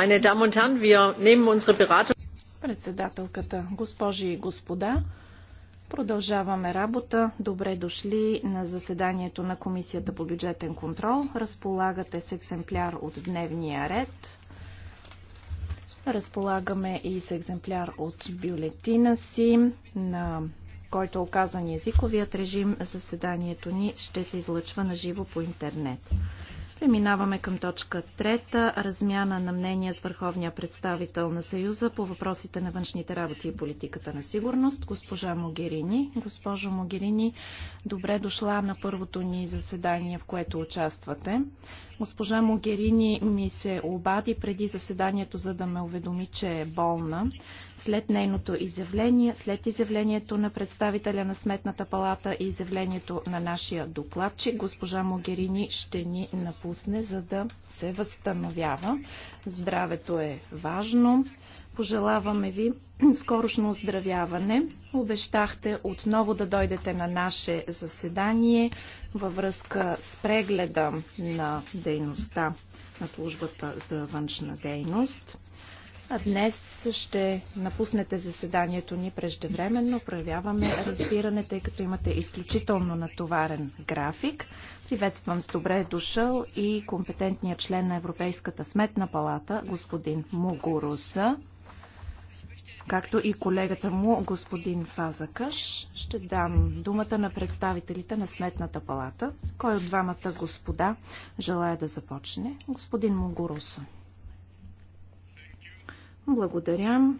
Meine Damen und Herren, wir nehmen unsere Председателката, госпожи и господа, Продължаваме работа. Добре дошли на заседанието на Комисията по бюджетен контрол. Разполагате с екземпляр от дневния ред. Разполагаме и с екземпляр от бюлетина си, на който е оказан езиковият режим. Заседанието ни ще се излъчва на живо по интернет. Преминаваме към точка трета – размяна на мнения с върховния представител на Съюза по въпросите на външните работи и политиката на сигурност, госпожа Могерини. Госпожо Могерини, добре дошла на първото ни заседание, в което участвате. Госпожа Могерини ми се обади преди заседанието, за да ме уведоми, че е болна. След нейното изявление, след изявлението на представителя на Сметната палата и изявлението на нашия докладчик, госпожа Могерини ще ни напусне, за да се възстановява. Здравето е важно. Пожелаваме ви скорошно оздравяване. Обещахте отново да дойдете на наше заседание във връзка с прегледа на дейността на службата за външна дейност. А днес ще напуснете заседанието ни преждевременно. Проявяваме разбиране, тъй като имате изключително натоварен график. Приветствам с добре дошъл и компетентният член на Европейската сметна палата, господин Мугуруса както и колегата му, господин Фазакаш. Ще дам думата на представителите на Сметната палата. Кой от двамата господа желая да започне? Господин Могуруса. Благодаря.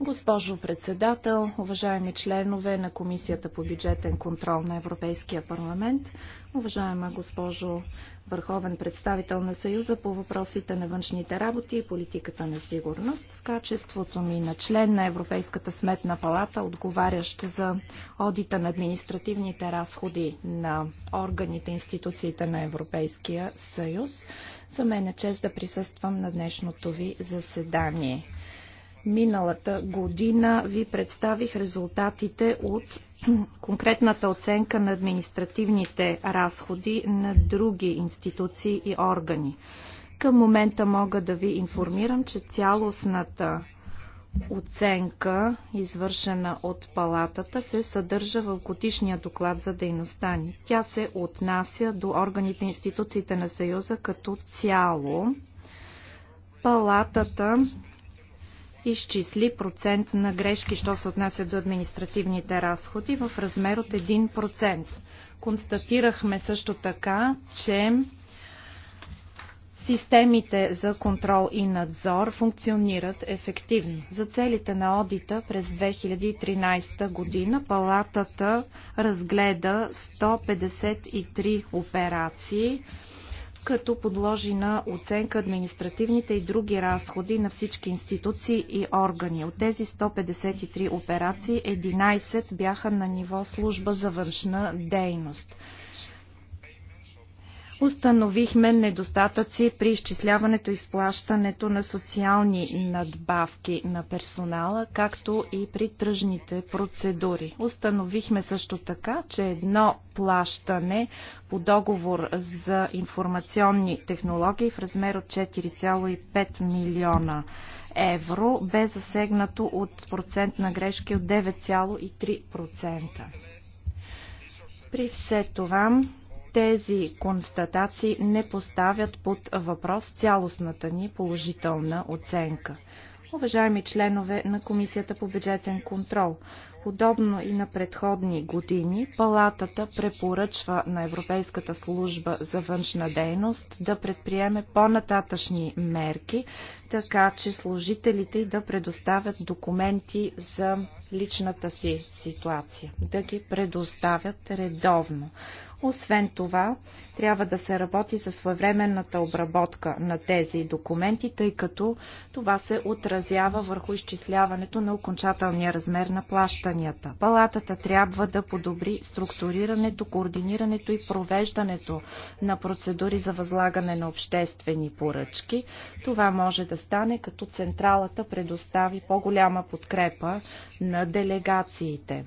Госпожо председател, уважаеми членове на Комисията по бюджетен контрол на Европейския парламент, уважаема госпожо върховен представител на Съюза по въпросите на външните работи и политиката на сигурност, в качеството ми на член на Европейската сметна палата, отговарящ за одита на административните разходи на органите, и институциите на Европейския съюз, за мен е чест да присъствам на днешното ви заседание. Миналата година ви представих резултатите от конкретната оценка на административните разходи на други институции и органи. Към момента мога да ви информирам, че цялостната оценка, извършена от палатата, се съдържа в годишния доклад за дейността ни. Тя се отнася до органите и институциите на Съюза като цяло. Палатата изчисли процент на грешки, що се отнася до административните разходи в размер от 1%. Констатирахме също така, че Системите за контрол и надзор функционират ефективно. За целите на одита през 2013 година палатата разгледа 153 операции, като подложи на оценка административните и други разходи на всички институции и органи. От тези 153 операции 11 бяха на ниво служба за външна дейност установихме недостатъци при изчисляването и сплащането на социални надбавки на персонала, както и при тръжните процедури. Установихме също така, че едно плащане по договор за информационни технологии в размер от 4,5 милиона евро бе засегнато от процент на грешки от 9,3%. При все това тези констатации не поставят под въпрос цялостната ни положителна оценка. Уважаеми членове на Комисията по бюджетен контрол, подобно и на предходни години, палатата препоръчва на Европейската служба за външна дейност да предприеме по-нататъчни мерки, така че служителите да предоставят документи за личната си ситуация, да ги предоставят редовно. Освен това, трябва да се работи за своевременната обработка на тези документи, тъй като това се отразява върху изчисляването на окончателния размер на плащанията. Палатата трябва да подобри структурирането, координирането и провеждането на процедури за възлагане на обществени поръчки. Това може да стане като централата предостави по-голяма подкрепа на делегациите.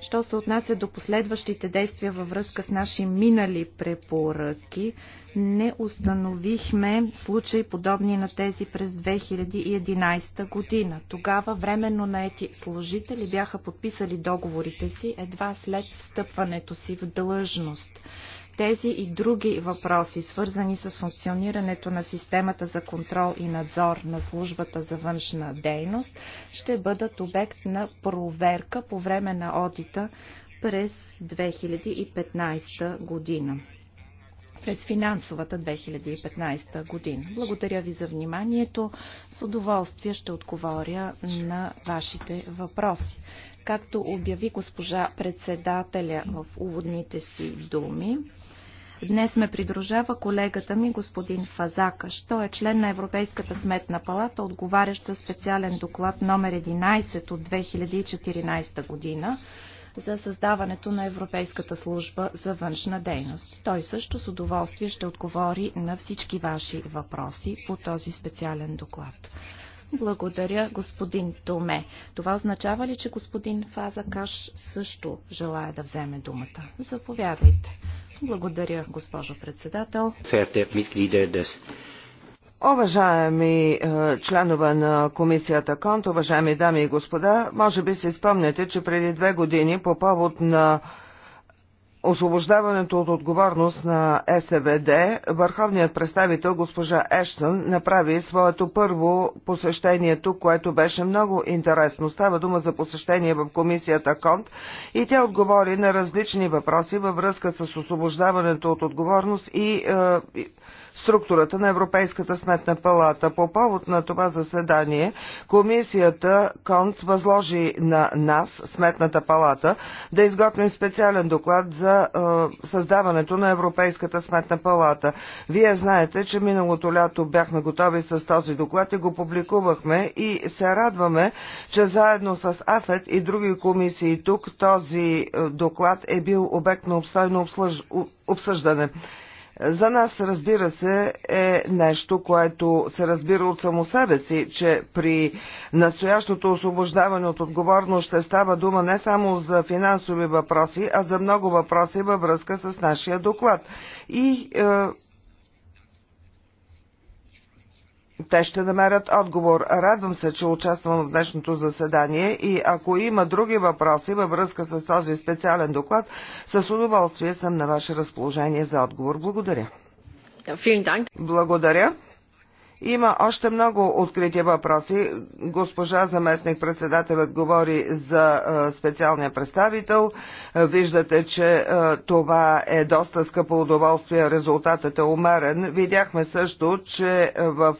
Що се отнася до последващите действия във връзка с наши минали препоръки, не установихме случаи подобни на тези през 2011 година. Тогава временно наети служители бяха подписали договорите си едва след встъпването си в длъжност. Тези и други въпроси, свързани с функционирането на системата за контрол и надзор на службата за външна дейност, ще бъдат обект на проверка по време на одита през 2015 година през финансовата 2015 година. Благодаря ви за вниманието. С удоволствие ще отговоря на вашите въпроси. Както обяви госпожа председателя в уводните си думи, Днес ме придружава колегата ми, господин Фазакаш. Той е член на Европейската сметна палата, отговарящ за специален доклад номер 11 от 2014 година за създаването на Европейската служба за външна дейност. Той също с удоволствие ще отговори на всички ваши въпроси по този специален доклад. Благодаря, господин Томе. Това означава ли, че господин Фаза Каш също желая да вземе думата? Заповядайте. Благодаря, госпожо председател. Уважаеми е, членове на комисията Конт, уважаеми дами и господа, може би се спомняте, че преди две години по повод на освобождаването от отговорност на СВД, върховният представител госпожа Ештън направи своето първо посещение тук, което беше много интересно. Става дума за посещение в комисията Конт и тя отговори на различни въпроси във връзка с освобождаването от отговорност и е, структурата на Европейската сметна палата. По повод на това заседание, комисията КОНС възложи на нас, Сметната палата, да изготвим специален доклад за е, създаването на Европейската сметна палата. Вие знаете, че миналото лято бяхме готови с този доклад и го публикувахме и се радваме, че заедно с АФЕТ и други комисии тук този е, доклад е бил обект на обстойно обсъждане. За нас, разбира се, е нещо, което се разбира от само себе си, че при настоящото освобождаване от отговорност ще става дума не само за финансови въпроси, а за много въпроси във връзка с нашия доклад. И е, те ще намерят отговор. Радвам се, че участвам в днешното заседание и ако има други въпроси във връзка с този специален доклад, с удоволствие съм на ваше разположение за отговор. Благодаря. Благодаря. Има още много открити въпроси. Госпожа заместник председателят говори за е, специалния представител. Е, виждате, че е, това е доста скъпо удоволствие. Резултатът е умерен. Видяхме също, че в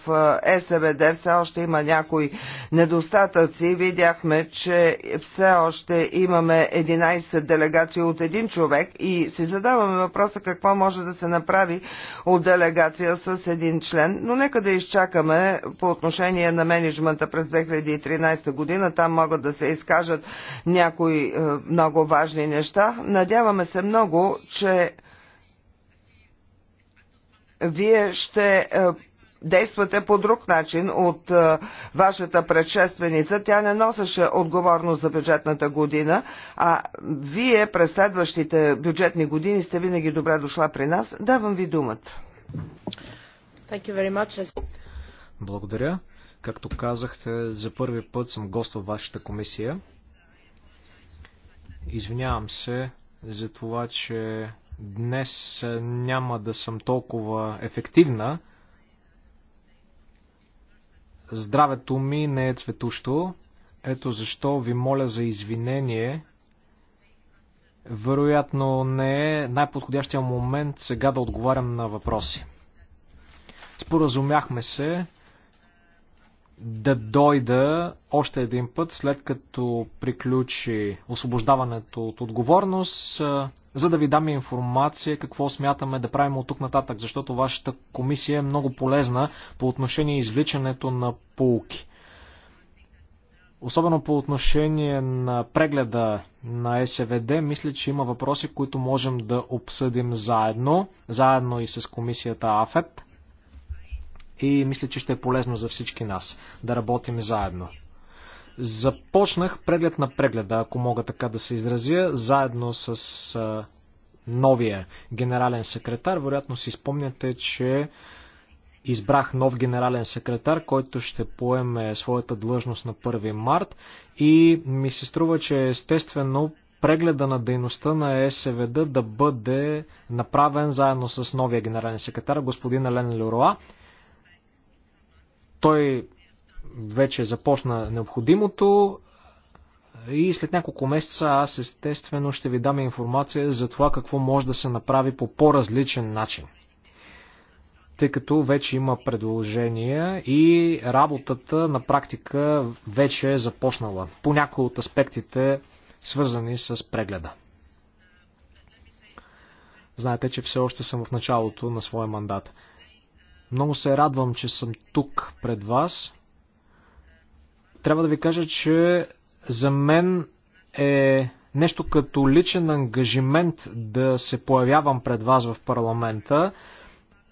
СВД все още има някои недостатъци. Видяхме, че все още имаме 11 делегации от един човек и си задаваме въпроса какво може да се направи от делегация с един член. Но нека да изчакаме изчакаме по отношение на менеджмента през 2013 година. Там могат да се изкажат някои е, много важни неща. Надяваме се много, че вие ще е, действате по друг начин от е, вашата предшественица. Тя не носеше отговорност за бюджетната година, а вие през следващите бюджетни години сте винаги добре дошла при нас. Давам ви думата. Thank you very much. Благодаря. Както казахте, за първи път съм гост във вашата комисия. Извинявам се за това, че днес няма да съм толкова ефективна. Здравето ми не е цветущо. Ето защо ви моля за извинение. Вероятно не е най-подходящия момент сега да отговарям на въпроси. Споразумяхме се да дойда още един път, след като приключи освобождаването от отговорност, за да ви дам информация какво смятаме да правим от тук нататък, защото вашата комисия е много полезна по отношение извличането на полки. Особено по отношение на прегледа на СВД, мисля, че има въпроси, които можем да обсъдим заедно, заедно и с комисията АФЕТ и мисля, че ще е полезно за всички нас да работим заедно. Започнах преглед на прегледа, ако мога така да се изразя, заедно с новия генерален секретар. Вероятно си спомняте, че избрах нов генерален секретар, който ще поеме своята длъжност на 1 март и ми се струва, че е естествено прегледа на дейността на СВД да бъде направен заедно с новия генерален секретар, господин Елен Леруа. Той вече започна необходимото и след няколко месеца аз естествено ще ви дам информация за това какво може да се направи по по-различен начин. Тъй като вече има предложения и работата на практика вече е започнала по някои от аспектите, свързани с прегледа. Знаете, че все още съм в началото на своя мандат. Много се радвам, че съм тук пред вас. Трябва да ви кажа, че за мен е нещо като личен ангажимент да се появявам пред вас в парламента.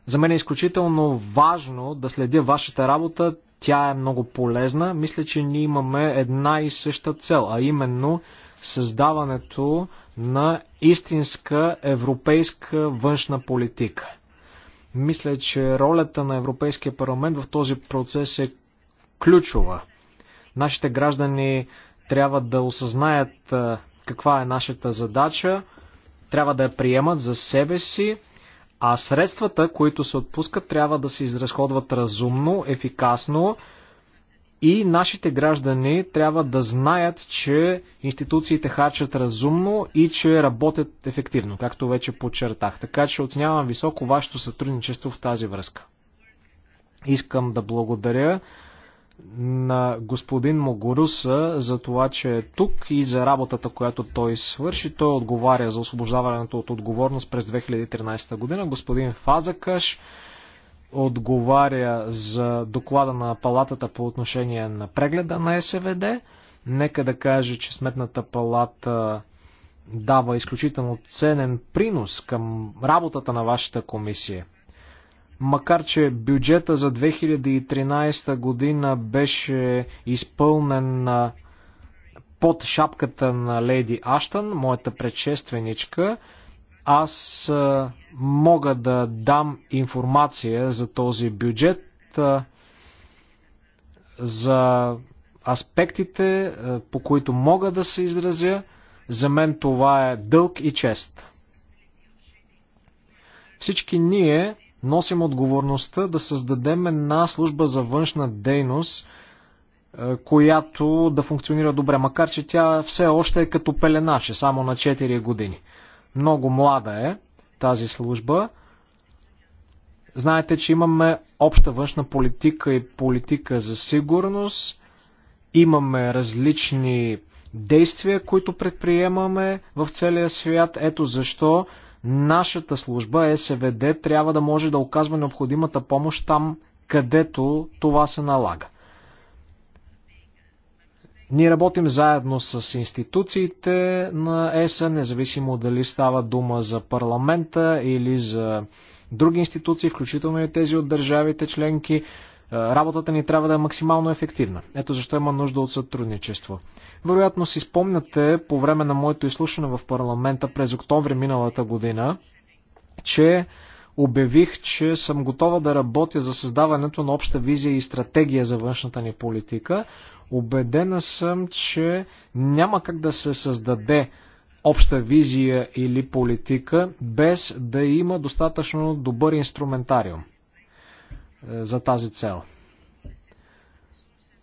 За мен е изключително важно да следя вашата работа. Тя е много полезна. Мисля, че ние имаме една и съща цел, а именно създаването на истинска европейска външна политика. Мисля, че ролята на Европейския парламент в този процес е ключова. Нашите граждани трябва да осъзнаят каква е нашата задача, трябва да я приемат за себе си, а средствата, които се отпускат, трябва да се изразходват разумно, ефикасно и нашите граждани трябва да знаят, че институциите харчат разумно и че работят ефективно, както вече подчертах. Така че оценявам високо вашето сътрудничество в тази връзка. Искам да благодаря на господин Могоруса за това, че е тук и за работата, която той свърши. Той отговаря за освобождаването от отговорност през 2013 година. Господин Фазакаш отговаря за доклада на палатата по отношение на прегледа на СВД. Нека да кажа, че Сметната палата дава изключително ценен принос към работата на вашата комисия. Макар, че бюджета за 2013 година беше изпълнен под шапката на Леди Аштън, моята предшественичка, аз мога да дам информация за този бюджет, за аспектите, по които мога да се изразя. За мен това е дълг и чест. Всички ние носим отговорността да създадем една служба за външна дейност, която да функционира добре, макар че тя все още е като пеленаше, само на 4 години. Много млада е тази служба. Знаете, че имаме обща външна политика и политика за сигурност. Имаме различни действия, които предприемаме в целия свят. Ето защо нашата служба е СВД трябва да може да оказва необходимата помощ там, където това се налага. Ние работим заедно с институциите на ЕСА, независимо дали става дума за парламента или за други институции, включително и тези от държавите членки. Е, работата ни трябва да е максимално ефективна. Ето защо има нужда от сътрудничество. Вероятно си спомняте по време на моето изслушане в парламента през октомври миналата година, че обявих, че съм готова да работя за създаването на обща визия и стратегия за външната ни политика. Обедена съм, че няма как да се създаде обща визия или политика без да има достатъчно добър инструментариум е, за тази цел.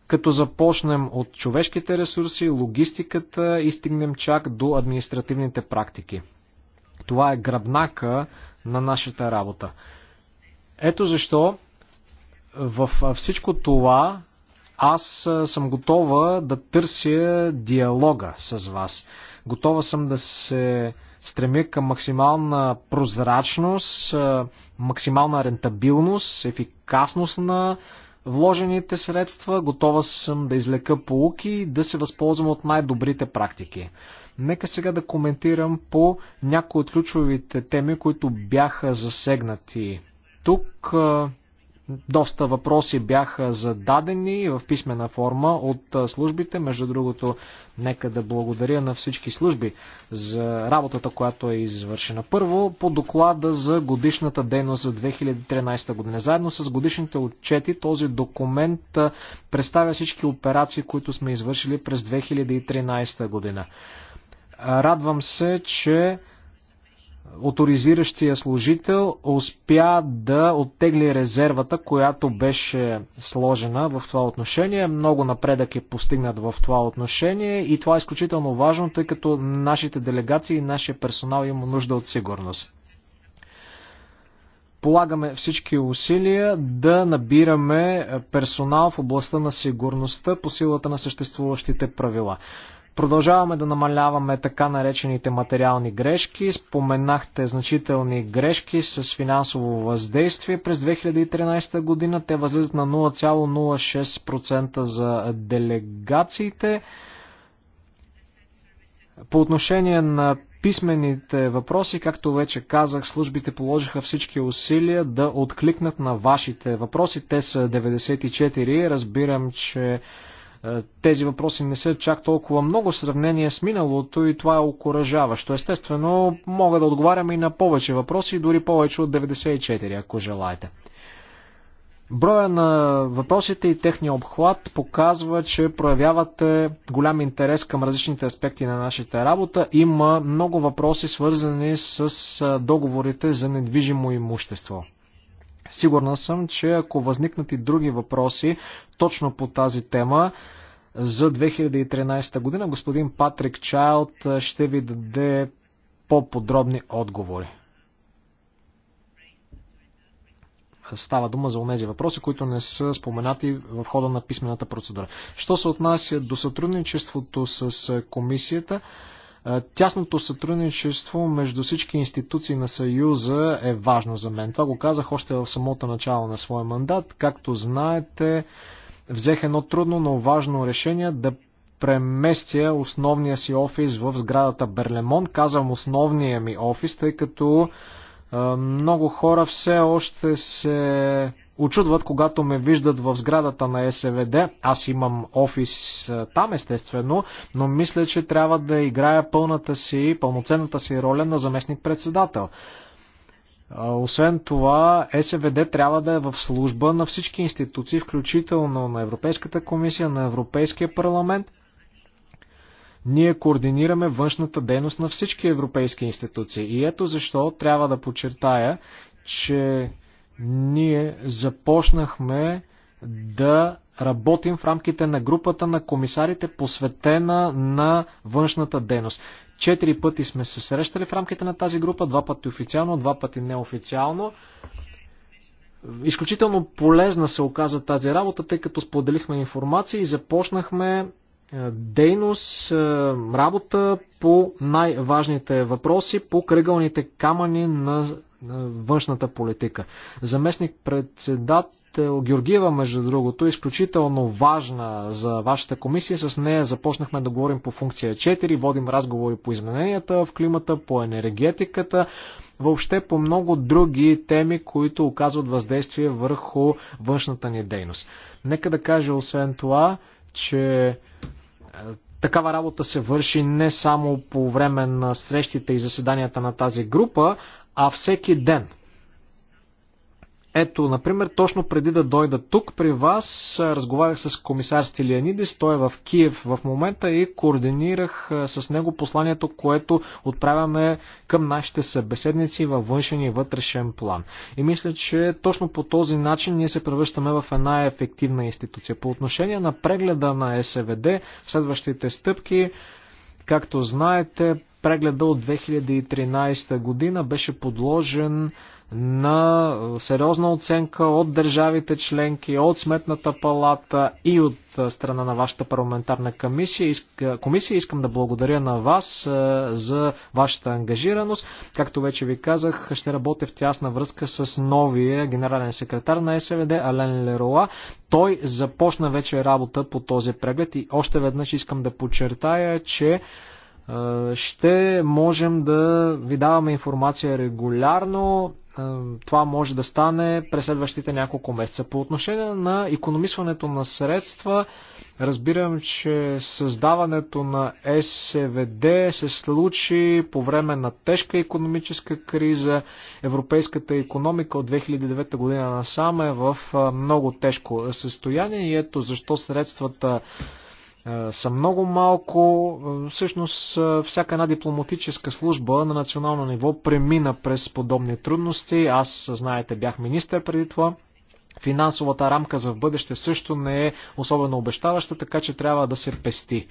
Като започнем от човешките ресурси, логистиката и стигнем чак до административните практики. Това е гръбнака на нашата работа. Ето защо в всичко това аз съм готова да търся диалога с вас. Готова съм да се стремя към максимална прозрачност, максимална рентабилност, ефикасност на вложените средства. Готова съм да извлека полуки и да се възползвам от най-добрите практики. Нека сега да коментирам по някои от ключовите теми, които бяха засегнати. Тук доста въпроси бяха зададени в писмена форма от службите. Между другото, нека да благодаря на всички служби за работата, която е извършена. Първо, по доклада за годишната дейност за 2013 година. Заедно с годишните отчети, този документ представя всички операции, които сме извършили през 2013 година. Радвам се, че авторизиращия служител успя да оттегли резервата, която беше сложена в това отношение. Много напредък е постигнат в това отношение и това е изключително важно, тъй като нашите делегации и нашия персонал има нужда от сигурност. Полагаме всички усилия да набираме персонал в областта на сигурността по силата на съществуващите правила. Продължаваме да намаляваме така наречените материални грешки. Споменахте значителни грешки с финансово въздействие през 2013 година. Те възлизат на 0,06% за делегациите. По отношение на писмените въпроси, както вече казах, службите положиха всички усилия да откликнат на вашите въпроси. Те са 94. Разбирам, че е, тези въпроси не са чак толкова много в сравнение с миналото и това е окоръжаващо. Естествено, мога да отговарям и на повече въпроси, дори повече от 94, ако желаете. Броя на въпросите и техния обхват показва, че проявявате голям интерес към различните аспекти на нашата работа. Има много въпроси свързани с договорите за недвижимо имущество. Сигурна съм, че ако възникнат и други въпроси точно по тази тема, за 2013 година господин Патрик Чайлд ще ви даде по-подробни отговори. Става дума за тези въпроси, които не са споменати в хода на писмената процедура. Що се отнася до сътрудничеството с комисията, е, тясното сътрудничество между всички институции на Съюза е важно за мен. Това го казах още в самото начало на своя мандат. Както знаете, взех едно трудно, но важно решение да преместя основния си офис в сградата Берлемон. Казвам основния ми офис, тъй като е, много хора все още се очудват, когато ме виждат в сградата на СВД. Аз имам офис там, естествено, но мисля, че трябва да играя пълната си, пълноценната си роля на заместник-председател. Освен това, СВД трябва да е в служба на всички институции, включително на Европейската комисия, на Европейския парламент. Ние координираме външната дейност на всички европейски институции. И ето защо трябва да подчертая, че ние започнахме да работим в рамките на групата на комисарите, посветена на външната дейност. Четири пъти сме се срещали в рамките на тази група, два пъти официално, два пъти неофициално. Изключително полезна се оказа тази работа, тъй като споделихме информация и започнахме е, дейност, е, работа по най-важните въпроси, по кръгълните камъни на външната политика. Заместник председател Георгиева, между другото, е изключително важна за вашата комисия. С нея започнахме да говорим по функция 4, водим разговори по измененията в климата, по енергетиката, въобще по много други теми, които оказват въздействие върху външната ни дейност. Нека да кажа освен това, че е, такава работа се върши не само по време на срещите и заседанията на тази група, а всеки ден. Ето, например, точно преди да дойда тук при вас, разговарях с комисар Стилианидис, той е в Киев в момента и координирах с него посланието, което отправяме към нашите събеседници във външен и вътрешен план. И мисля, че точно по този начин ние се превръщаме в една ефективна институция. По отношение на прегледа на СВД, следващите стъпки, както знаете, Прегледа от 2013 година беше подложен на е, сериозна оценка от държавите членки, от Сметната палата и от е, страна на вашата парламентарна комисия. Е, комисия. Искам да благодаря на вас за вашата ангажираност. Както вече ви казах, ще работя в тясна връзка с новия генерален секретар на СВД Ален Леруа. Той започна вече работа по този преглед и още веднъж искам да подчертая, че ще можем да ви даваме информация регулярно. Това може да стане през следващите няколко месеца. По отношение на економисването на средства, разбирам, че създаването на СВД се случи по време на тежка економическа криза. Европейската економика от 2009 година насам е в много тежко състояние и ето защо средствата е, са много малко. Е, всъщност е, всяка една дипломатическа служба на национално ниво премина през подобни трудности. Аз, знаете, бях министър преди това. Финансовата рамка за в бъдеще също не е особено обещаваща, така че трябва да се пести.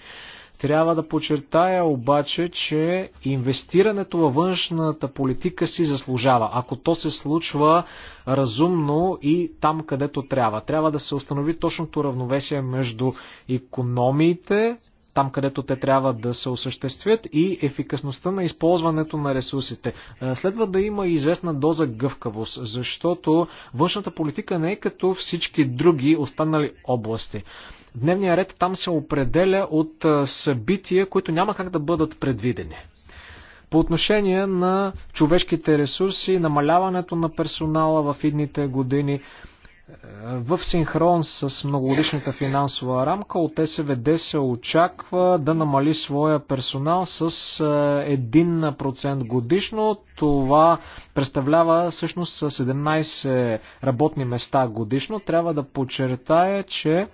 Трябва да подчертая обаче, че инвестирането във външната политика си заслужава, ако то се случва разумно и там, където трябва. Трябва да се установи точното равновесие между економиите, там където те трябва да се осъществят и ефикасността на използването на ресурсите. Е, следва да има известна доза гъвкавост, защото външната политика не е като всички други останали области. Дневният ред там се определя от е, събития, които няма как да бъдат предвидени. По отношение на човешките ресурси, намаляването на персонала в идните години, в синхрон с многогодишната финансова рамка от СВД се очаква да намали своя персонал с 1% е, годишно. Това представлява всъщност 17 работни места годишно. Трябва да подчертая, че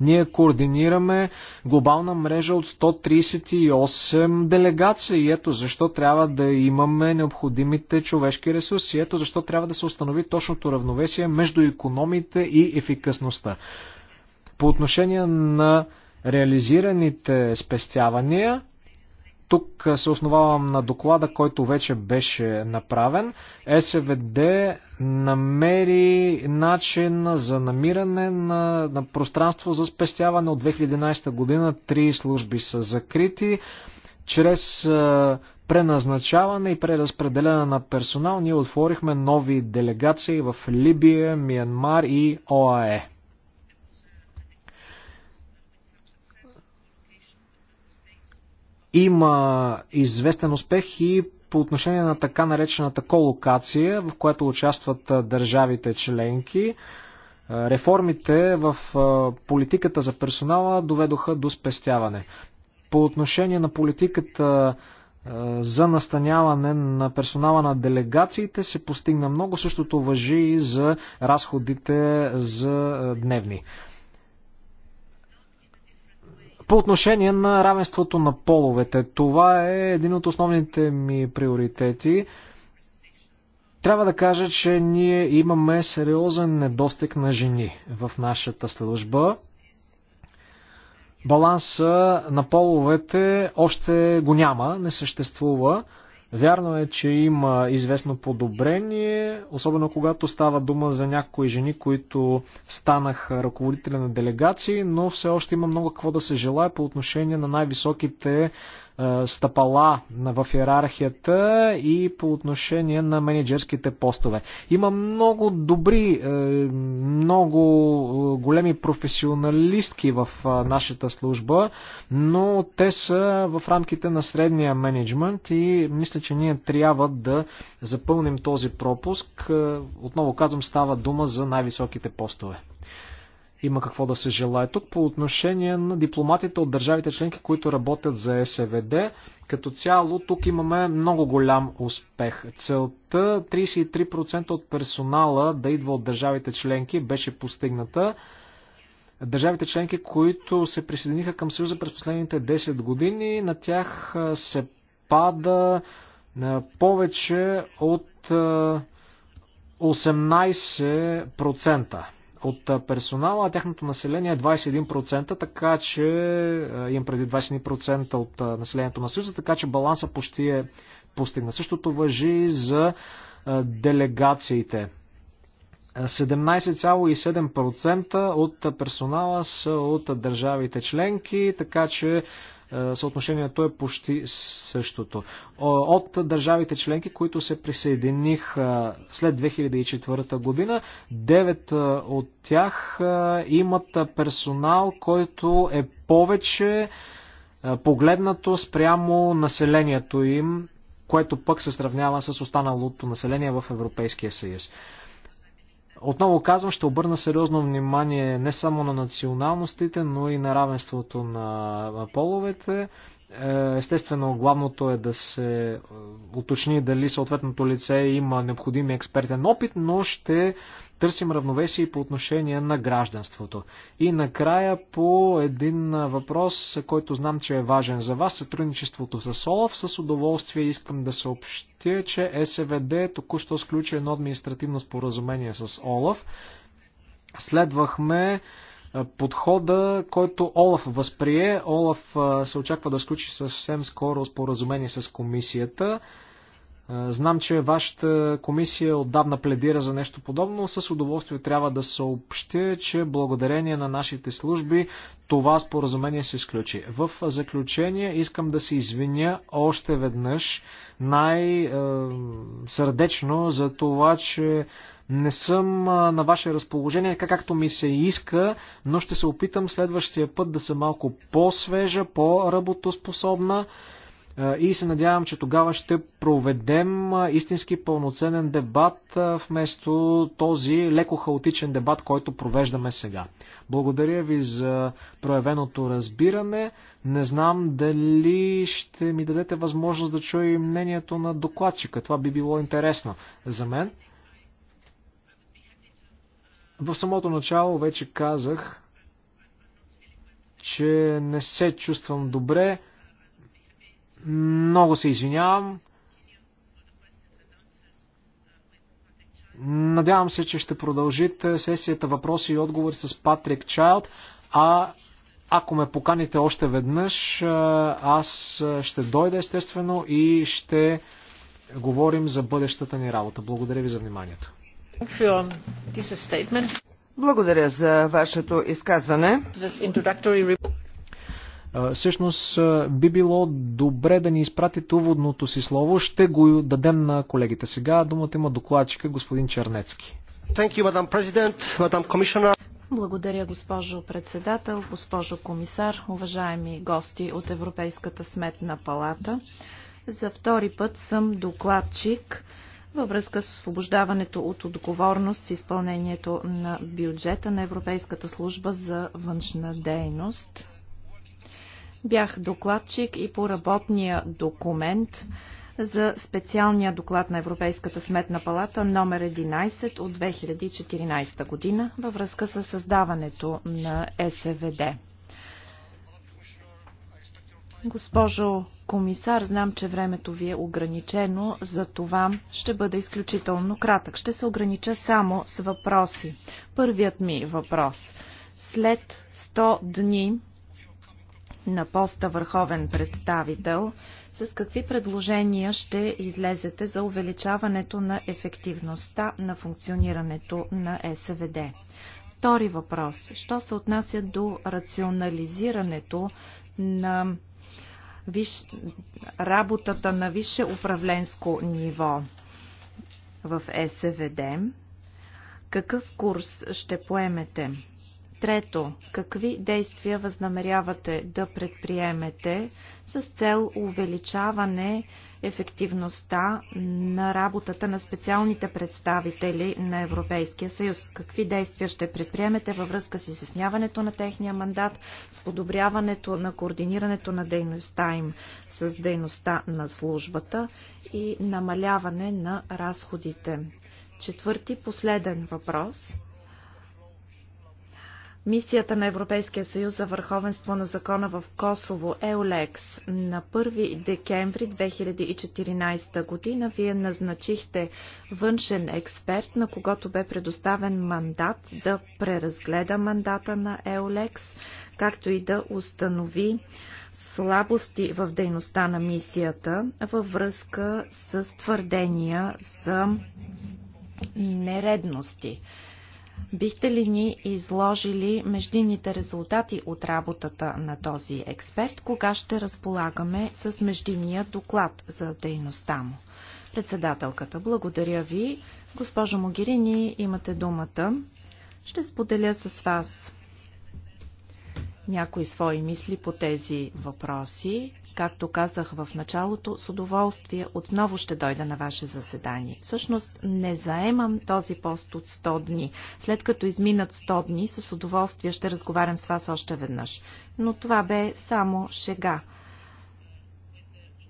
ние координираме глобална мрежа от 138 делегации. Ето защо трябва да имаме необходимите човешки ресурси. Ето защо трябва да се установи точното равновесие между економите и ефикасността. По отношение на реализираните спестявания, тук се основавам на доклада, който вече беше направен. СВД намери начин за намиране на, на пространство за спестяване от 2011 година. Три служби са закрити. Чрез преназначаване и преразпределяне на персонал ние отворихме нови делегации в Либия, Миянмар и ОАЕ. Има известен успех и по отношение на така наречената колокация, в която участват държавите членки. Реформите в политиката за персонала доведоха до спестяване. По отношение на политиката за настаняване на персонала на делегациите се постигна много. Същото въжи и за разходите за дневни. По отношение на равенството на половете, това е един от основните ми приоритети. Трябва да кажа, че ние имаме сериозен недостиг на жени в нашата служба. Баланса на половете още го няма, не съществува. Вярно е, че има известно подобрение, особено когато става дума за някои жени, които станаха ръководители на делегации, но все още има много какво да се желая по отношение на най-високите е, стъпала в иерархията и по отношение на менеджерските постове. Има много добри, е, много е, големи професионалистки в нашата служба, но те са в рамките на средния менеджмент и мисля, че ние трябва да запълним този пропуск. Отново казвам, става дума за най-високите постове има какво да се желая. Тук по отношение на дипломатите от държавите членки, които работят за СВД, като цяло тук имаме много голям успех. Целта 33% от персонала да идва от държавите членки беше постигната. Държавите членки, които се присъединиха към Съюза през последните 10 години, на тях се пада повече от 18% от персонала, а тяхното население е 21%, така че им преди 21% от населението на Съюза, така че баланса почти е постигна. Същото въжи и за делегациите. 17,7% от персонала са от държавите членки, така че е, съотношението е почти същото. От държавите членки, които се присъединих е, след 2004 година, 9 е, от тях имат персонал, който е повече погледнато спрямо населението им, което пък се сравнява с останалото население в Европейския съюз. Отново казвам, ще обърна сериозно внимание не само на националностите, но и на равенството на половете. Е, естествено, главното е да се е, уточни дали съответното лице има необходимия експертен опит, но ще Търсим равновесие по отношение на гражданството. И накрая по един въпрос, който знам, че е важен за вас, сътрудничеството с ОЛАФ. С удоволствие искам да съобщя, че СВД току-що сключи едно административно споразумение с ОЛАФ. Следвахме подхода, който Олаф възприе. Олаф се очаква да сключи съвсем скоро споразумение с комисията. Знам, че вашата комисия отдавна пледира за нещо подобно. С удоволствие трябва да съобщя, че благодарение на нашите служби това споразумение се изключи. В заключение искам да се извиня още веднъж най-сърдечно за това, че не съм на ваше разположение, така както ми се иска, но ще се опитам следващия път да съм малко по-свежа, по-работоспособна и се надявам, че тогава ще проведем истински пълноценен дебат вместо този леко хаотичен дебат, който провеждаме сега. Благодаря ви за проявеното разбиране. Не знам дали ще ми дадете възможност да чуя и мнението на докладчика. Това би било интересно за мен. В самото начало вече казах, че не се чувствам добре много се извинявам. Надявам се, че ще продължите сесията въпроси и отговори с Патрик Чайлд, а ако ме поканите още веднъж, аз ще дойда естествено и ще говорим за бъдещата ни работа. Благодаря ви за вниманието. Благодаря за вашето изказване. Всъщност би било добре да ни изпратите уводното си слово. Ще го дадем на колегите. Сега думата има докладчика господин Чернецки. Благодаря, госпожо председател, госпожо комисар, уважаеми гости от Европейската сметна палата. За втори път съм докладчик във връзка с освобождаването от отговорност с изпълнението на бюджета на Европейската служба за външна дейност. Бях докладчик и по работния документ за специалния доклад на Европейската сметна палата номер 11 от 2014 година във връзка с създаването на СВД. Госпожо комисар, знам, че времето ви е ограничено, за това ще бъда изключително кратък. Ще се огранича само с въпроси. Първият ми въпрос. След 100 дни на поста върховен представител, с какви предложения ще излезете за увеличаването на ефективността на функционирането на СВД? Втори въпрос. Що се отнася до рационализирането на виш... работата на висше управленско ниво в СВД? Какъв курс ще поемете? Трето, какви действия възнамерявате да предприемете с цел увеличаване ефективността на работата на специалните представители на Европейския съюз? Какви действия ще предприемете във връзка с изясняването на техния мандат, с подобряването на координирането на дейността им с дейността на службата и намаляване на разходите? Четвърти, последен въпрос – Мисията на Европейския съюз за върховенство на закона в Косово ЕОЛЕКС на 1 декември 2014 година вие назначихте външен експерт, на когото бе предоставен мандат да преразгледа мандата на ЕОЛЕКС, както и да установи слабости в дейността на мисията във връзка с твърдения за нередности. Бихте ли ни изложили междинните резултати от работата на този експерт? Кога ще разполагаме с междинния доклад за дейността му? Председателката, благодаря ви. Госпожо Могирини, имате думата. Ще споделя с вас някои свои мисли по тези въпроси. Както казах в началото, с удоволствие отново ще дойда на ваше заседание. Всъщност не заемам този пост от 100 дни. След като изминат 100 дни, с удоволствие ще разговарям с вас още веднъж. Но това бе само шега.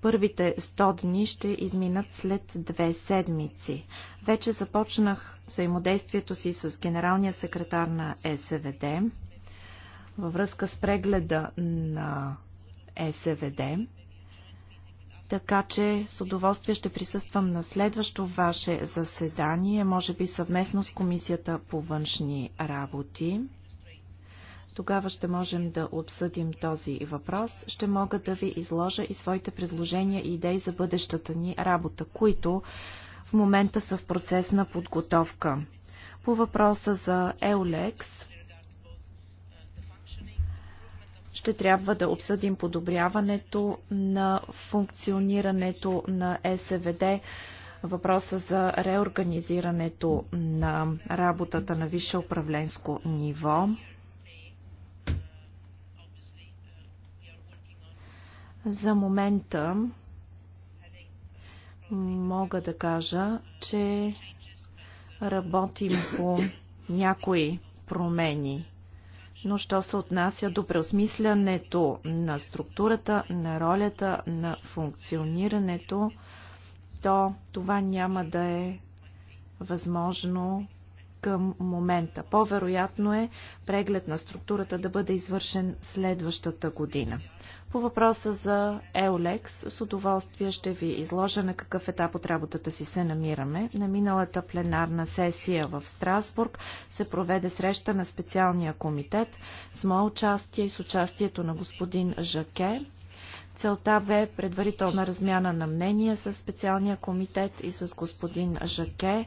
Първите 100 дни ще изминат след две седмици. Вече започнах взаимодействието си с генералния секретар на СВД, във връзка с прегледа на СВД, така че с удоволствие ще присъствам на следващо ваше заседание, може би съвместно с Комисията по външни работи. Тогава ще можем да обсъдим този въпрос. Ще мога да ви изложа и своите предложения и идеи за бъдещата ни работа, които в момента са в процес на подготовка. По въпроса за Еолекс, ще трябва да обсъдим подобряването на функционирането на СВД, въпроса за реорганизирането на работата на висше управленско ниво. За момента мога да кажа, че работим по някои промени но що се отнася до преосмислянето на структурата, на ролята, на функционирането, то това няма да е възможно към момента. По-вероятно е преглед на структурата да бъде извършен следващата година. По въпроса за Еолекс, с удоволствие ще ви изложа на какъв етап от работата си се намираме. На миналата пленарна сесия в Страсбург се проведе среща на специалния комитет с мое участие и с участието на господин Жаке, Целта бе предварителна размяна на мнения с специалния комитет и с господин Жаке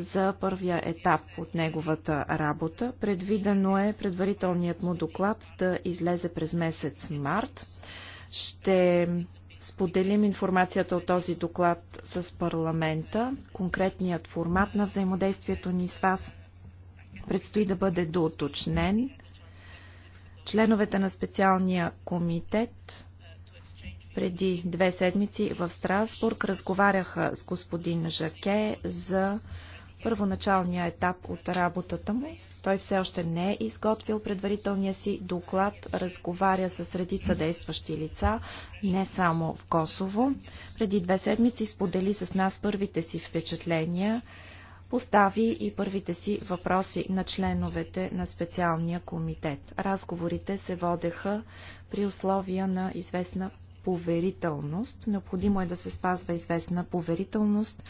за първия етап от неговата работа. Предвидено е предварителният му доклад да излезе през месец март. Ще споделим информацията от този доклад с парламента, конкретният формат на взаимодействието ни с вас предстои да бъде доуточнен. Членовете на специалния комитет преди две седмици в Страсбург разговаряха с господин Жаке за първоначалния етап от работата му. Той все още не е изготвил предварителния си доклад, разговаря с редица действащи лица, не само в Косово. Преди две седмици сподели с нас първите си впечатления, постави и първите си въпроси на членовете на специалния комитет. Разговорите се водеха при условия на известна поверителност. Необходимо е да се спазва известна поверителност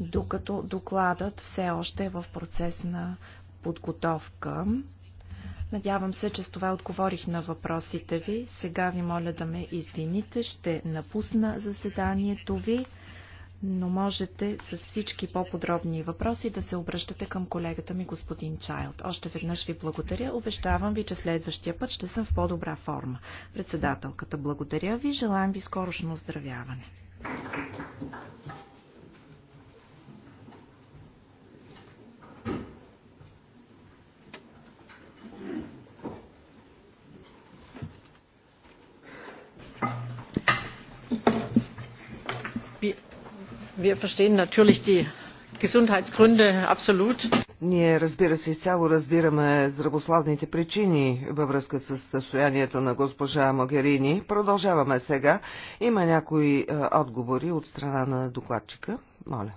докато докладът все още е в процес на подготовка. Надявам се, че с това отговорих на въпросите ви. Сега ви моля да ме извините. Ще напусна заседанието ви, но можете с всички по-подробни въпроси да се обръщате към колегата ми, господин Чайлд. Още веднъж ви благодаря. Обещавам ви, че следващия път ще съм в по-добра форма. Председателката, благодаря ви. Желаем ви скорошно оздравяване. Ние разбира се изцяло разбираме здравословните причини във връзка с състоянието на госпожа Могерини. Продължаваме сега. Има някои е, отговори от страна на докладчика. Моля.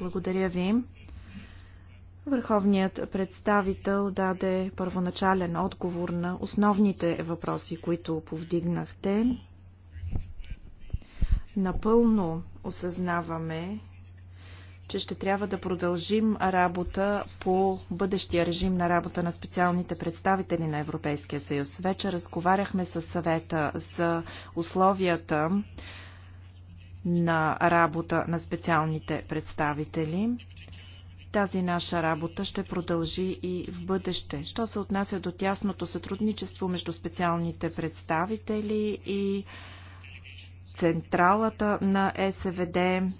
Благодаря ви. Върховният представител даде първоначален отговор на основните въпроси, които повдигнахте. Напълно осъзнаваме, че ще трябва да продължим работа по бъдещия режим на работа на специалните представители на Европейския съюз. Вече разговаряхме с съвета за условията на работа на специалните представители. Тази наша работа ще продължи и в бъдеще. Що се отнася до тясното сътрудничество между специалните представители и централата на СВД,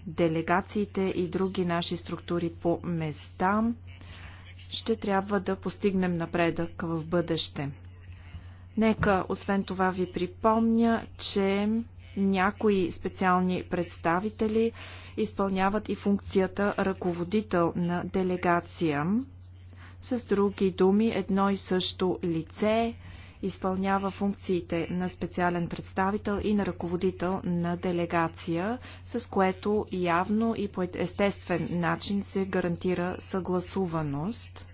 делегациите и други наши структури по места, ще трябва да постигнем напредък в бъдеще. Нека, освен това, ви припомня, че някои специални представители изпълняват и функцията ръководител на делегация. С други думи, едно и също лице – изпълнява функциите на специален представител и на ръководител на делегация, с което явно и по естествен начин се гарантира съгласуваност.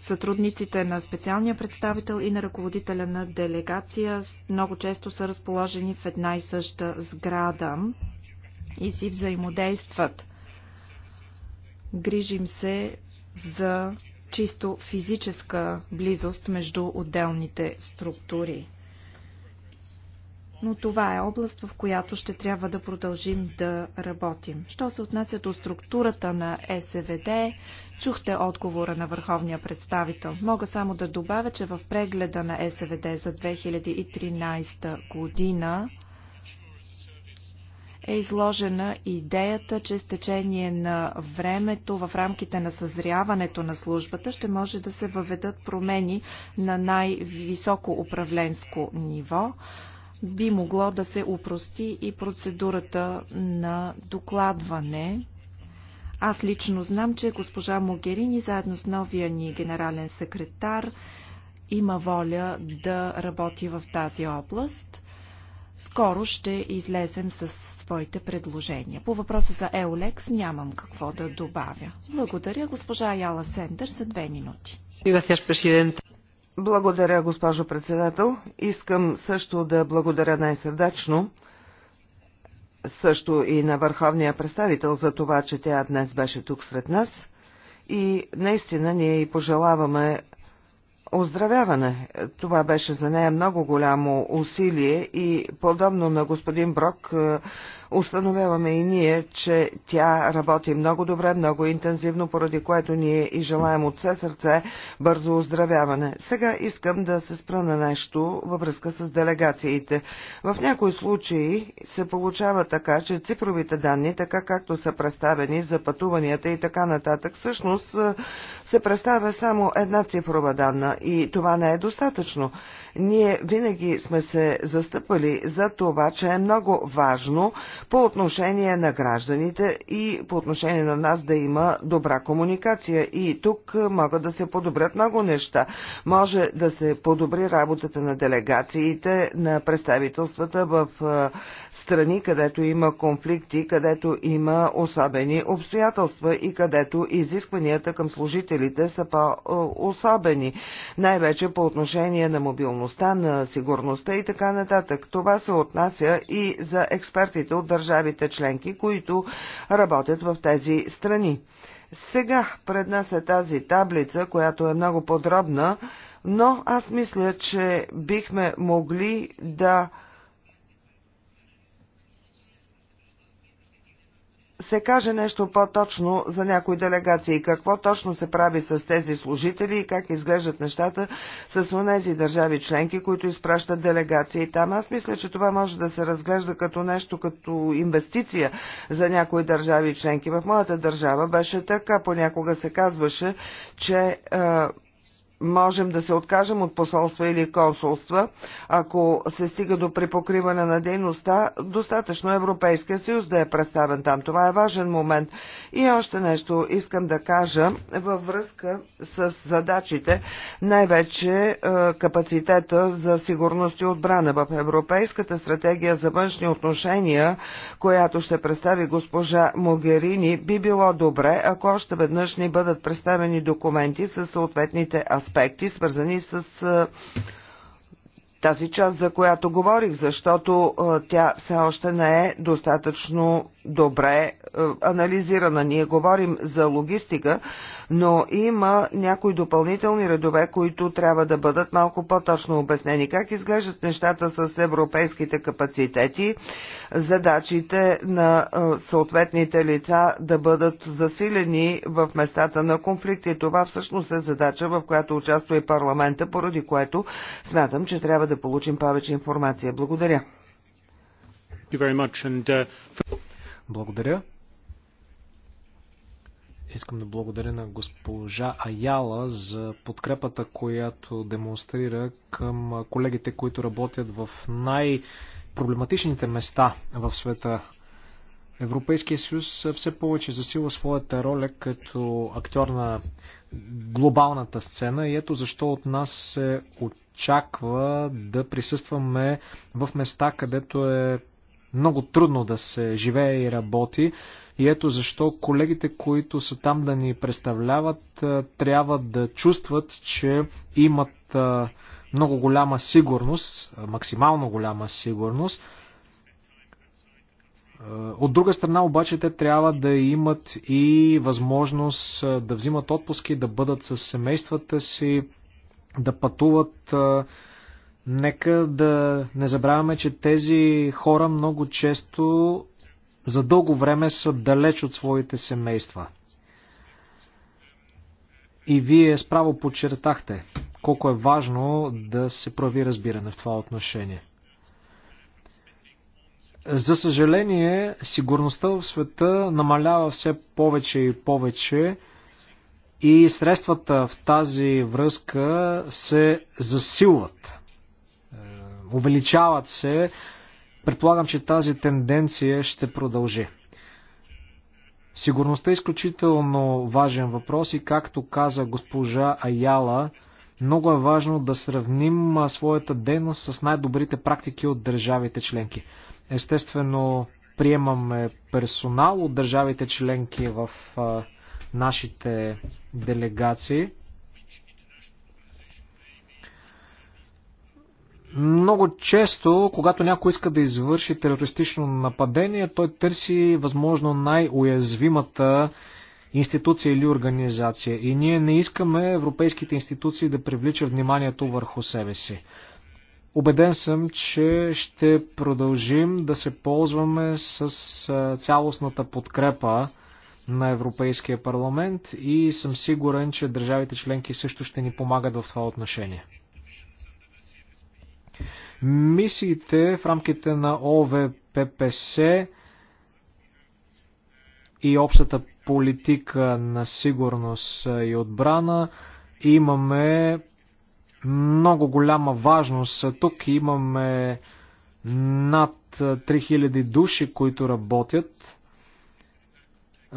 Сътрудниците на специалния представител и на ръководителя на делегация много често са разположени в една и съща сграда и си взаимодействат. Грижим се за чисто физическа близост между отделните структури. Но това е област, в която ще трябва да продължим да работим. Що се отнася до структурата на СВД, чухте отговора на върховния представител. Мога само да добавя, че в прегледа на СВД за 2013 година е изложена идеята, че с течение на времето, в рамките на съзряването на службата, ще може да се въведат промени на най-високо управленско ниво. Би могло да се упрости и процедурата на докладване. Аз лично знам, че госпожа Могерини заедно с новия ни генерален секретар има воля да работи в тази област. Скоро ще излезем с своите предложения. По въпроса за Еолекс нямам какво да добавя. Благодаря, госпожа Яла Сендър, за две минути. Благодаря, госпожо председател. Искам също да благодаря най-сърдачно също и на върховния представител за това, че тя днес беше тук сред нас. И наистина ние и пожелаваме оздравяване. Това беше за нея много голямо усилие и подобно на господин Брок Установяваме и ние, че тя работи много добре, много интензивно, поради което ние и желаем от все сърце бързо оздравяване. Сега искам да се спра на нещо във връзка с делегациите. В някои случаи се получава така, че цифровите данни, така както са представени за пътуванията и така нататък, всъщност се представя само една цифрова данна и това не е достатъчно. Ние винаги сме се застъпали за това, че е много важно по отношение на гражданите и по отношение на нас да има добра комуникация. И тук могат да се подобрят много неща. Може да се подобри работата на делегациите, на представителствата в страни, където има конфликти, където има особени обстоятелства и където изискванията към служителите са по-особени, най-вече по отношение на мобилността, на сигурността и така нататък. Това се отнася и за експертите от от държавите членки, които работят в тези страни. Сега пред нас е тази таблица, която е много подробна, но аз мисля, че бихме могли да се каже нещо по-точно за някои делегации, какво точно се прави с тези служители и как изглеждат нещата с тези държави членки, които изпращат делегации там. Аз мисля, че това може да се разглежда като нещо, като инвестиция за някои държави членки. В моята държава беше така, понякога се казваше, че можем да се откажем от посолства или консулства, ако се стига до припокриване на дейността, достатъчно Европейския съюз да е представен там. Това е важен момент. И още нещо искам да кажа във връзка с задачите, най-вече е, капацитета за сигурност и отбрана. В Европейската стратегия за външни отношения, която ще представи госпожа Могерини, би било добре, ако още веднъж ни бъдат представени документи с съответните аспекти аспекти, свързани с тази част, за която говорих, защото тя все още не е достатъчно добре е, анализирана. Ние говорим за логистика, но има някои допълнителни редове, които трябва да бъдат малко по-точно обяснени. Как изглеждат нещата с европейските капацитети, задачите на е, съответните лица да бъдат засилени в местата на конфликти. Това всъщност е задача, в която участва и парламента, поради което смятам, че трябва да получим повече информация. Благодаря. Благодаря. Благодаря. Искам да благодаря на госпожа Аяла за подкрепата, която демонстрира към колегите, които работят в най-проблематичните места в света. Европейския съюз все повече засилва своята роля като актьор на глобалната сцена и ето защо от нас се очаква да присъстваме в места, където е много трудно да се живее и работи. И ето защо колегите, които са там да ни представляват, трябва да чувстват, че имат много голяма сигурност, максимално голяма сигурност. От друга страна обаче те трябва да имат и възможност да взимат отпуски, да бъдат с семействата си, да пътуват Нека да не забравяме, че тези хора много често за дълго време са далеч от своите семейства. И вие справо подчертахте колко е важно да се прави разбиране в това отношение. За съжаление, сигурността в света намалява все повече и повече и средствата в тази връзка се засилват увеличават се. Предполагам, че тази тенденция ще продължи. Сигурността е изключително важен въпрос и както каза госпожа Аяла, много е важно да сравним своята дейност с най-добрите практики от държавите членки. Естествено, приемаме персонал от държавите членки в нашите делегации. Много често, когато някой иска да извърши терористично нападение, той търси възможно най-уязвимата институция или организация. И ние не искаме европейските институции да привличат вниманието върху себе си. Обеден съм, че ще продължим да се ползваме с цялостната подкрепа на Европейския парламент и съм сигурен, че държавите членки също ще ни помагат в това отношение. Мисиите в рамките на ОВППС и общата политика на сигурност и отбрана имаме много голяма важност. Тук имаме над 3000 души, които работят.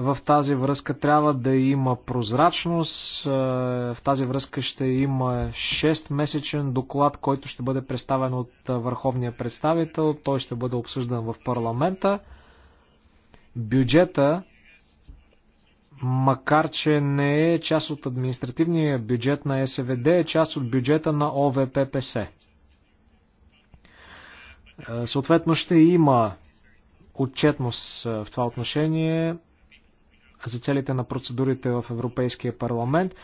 В тази връзка трябва да има прозрачност. Е, в тази връзка ще има 6-месечен доклад, който ще бъде представен от е, върховния представител. Той ще бъде обсъждан в парламента. Бюджета, макар че не е част от административния бюджет на СВД, е част от бюджета на ОВППС. Е, съответно ще има отчетност в това отношение за целите на процедурите в Европейския парламент.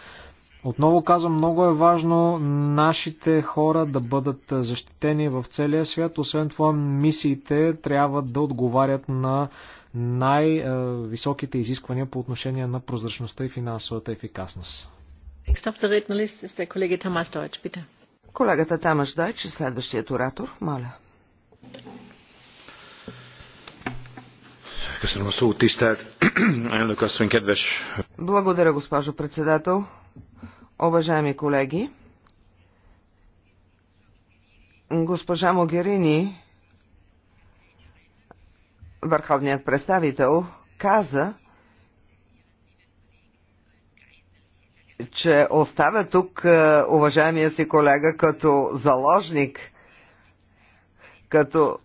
Отново казвам, много е важно нашите хора да бъдат защитени в целия свят. Освен това, мисиите трябва да отговарят на най-високите изисквания по отношение на прозрачността и финансовата ефикасност. Колегата Тамаш Дойч, е следващият оратор, моля. Благодаря, госпожо председател. Уважаеми колеги, госпожа Могерини, върховният представител, каза, че оставя тук е, уважаемия си колега като заложник, като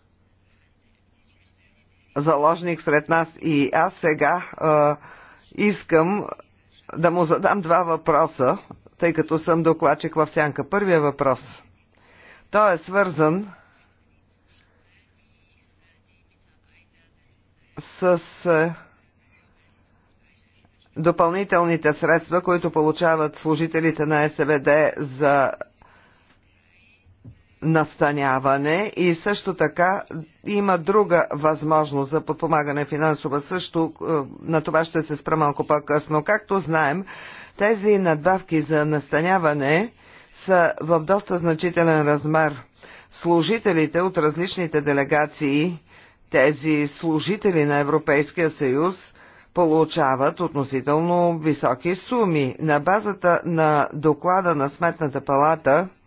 заложник сред нас и аз сега а, искам да му задам два въпроса, тъй като съм докладчик в сянка. Първия въпрос. Той е свързан с допълнителните средства, които получават служителите на СВД за настаняване и също така има друга възможност за подпомагане финансова. Също е, на това ще се спра малко по-късно. Както знаем, тези надбавки за настаняване са в доста значителен размер. Служителите от различните делегации, тези служители на Европейския съюз, получават относително високи суми. На базата на доклада на Сметната палата –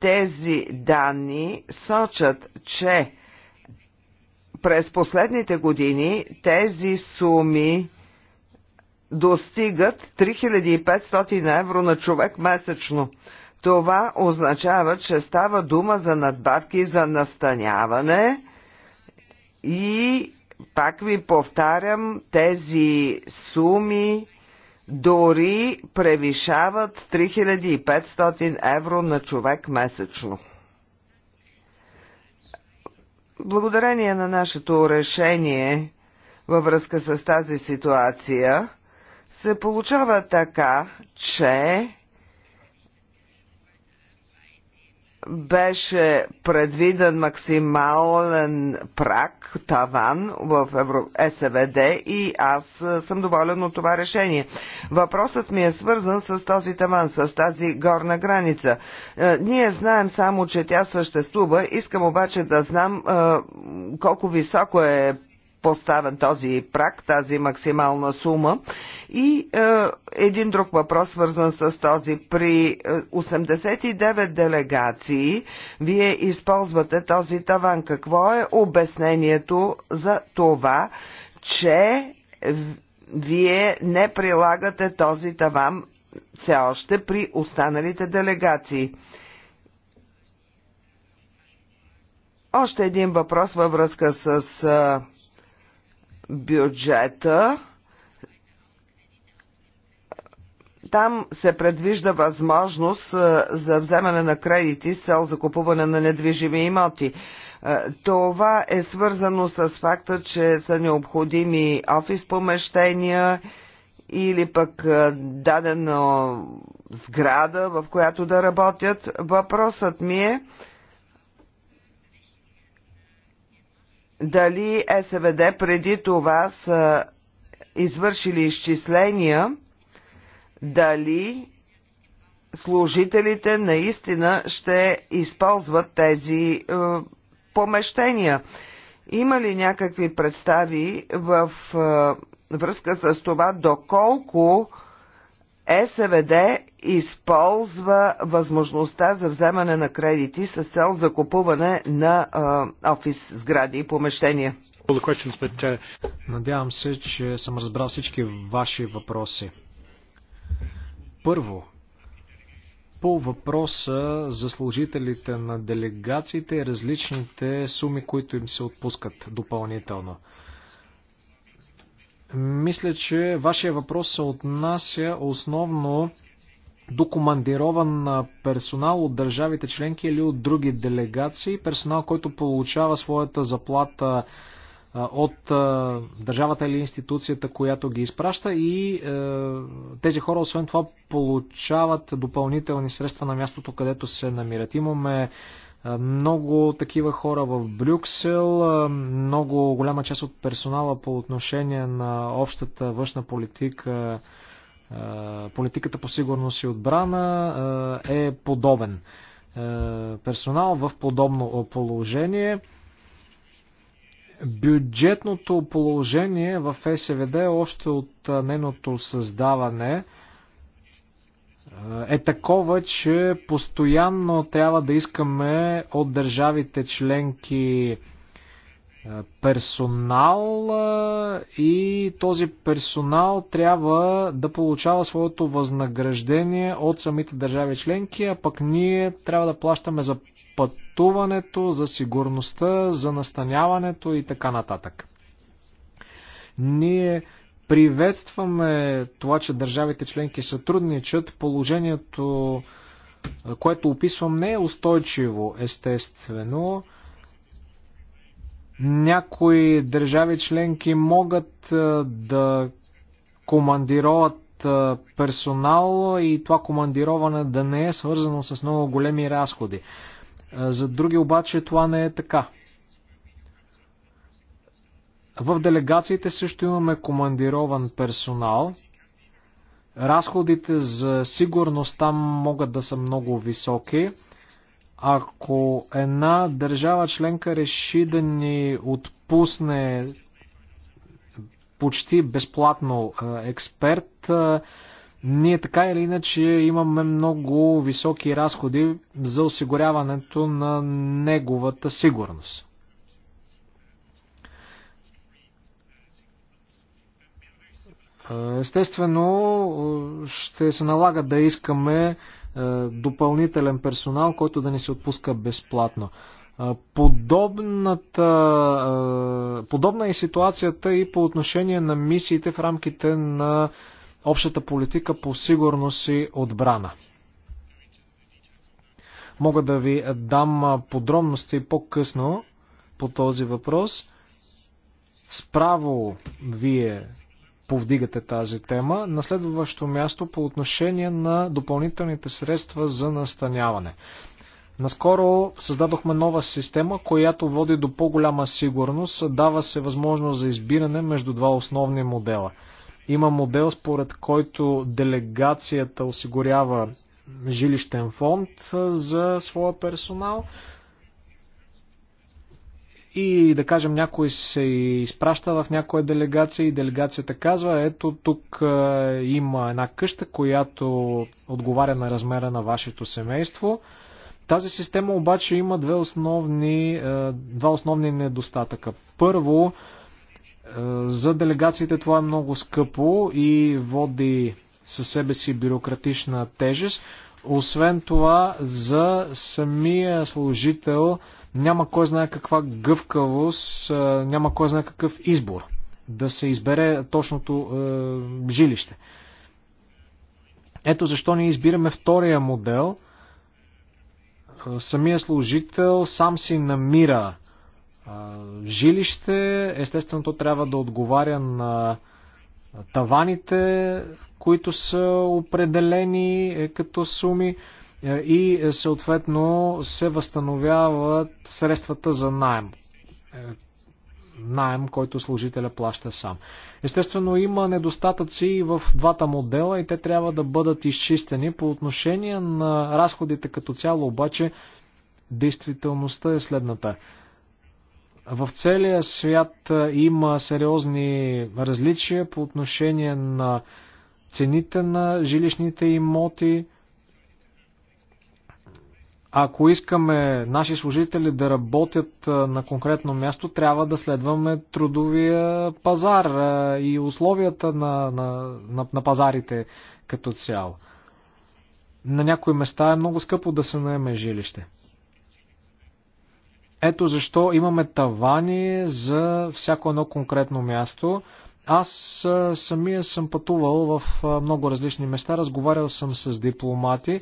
тези данни сочат, че през последните години тези суми достигат 3500 евро на човек месечно. Това означава, че става дума за надбавки за настаняване и, пак ви повтарям, тези суми дори превишават 3500 евро на човек месечно. Благодарение на нашето решение във връзка с тази ситуация, се получава така, че беше предвиден максимален прак, таван в СВД и аз съм доволен от това решение. Въпросът ми е свързан с този таван, с тази горна граница. Е, ние знаем само, че тя съществува. Искам обаче да знам е, колко високо е поставен този прак, тази максимална сума. И е, един друг въпрос, свързан с този. При 89 е, делегации вие използвате този таван. Какво е обяснението за това, че вие не прилагате този таван все още при останалите делегации? Още един въпрос във връзка с. Е, бюджета Там се предвижда възможност за вземане на кредити с цел закупуване на недвижими имоти. Това е свързано с факта, че са необходими офис помещения или пък дадена сграда, в която да работят. Въпросът ми е, дали СВД преди това са извършили изчисления, дали служителите наистина ще използват тези е, помещения. Има ли някакви представи в е, връзка с това доколко е, СВД е използва възможността за вземане на кредити с цел закупуване на а, офис сгради и помещения. Надявам се, че съм разбрал всички ваши въпроси. Първо, по въпроса за служителите на делегациите и различните суми, които им се отпускат допълнително. Мисля, че вашия въпрос се отнася основно до командирован персонал от държавите членки или от други делегации, персонал, който получава своята заплата от държавата или институцията, която ги изпраща и е, тези хора освен това получават допълнителни средства на мястото, където се намират. Имаме много такива хора в Брюксел, много голяма част от персонала по отношение на общата външна политика, политиката по сигурност и отбрана е подобен. Персонал в подобно положение. Бюджетното положение в СВД е още от нейното създаване – е такова, че постоянно трябва да искаме от държавите членки е, персонал е, и този персонал трябва да получава своето възнаграждение от самите държави членки, а пък ние трябва да плащаме за пътуването, за сигурността, за настаняването и така нататък. Ние Приветстваме това, че държавите членки сътрудничат. Положението, което описвам, не е устойчиво, естествено. Някои държави членки могат да командироват персонал и това командироване да не е свързано с много големи разходи. За други обаче това не е така. В делегациите също имаме командирован персонал. Разходите за сигурност там могат да са много високи. Ако една държава членка реши да ни отпусне почти безплатно експерт, ние така или иначе имаме много високи разходи за осигуряването на неговата сигурност. Е, естествено, е, ще се налага да искаме е, допълнителен персонал, който да ни се отпуска безплатно. Подобната, подобна е ситуацията и по отношение на мисиите в рамките на общата политика по сигурност и отбрана. Мога да ви дам подробности по-късно по този въпрос. Справо вие повдигате тази тема. На следващо място по отношение на допълнителните средства за настаняване. Наскоро създадохме нова система, която води до по-голяма сигурност, дава се възможност за избиране между два основни модела. Има модел, според който делегацията осигурява жилищен фонд за своя персонал, и да кажем някой се изпраща в някоя делегация и делегацията казва ето тук а, е, има една къща, която отговаря на размера на вашето семейство. Тази система обаче има две основни, а, е, два основни недостатъка. Първо, а, е, за делегациите това е много скъпо и води със себе си бюрократична тежест. Освен това, за самия служител а, няма кой знае каква гъвкавост, няма кой знае какъв избор да се избере точното е, жилище. Ето защо ние избираме втория модел. Самия служител сам си намира е, жилище. Естествено, то трябва да отговаря на таваните, които са определени е, като суми. Е, е, и е, съответно се възстановяват средствата за найем. Е, найем, който служителя плаща сам. Естествено, има недостатъци и в двата модела и те трябва да бъдат изчистени. По отношение на разходите като цяло, обаче, действителността е следната. В целия свят има сериозни различия по отношение на цените на жилищните имоти, ако искаме наши служители да работят на конкретно място, трябва да следваме трудовия пазар и условията на, на, на, на пазарите като цяло. На някои места е много скъпо да се наеме жилище. Ето защо имаме тавани за всяко едно конкретно място. Аз самия съм пътувал в много различни места, разговарял съм с дипломати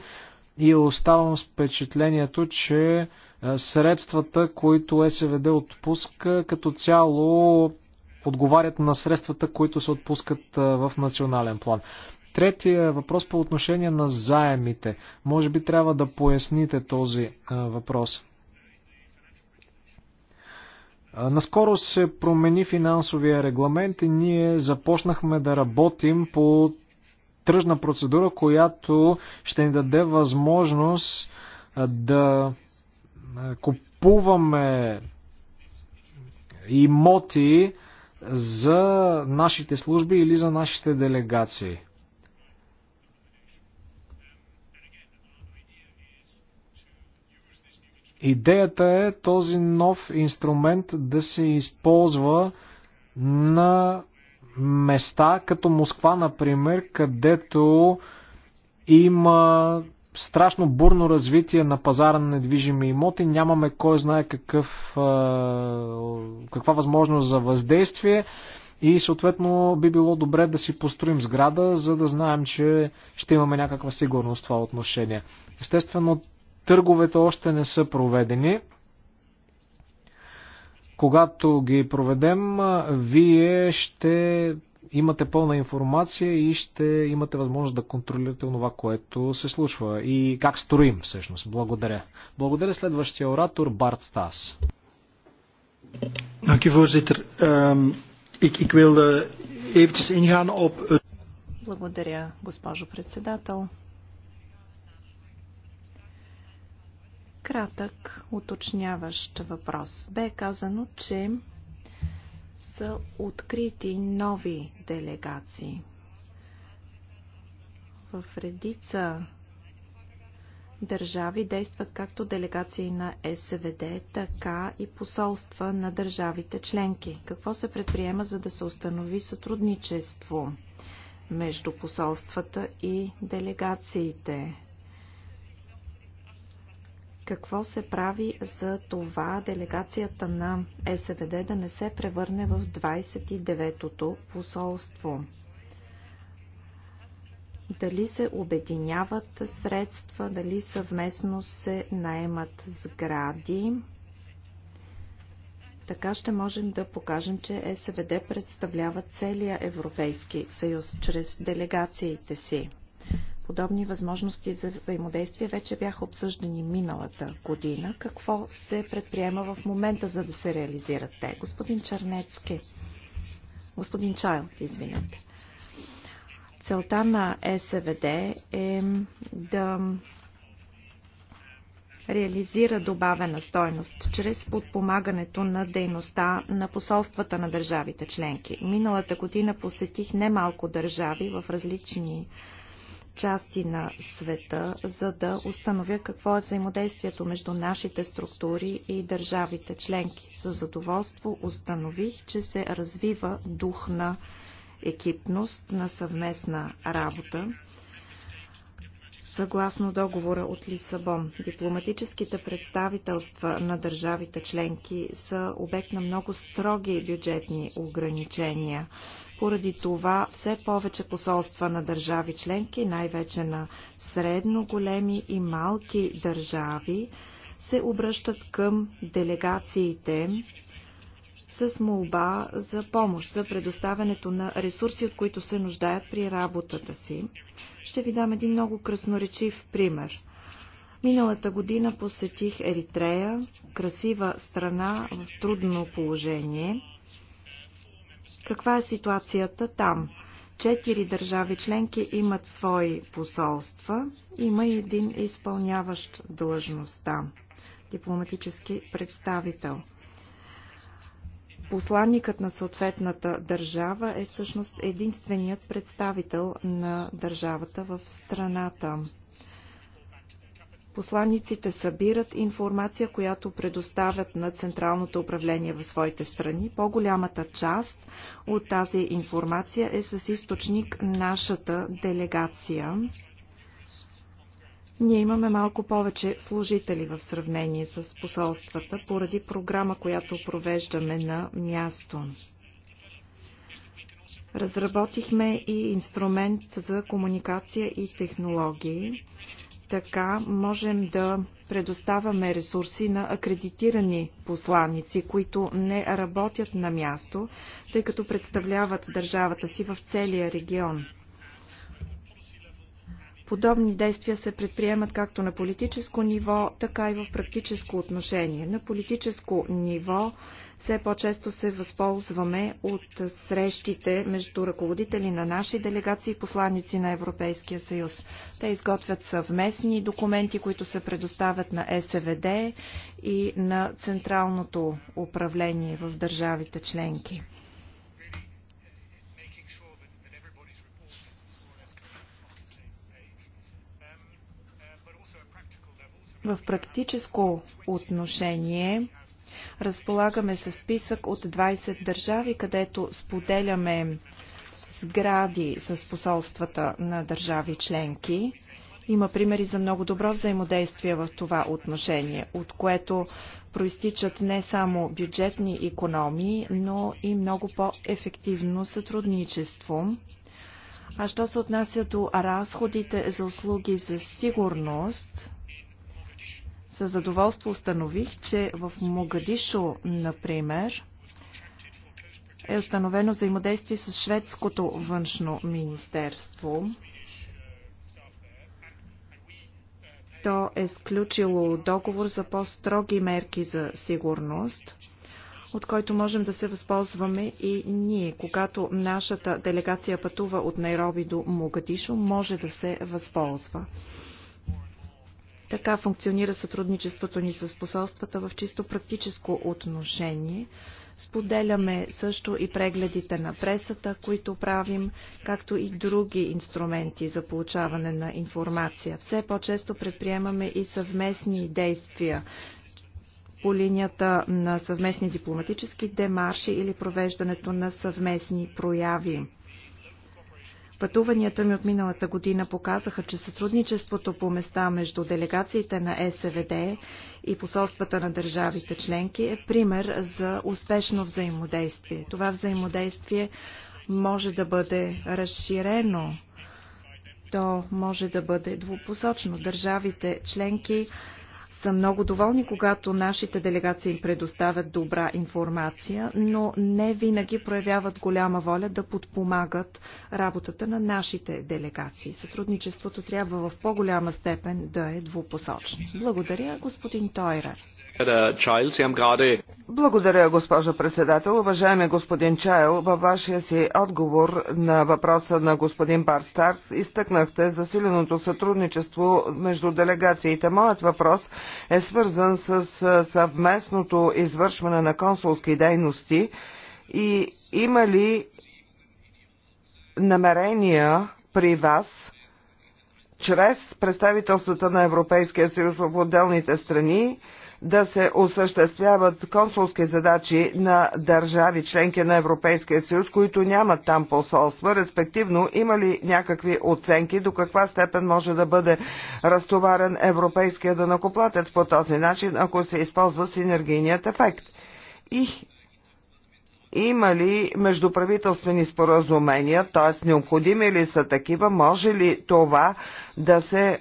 и оставам с впечатлението, че средствата, които СВД отпуска, като цяло отговарят на средствата, които се отпускат в национален план. Третия въпрос по отношение на заемите. Може би трябва да поясните този въпрос. Наскоро се промени финансовия регламент и ние започнахме да работим по тръжна процедура, която ще ни даде възможност да купуваме имоти за нашите служби или за нашите делегации. Идеята е този нов инструмент да се използва на места, като Москва, например, където има страшно бурно развитие на пазара на недвижими имоти, нямаме кой знае какъв, каква възможност за въздействие и съответно би било добре да си построим сграда, за да знаем, че ще имаме някаква сигурност в това отношение. Естествено, търговете още не са проведени. Когато ги проведем, вие ще имате пълна информация и ще имате възможност да контролирате това, което се случва и как строим всъщност. Благодаря. Благодаря следващия оратор Барт Стас. Ehm, eh, Благодаря, госпожо председател. Кратък, уточняващ въпрос. Бе казано, че са открити нови делегации. В редица държави действат както делегации на СВД, така и посолства на държавите членки. Какво се предприема, за да се установи сътрудничество между посолствата и делегациите? какво се прави за това делегацията на СВД да не се превърне в 29-тото посолство? Дали се обединяват средства, дали съвместно се наемат сгради? Така ще можем да покажем, че СВД представлява целия Европейски съюз чрез делегациите си. Подобни възможности за взаимодействие вече бяха обсъждани миналата година. Какво се предприема в момента, за да се реализират те? Господин Чернецки, господин Чайлд, извинете. Целта на СВД е да реализира добавена стойност чрез подпомагането на дейността на посолствата на държавите членки. Миналата година посетих немалко държави в различни части на света, за да установя какво е взаимодействието между нашите структури и държавите членки. С задоволство установих, че се развива дух на екипност, на съвместна работа. Съгласно договора от Лисабон, дипломатическите представителства на държавите членки са обект на много строги бюджетни ограничения. Поради това все повече посолства на държави членки, най-вече на средно големи и малки държави, се обръщат към делегациите с молба за помощ за предоставянето на ресурси, от които се нуждаят при работата си. Ще ви дам един много красноречив пример. Миналата година посетих Еритрея, красива страна в трудно положение. Каква е ситуацията там? Четири държави членки имат свои посолства. Има и един изпълняващ длъжността дипломатически представител. Посланникът на съответната държава е всъщност единственият представител на държавата в страната. Посланиците събират информация, която предоставят на Централното управление в своите страни. По-голямата част от тази информация е с източник нашата делегация. Ние имаме малко повече служители в сравнение с посолствата, поради програма, която провеждаме на място. Разработихме и инструмент за комуникация и технологии. Така можем да предоставяме ресурси на акредитирани посланици, които не работят на място, тъй като представляват държавата си в целия регион. Подобни действия се предприемат както на политическо ниво, така и в практическо отношение. На политическо ниво все по-често се възползваме от срещите между ръководители на наши делегации и посланици на Европейския съюз. Те изготвят съвместни документи, които се предоставят на СВД и на Централното управление в държавите членки. В практическо отношение разполагаме с списък от 20 държави, където споделяме сгради с посолствата на държави членки. Има примери за много добро взаимодействие в това отношение, от което проистичат не само бюджетни економии, но и много по-ефективно сътрудничество. А що се отнася до разходите за услуги за сигурност, със задоволство установих, че в Могадишо, например, е установено взаимодействие с шведското външно министерство. То е сключило договор за по-строги мерки за сигурност, от който можем да се възползваме и ние. Когато нашата делегация пътува от Найроби до Могадишо, може да се възползва. Така функционира сътрудничеството ни с посолствата в чисто практическо отношение. Споделяме също и прегледите на пресата, които правим, както и други инструменти за получаване на информация. Все по-често предприемаме и съвместни действия по линията на съвместни дипломатически демарши или провеждането на съвместни прояви. Пътуванията ми от миналата година показаха, че сътрудничеството по места между делегациите на СВД и посолствата на държавите членки е пример за успешно взаимодействие. Това взаимодействие може да бъде разширено. То може да бъде двупосочно. Държавите членки са много доволни, когато нашите делегации им предоставят добра информация, но не винаги проявяват голяма воля да подпомагат работата на нашите делегации. Сътрудничеството трябва в по-голяма степен да е двупосочно. Благодаря, господин Тойра. Благодаря, госпожа председател. Уважаеми господин Чайл, във вашия си отговор на въпроса на господин Барстарс изтъкнахте засиленото сътрудничество между делегациите. Моят въпрос е свързан с съвместното извършване на консулски дейности и има ли намерения при вас чрез представителствата на Европейския съюз в отделните страни да се осъществяват консулски задачи на държави членки на Европейския съюз, които нямат там посолства, респективно има ли някакви оценки до каква степен може да бъде разтоварен европейския данакоплатец по този начин, ако се използва синергийният ефект? И има ли междуправителствени споразумения, т.е. необходими ли са такива, може ли това да се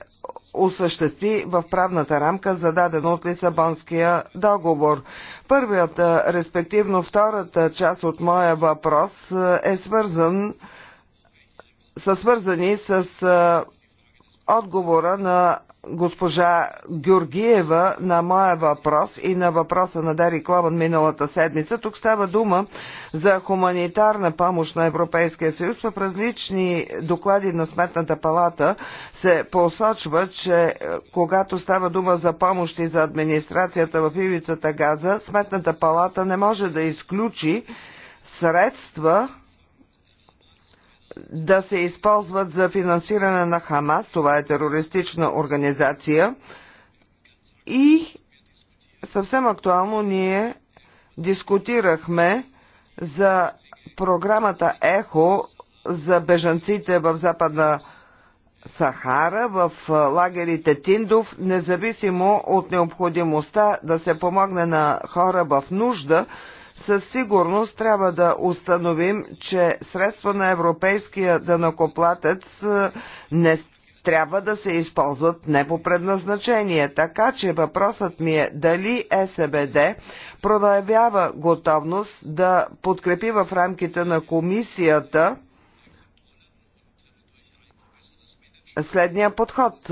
осъществи в правната рамка, зададена от Лисабонския договор. Първията, респективно втората част от моя въпрос е свързан са свързани с отговора на госпожа Георгиева на моя въпрос и на въпроса на Дари Клабан миналата седмица. Тук става дума за хуманитарна помощ на Европейския съюз. В различни доклади на Сметната палата се посочва, че е, когато става дума за помощи за администрацията в ивицата Газа, Сметната палата не може да изключи средства, да се използват за финансиране на Хамас, това е терористична организация. И съвсем актуално ние дискутирахме за програмата ЕХО за бежанците в Западна Сахара, в лагерите Тиндов, независимо от необходимостта да се помогне на хора в нужда, със сигурност трябва да установим, че средства на европейския дънакоплатец е, не трябва да се използват не по предназначение, така че въпросът ми е дали СБД проявява готовност да подкрепи в рамките на комисията следния подход –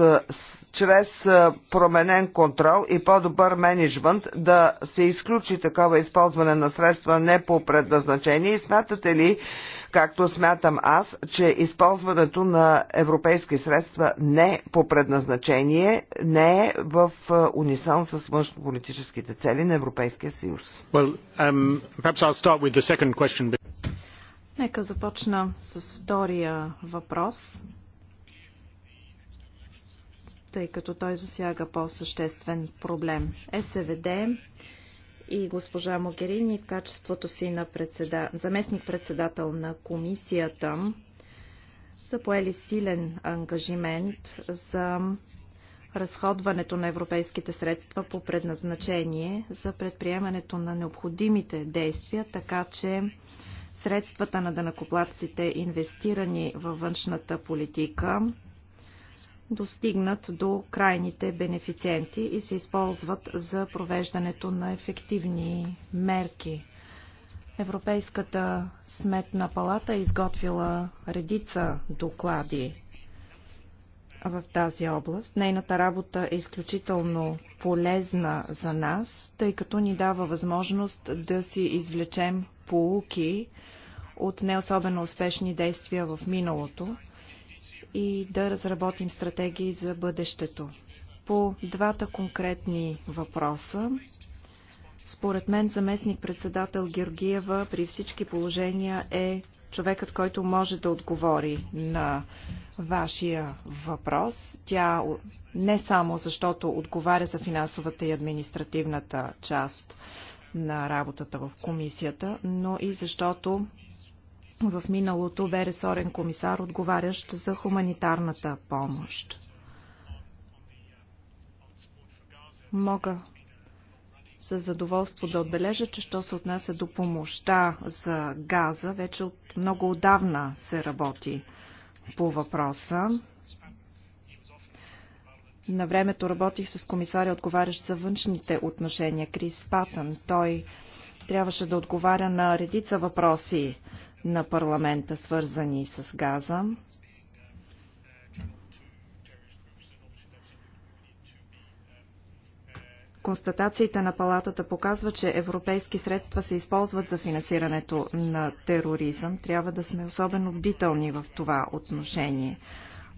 чрез променен контрол и по-добър менеджмент да се изключи такова използване на средства не по предназначение и смятате ли, както смятам аз, че използването на европейски средства не по предназначение не е в унисон с външнополитическите цели на Европейския съюз. Well, um, Нека започна с втория въпрос тъй като той засяга по-съществен проблем. СВД и госпожа Могерини в качеството си на председа... заместник-председател на комисията са поели силен ангажимент за разходването на европейските средства по предназначение за предприемането на необходимите действия, така че средствата на дънакоплатците, инвестирани във външната политика, достигнат до крайните бенефициенти и се използват за провеждането на ефективни мерки. Европейската сметна палата е изготвила редица доклади в тази област. Нейната работа е изключително полезна за нас, тъй като ни дава възможност да си извлечем поуки от не особено успешни действия в миналото, и да разработим стратегии за бъдещето. По двата конкретни въпроса, според мен заместник председател Георгиева при всички положения е човекът, който може да отговори на вашия въпрос. Тя не само защото отговаря за финансовата и административната част на работата в комисията, но и защото в миналото бе ресорен комисар, отговарящ за хуманитарната помощ. Мога с задоволство да отбележа, че що се отнася до помощта за газа, вече от много отдавна се работи по въпроса. На времето работих с комисаря, отговарящ за външните отношения, Крис Патън. Той трябваше да отговаря на редица въпроси на парламента, свързани с газа. Констатациите на палатата показват, че европейски средства се използват за финансирането на тероризъм. Трябва да сме особено бдителни в това отношение.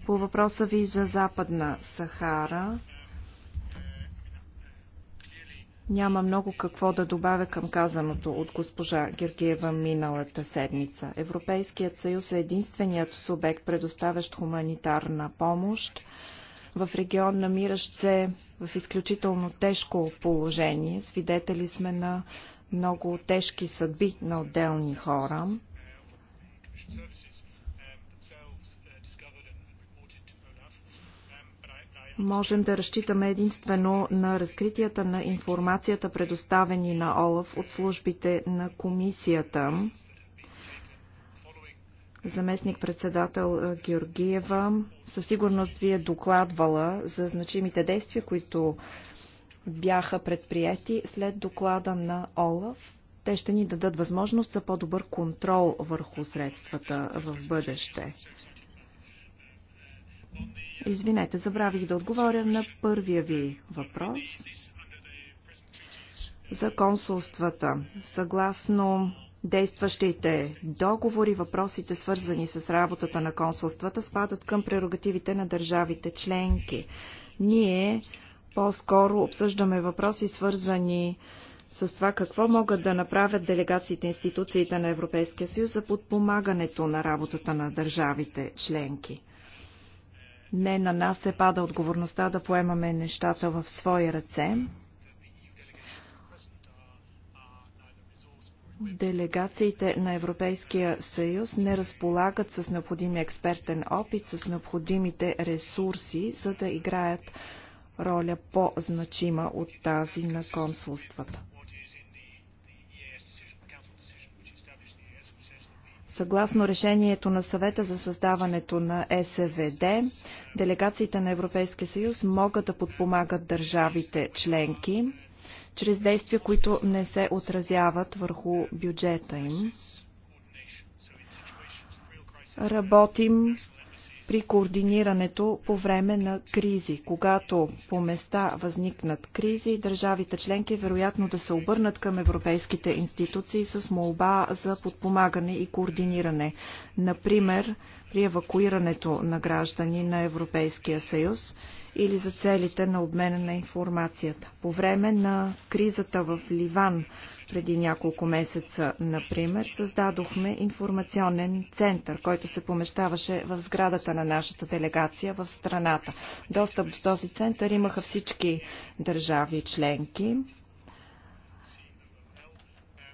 По въпроса ви за Западна Сахара, няма много какво да добавя към казаното от госпожа Георгиева миналата седмица. Европейският съюз е единственият субект, предоставящ хуманитарна помощ в регион, намиращ се в изключително тежко положение. Свидетели сме на много тежки съдби на отделни хора. можем да разчитаме единствено на разкритията на информацията, предоставени на ОЛАФ от службите на комисията. Заместник-председател Георгиева, със сигурност ви е докладвала за значимите действия, които бяха предприяти след доклада на ОЛАФ. Те ще ни дадат възможност за по-добър контрол върху средствата в бъдеще. Извинете, забравих да отговоря на първия ви въпрос за консулствата. Съгласно действащите договори, въпросите свързани с работата на консулствата спадат към прерогативите на държавите членки. Ние по-скоро обсъждаме въпроси свързани с това какво могат да направят делегациите и институциите на Европейския съюз за подпомагането на работата на държавите членки. Не на нас се пада отговорността да поемаме нещата в свои ръце. Делегациите на Европейския съюз не разполагат с необходимия експертен опит, с необходимите ресурси, за да играят роля по-значима от тази на консулствата. Съгласно решението на съвета за създаването на СВД, делегациите на Европейския съюз могат да подпомагат държавите членки чрез действия, които не се отразяват върху бюджета им. Работим при координирането по време на кризи. Когато по места възникнат кризи, държавите членки вероятно да се обърнат към европейските институции с молба за подпомагане и координиране. Например, при евакуирането на граждани на Европейския съюз или за целите на обмена на информацията. По време на кризата в Ливан преди няколко месеца, например, създадохме информационен център, който се помещаваше в сградата на нашата делегация в страната. Достъп до този център имаха всички държави членки.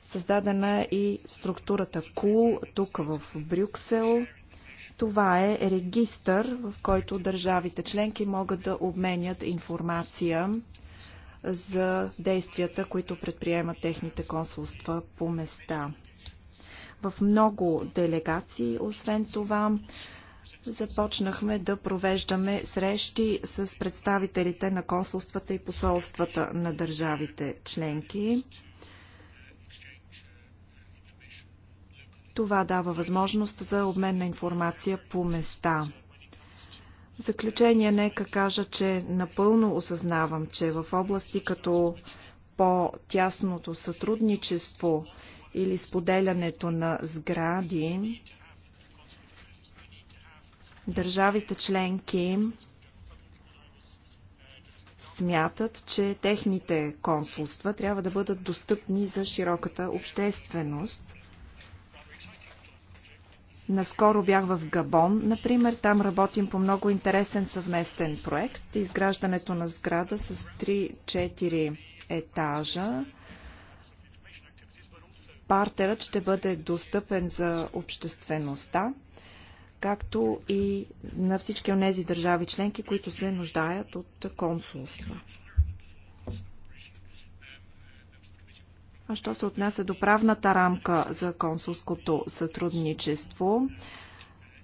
Създадена е и структурата КУЛ тук в Брюксел – това е регистър, в който държавите членки могат да обменят информация за действията, които предприемат техните консулства по места. В много делегации, освен това, започнахме да провеждаме срещи с представителите на консулствата и посолствата на държавите членки. Това дава възможност за обмен на информация по места. В заключение нека кажа, че напълно осъзнавам, че в области като по-тясното сътрудничество или споделянето на сгради, държавите членки смятат, че техните консулства трябва да бъдат достъпни за широката общественост. Наскоро бях в Габон, например. Там работим по много интересен съвместен проект. Изграждането на сграда с 3-4 етажа. Партерът ще бъде достъпен за обществеността, както и на всички от тези държави членки, които се нуждаят от консулства. А що се отнася до правната рамка за консулското сътрудничество,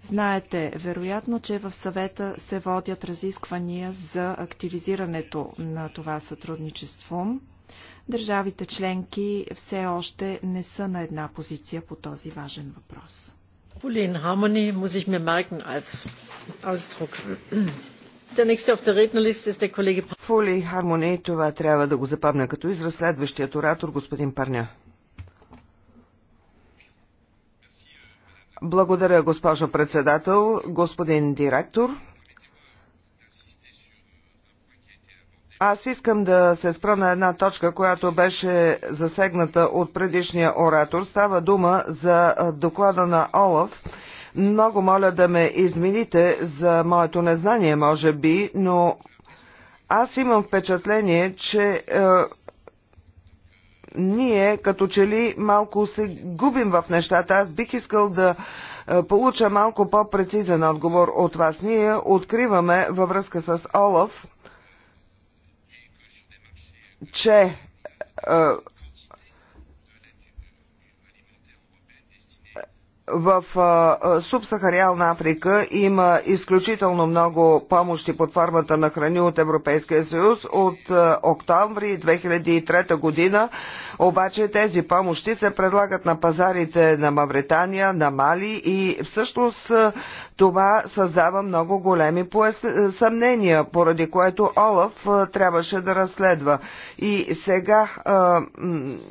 знаете вероятно, че в съвета се водят разисквания за активизирането на това сътрудничество. Държавите членки все още не са на една позиция по този важен въпрос. Фули хармони, това трябва да го запомня като израз. Следващият оратор, господин Парня. Благодаря, госпожо председател, господин директор. Аз искам да се спра на една точка, която беше засегната от предишния оратор. Става дума за доклада на Олаф много моля да ме измените за моето незнание, може би, но аз имам впечатление, че е, ние като че ли малко се губим в нещата. Аз бих искал да е, получа малко по-прецизен отговор от вас. Ние откриваме във връзка с Олаф, че е, в субсахариална Африка има изключително много помощи под формата на храни от Европейския съюз. От октомври 2003 година обаче тези помощи се предлагат на пазарите на Мавритания, на Мали и всъщност е, това създава много големи е, съмнения, поради което Олаф е, трябваше да разследва. И сега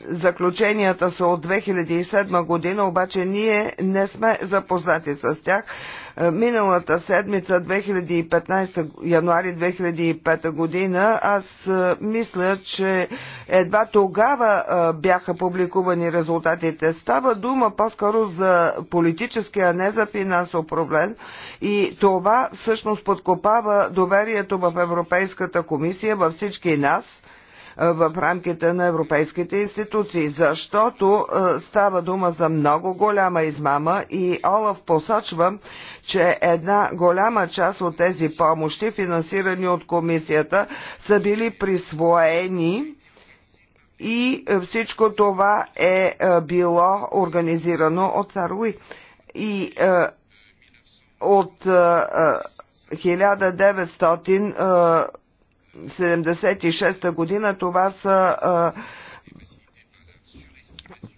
заключенията са от 2007 година, обаче ние не сме запознати с тях. Е, миналата седмица, 2015, януари 2005 година, аз е, мисля, че едва тогава е, бяха публикувани резултатите. Става дума по-скоро за политически, а не за финансов проблем. И това всъщност подкопава доверието в Европейската комисия, във всички нас – в рамките на европейските институции, защото става дума за много голяма измама и Олаф посочва, че една голяма част от тези помощи, финансирани от комисията, са били присвоени и всичко това е било организирано от Саруи. И от 1900 76-та година това са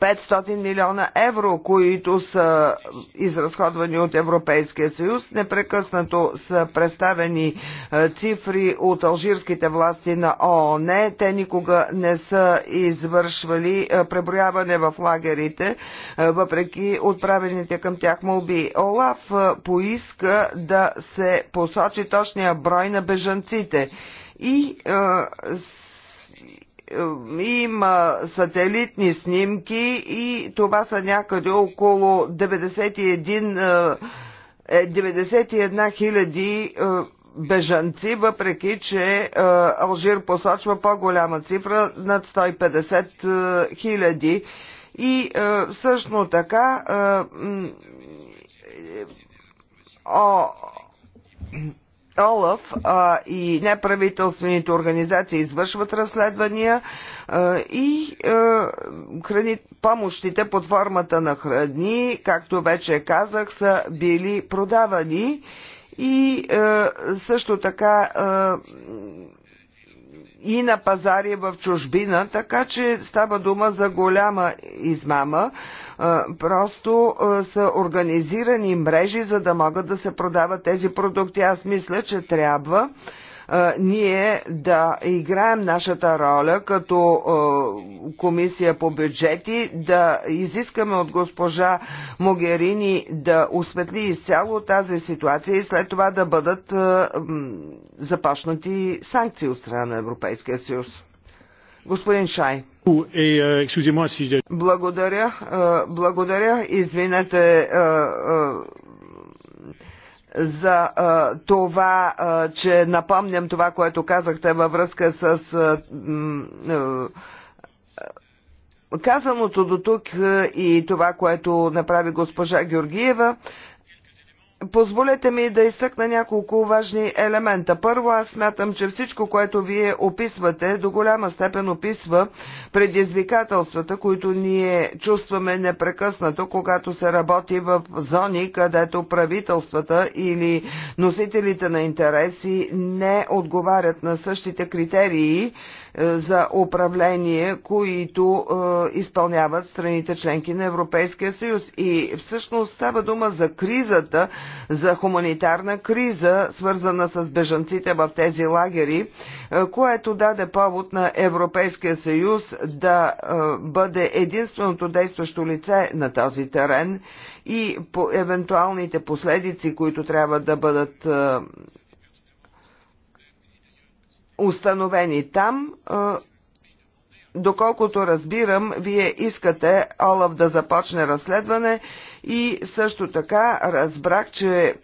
500 милиона евро, които са изразходвани от Европейския съюз. Непрекъснато са представени цифри от алжирските власти на ООН. Те никога не са извършвали преброяване в лагерите, въпреки отправените към тях молби. Олаф поиска да се посочи точния брой на бежанците и има сателитни снимки и това са някъде около 91 91 е, хиляди бежанци, въпреки че Алжир посочва по-голяма цифра над 150 хиляди. И също така а, е, ОЛАФ а, и неправителствените организации извършват разследвания а, и а, храни, помощите под формата на храни, както вече казах, са били продавани и а, също така а, и на пазари в чужбина, така че става дума за голяма измама. Просто са организирани мрежи, за да могат да се продават тези продукти. Аз мисля, че трябва ние да играем нашата роля като комисия по бюджети, да изискаме от госпожа Могерини да осветли изцяло тази ситуация и след това да бъдат започнати санкции от страна на Европейския съюз. Господин Шай. Euh, благодаря, благодаря. Извинете, за а, това, а, че напомням това, което казахте във връзка с. А, а, казаното до тук и това, което направи госпожа Георгиева, Позволете ми да изтъкна няколко важни елемента. Първо, аз смятам, че всичко, което вие описвате, до голяма степен описва предизвикателствата, които ние чувстваме непрекъснато, когато се работи в зони, където правителствата или носителите на интереси не отговарят на същите критерии, е, за управление, които е, изпълняват страните членки на Европейския съюз. И всъщност става дума за кризата, за хуманитарна криза, свързана с бежанците в тези лагери, е, което даде повод на Европейския съюз да бъде единственото действащо лице на този терен и по евентуалните последици, които трябва да бъдат установени там. Доколкото разбирам, вие искате Олаф да започне разследване и също така разбрах, че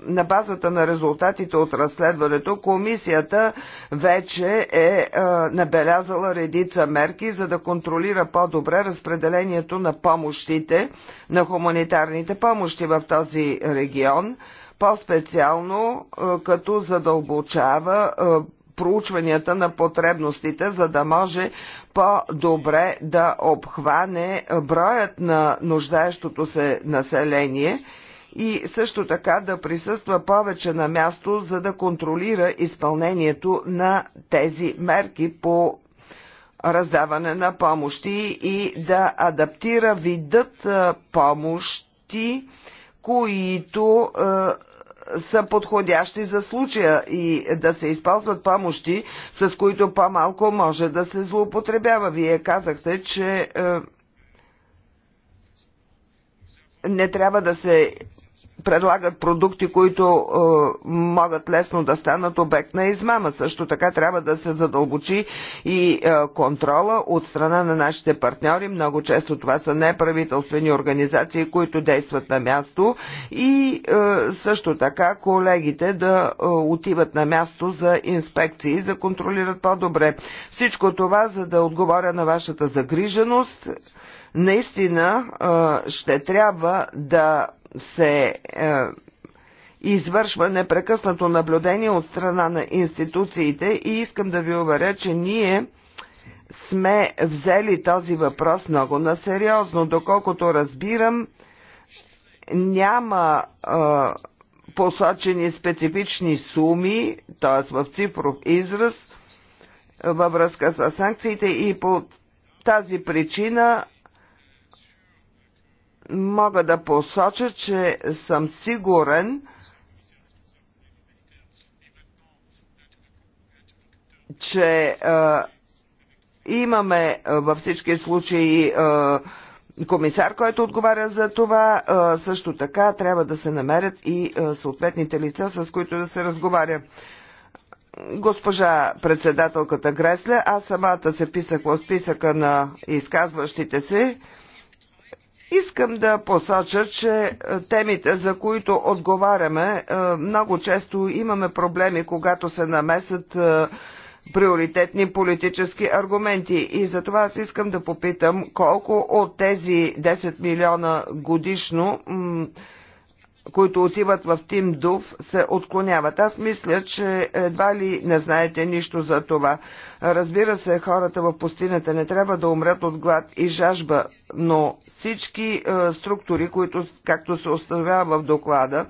на базата на резултатите от разследването комисията вече е набелязала редица мерки, за да контролира по-добре разпределението на помощите, на хуманитарните помощи в този регион, по-специално като задълбочава проучванията на потребностите, за да може по-добре да обхване броят на нуждаещото се население и също така да присъства повече на място, за да контролира изпълнението на тези мерки по раздаване на помощи и да адаптира видът помощи, които са подходящи за случая и да се използват помощи, с които по-малко може да се злоупотребява. Вие казахте, че е, не трябва да се предлагат продукти, които е, могат лесно да станат обект на измама. Също така трябва да се задълбочи и е, контрола от страна на нашите партньори. Много често това са неправителствени организации, които действат на място и е, също така колегите да е, отиват на място за инспекции, за контролират по-добре. Всичко това, за да отговоря на вашата загриженост, наистина е, ще трябва да се е, извършва непрекъснато наблюдение от страна на институциите и искам да ви уверя, че ние сме взели този въпрос много на сериозно. Доколкото разбирам, няма е, посочени специфични суми, т.е. в цифров израз, във връзка с санкциите и по тази причина мога да посоча, че съм сигурен, че а, имаме във всички случаи а, комисар, който отговаря за това. А, също така трябва да се намерят и а, съответните лица, с които да се разговаря. Госпожа председателката Гресля, аз самата се писах в списъка на изказващите се. Искам да посоча, че е, темите, за които отговаряме, е, много често имаме проблеми, когато се намесат е, приоритетни политически аргументи. И за това аз искам да попитам колко от тези 10 милиона годишно които отиват в Тим Дув, се отклоняват. Аз мисля, че едва ли не знаете нищо за това. Разбира се, хората в пустинята не трябва да умрат от глад и жажба, но всички е, структури, които, както се установява в доклада,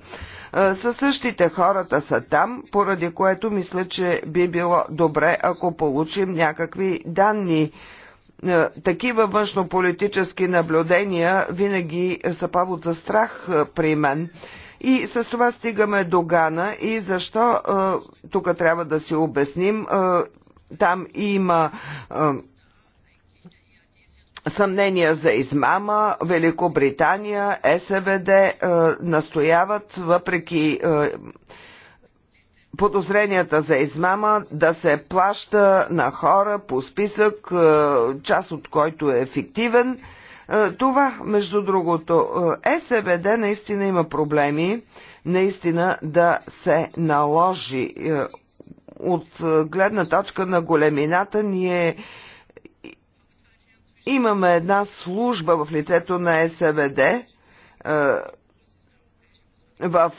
е, са същите хората са там, поради което мисля, че би било добре, ако получим някакви данни е, такива външнополитически наблюдения винаги са повод за страх е, при мен. И с това стигаме до Гана и защо е, тук трябва да си обясним. Там има съмнения за измама, Великобритания, СВД настояват, въпреки подозренията за измама да се плаща на хора по списък, е, част от който е ефективен. Е, това, между другото, е, СВД наистина има проблеми, наистина да се наложи от гледна точка на големината ние имаме една служба в лицето на СВД в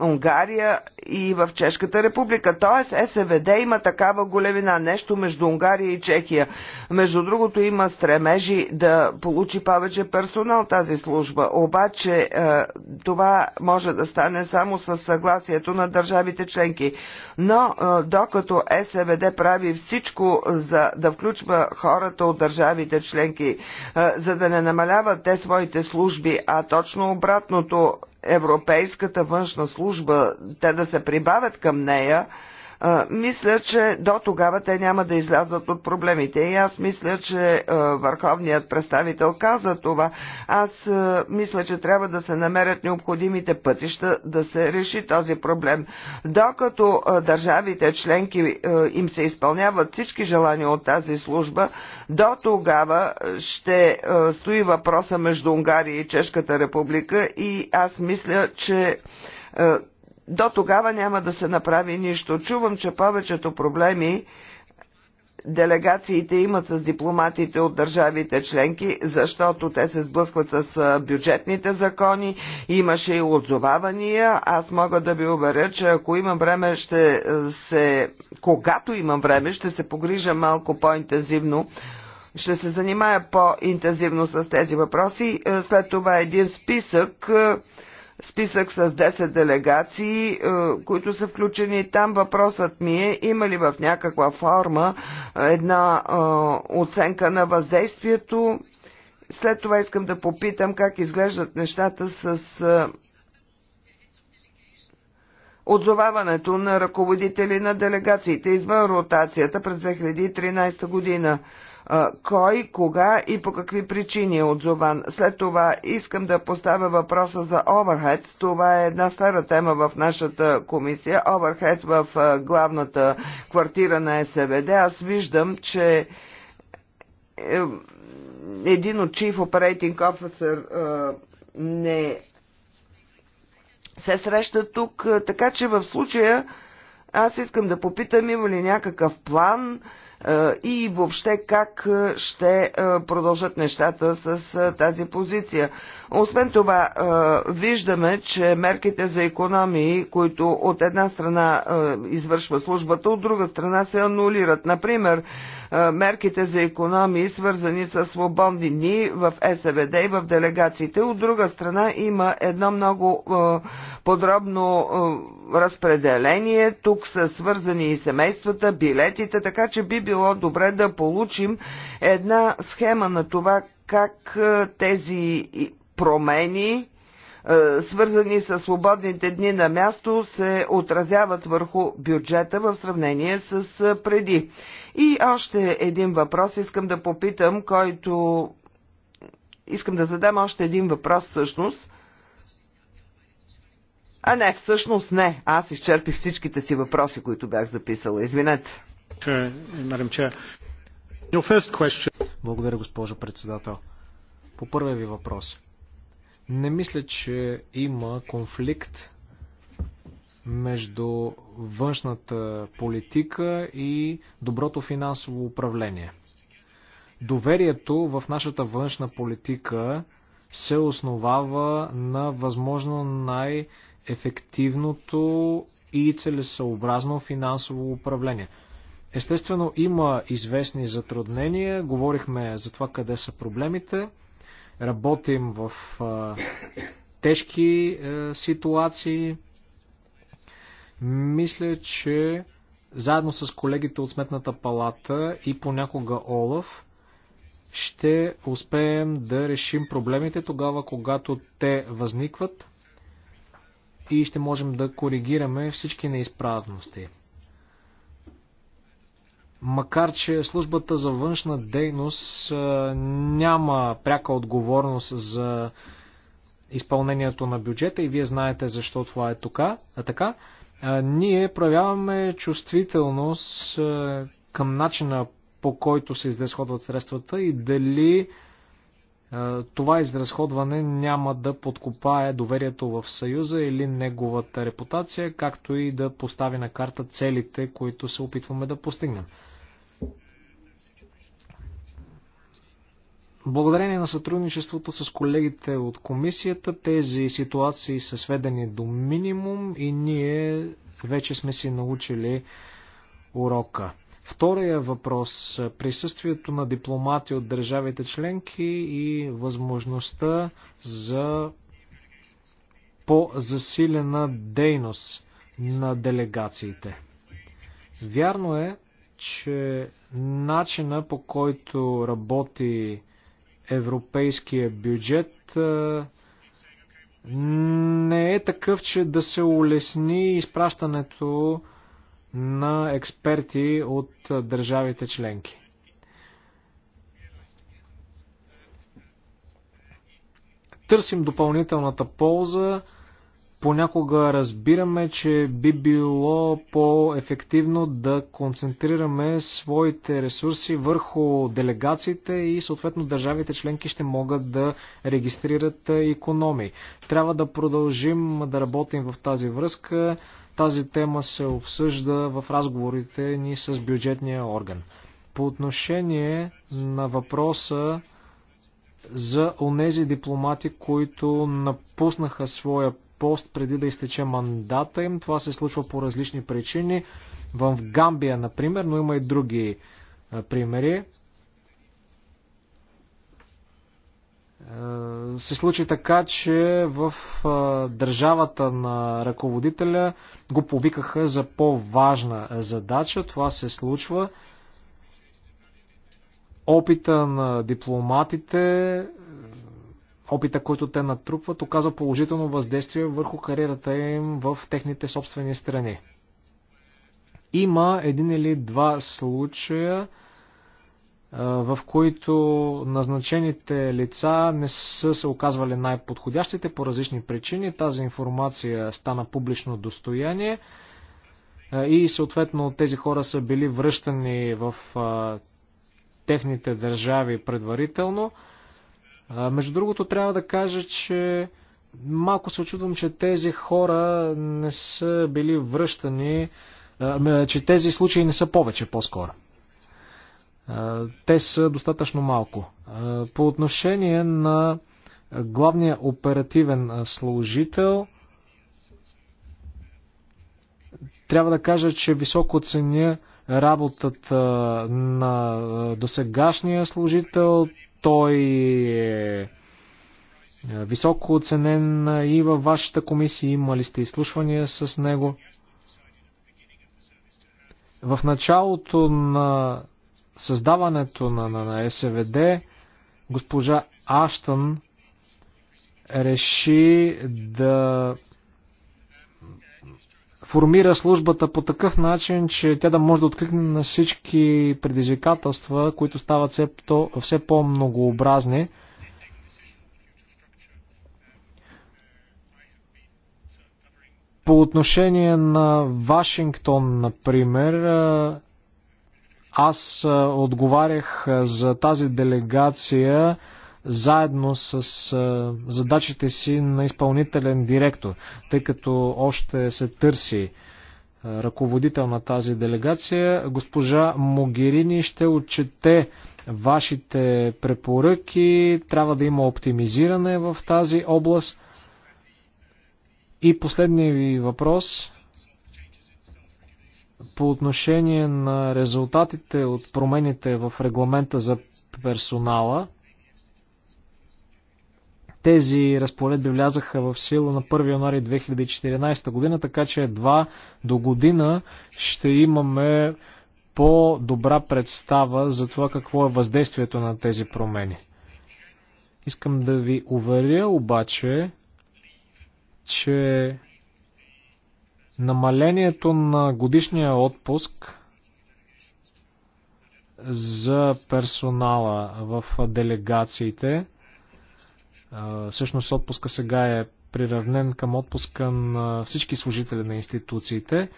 Унгария и в Чешката република. Т.е. СВД има такава големина, нещо между Унгария и Чехия. Между другото има стремежи да получи повече персонал тази служба. Обаче е, това може да стане само с съгласието на държавите членки. Но е, докато СВД прави всичко за да включва хората от държавите членки, е, за да не намаляват те своите служби, а точно обратното Европейската външна служба, те да се прибавят към нея – мисля, че до тогава те няма да излязат от проблемите. И аз мисля, че върховният представител каза това. Аз мисля, че трябва да се намерят необходимите пътища да се реши този проблем. Докато държавите членки им се изпълняват всички желания от тази служба, до тогава ще стои въпроса между Унгария и Чешката република и аз мисля, че до тогава няма да се направи нищо. Чувам, че повечето проблеми делегациите имат с дипломатите от държавите членки, защото те се сблъскват с бюджетните закони. Имаше и отзовавания. Аз мога да ви уверя, че ако имам време, ще се... Когато имам време, ще се погрижа малко по-интензивно ще се занимая по-интензивно с тези въпроси. Е, след това един списък е, списък с 10 делегации, е, които са включени там. Въпросът ми е, има ли в някаква форма е, една е, оценка на въздействието? След това искам да попитам как изглеждат нещата с отзоваването на ръководители на делегациите извън ротацията през 2013 година кой, кога и по какви причини е отзован. След това искам да поставя въпроса за оверхед. Това е една стара тема в нашата комисия. Оверхед в главната квартира на СВД. Аз виждам, че е, един от чиф оперейтинг офисър не се среща тук, така че в случая аз искам да попитам има ли някакъв план, и въобще как ще продължат нещата с тази позиция. Освен това, виждаме, че мерките за економии, които от една страна извършва службата, от друга страна се анулират. Например, мерките за економии, свързани с свободни дни в СВД и в делегациите. От друга страна има едно много подробно разпределение. Тук са свързани и семействата, билетите, така че би било добре да получим една схема на това как тези промени свързани с свободните дни на място, се отразяват върху бюджета в сравнение с преди. И още един въпрос искам да попитам, който... Искам да задам още един въпрос всъщност. А не, всъщност не. Аз изчерпих всичките си въпроси, които бях записала. Извинете. Благодаря, госпожо председател. По първия ви въпрос. Не мисля, че има конфликт между външната политика и доброто финансово управление. Доверието в нашата външна политика се основава на възможно най-ефективното и целесъобразно финансово управление. Естествено, има известни затруднения. Говорихме за това къде са проблемите. Работим в а, тежки а, е, ситуации. Мисля, че заедно с колегите от Сметната палата и понякога Олаф ще успеем да решим проблемите тогава, когато те възникват и ще можем да коригираме всички неизправности. Макар, че службата за външна дейност няма пряка отговорност за изпълнението на бюджета и вие знаете защо това е така, а така ние проявяваме чувствителност към начина по който се изразходват средствата и дали това изразходване няма да подкопае доверието в Съюза или неговата репутация, както и да постави на карта целите, които се опитваме да постигнем. Благодарение на сътрудничеството с колегите от комисията, тези ситуации са сведени до минимум и ние вече сме си научили урока. Втория въпрос – присъствието на дипломати от държавите членки и възможността за по-засилена дейност на делегациите. Вярно е, че начина по който работи европейския бюджет не е такъв, че да се улесни изпращането на експерти от държавите членки. Търсим допълнителната полза Понякога разбираме, че би било по-ефективно да концентрираме своите ресурси върху делегациите и съответно държавите членки ще могат да регистрират економии. Трябва да продължим да работим в тази връзка. Тази тема се обсъжда в разговорите ни с бюджетния орган. По отношение на въпроса за онези дипломати, които напуснаха своя пост преди да изтече мандата им. Това се случва по различни причини. В Гамбия, например, но има и други е, примери. Е, се случи така, че в е, държавата на ръководителя го повикаха за по-важна задача. Това се случва. Опита на дипломатите опита, който те натрупват, оказва положително въздействие върху кариерата им в техните собствени страни. Има един или два случая, в които назначените лица не са се оказвали най-подходящите по различни причини. Тази информация стана публично достояние и съответно тези хора са били връщани в техните държави предварително. Между другото, трябва да кажа, че малко се очудвам, че тези хора не са били връщани, че тези случаи не са повече по-скоро. Те са достатъчно малко. По отношение на главния оперативен служител, трябва да кажа, че високо ценя работата на досегашния служител. Той е, е високо оценен и във вашата комисия. Имали сте изслушвания с него. В началото на създаването на, на, на СВД, госпожа Аштън реши да формира службата по такъв начин, че тя да може да откликне на всички предизвикателства, които стават все, то, все по-многообразни. По отношение на Вашингтон, например, аз отговарях за тази делегация заедно с задачите си на изпълнителен директор, тъй като още се търси ръководител на тази делегация. Госпожа Могерини ще отчете вашите препоръки, трябва да има оптимизиране в тази област. И последният ви въпрос по отношение на резултатите от промените в регламента за персонала – тези разпоредби влязаха в сила на 1 януари 2014 година, така че едва до година ще имаме по-добра представа за това какво е въздействието на тези промени. Искам да ви уверя обаче, че намалението на годишния отпуск за персонала в делегациите – Всъщност отпуска сега е приравнен към отпуска на всички служители на институциите.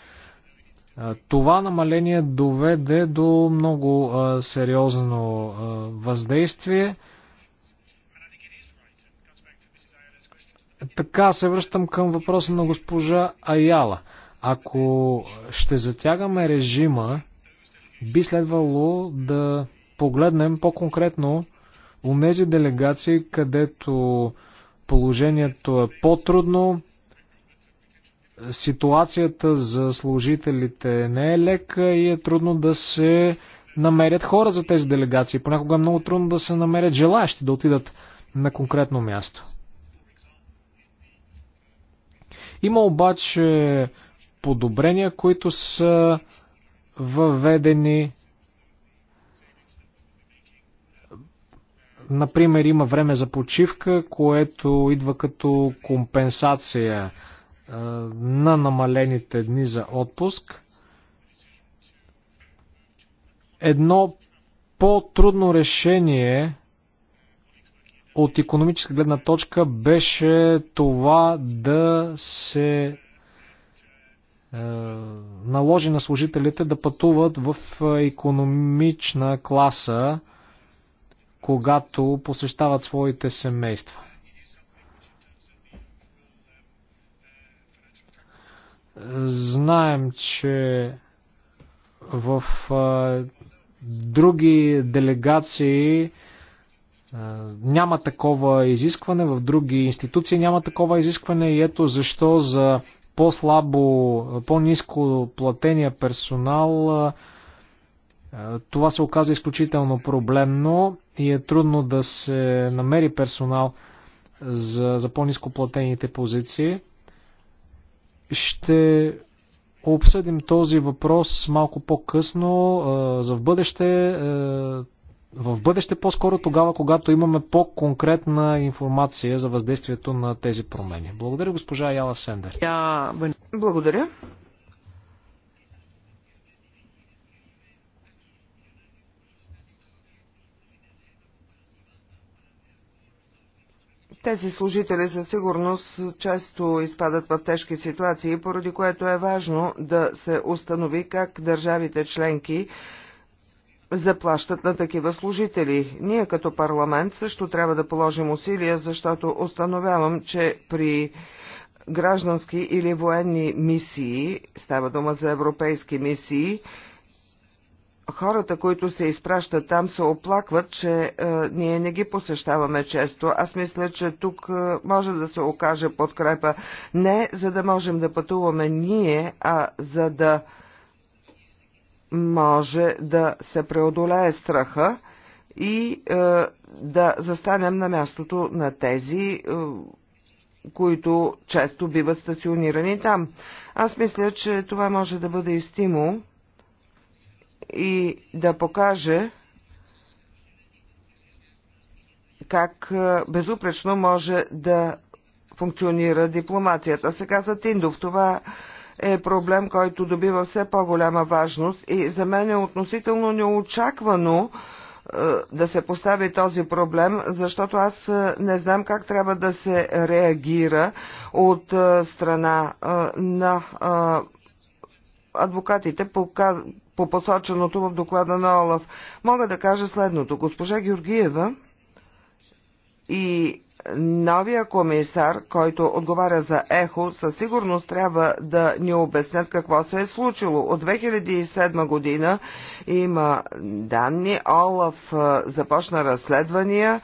Това намаление доведе до много сериозно въздействие. Така се връщам към въпроса на госпожа Аяла. Ако ще затягаме режима, би следвало да погледнем по-конкретно Унези делегации, където положението е по-трудно, ситуацията за служителите не е лека и е трудно да се намерят хора за тези делегации. Понякога е много трудно да се намерят желащи да отидат на конкретно място. Има обаче подобрения, които са въведени Например, има време за почивка, което идва като компенсация на намалените дни за отпуск. Едно по-трудно решение от економическа гледна точка беше това да се е, наложи на служителите да пътуват в економична класа когато посещават своите семейства. Знаем, че в а, други делегации няма такова изискване, в други институции няма такова изискване и ето защо за по-слабо, по-низко платения персонал това се оказа изключително проблемно и е трудно да се намери персонал за, за по-низко платените позиции. Ще обсъдим този въпрос малко по-късно за в бъдеще. В бъдеще по-скоро тогава, когато имаме по-конкретна информация за въздействието на тези промени. Благодаря, госпожа Яла Сендер. Благодаря. Тези служители със сигурност често изпадат в тежки ситуации, поради което е важно да се установи как държавите членки заплащат на такива служители. Ние като парламент също трябва да положим усилия, защото установявам, че при граждански или военни мисии, става дума за европейски мисии, хората, които се изпращат там, се оплакват, че е, ние не ги посещаваме често. Аз мисля, че тук е, може да се окаже подкрепа не за да можем да пътуваме ние, а за да може да се преодолее страха и е, да застанем на мястото на тези, е, които често биват стационирани там. Аз мисля, че това може да бъде и стимул и да покаже как е, безупречно може да функционира дипломацията. Сега за Тиндов това е проблем, който добива все по-голяма важност и за мен е относително неочаквано е, да се постави този проблем, защото аз е, не знам как трябва да се реагира от страна на адвокатите по, по посоченото в доклада на Олаф. Мога да кажа следното. Госпожа Георгиева и новия комисар, който отговаря за ЕХО, със сигурност трябва да ни обяснят какво се е случило. От 2007 година има данни, Олаф започна разследвания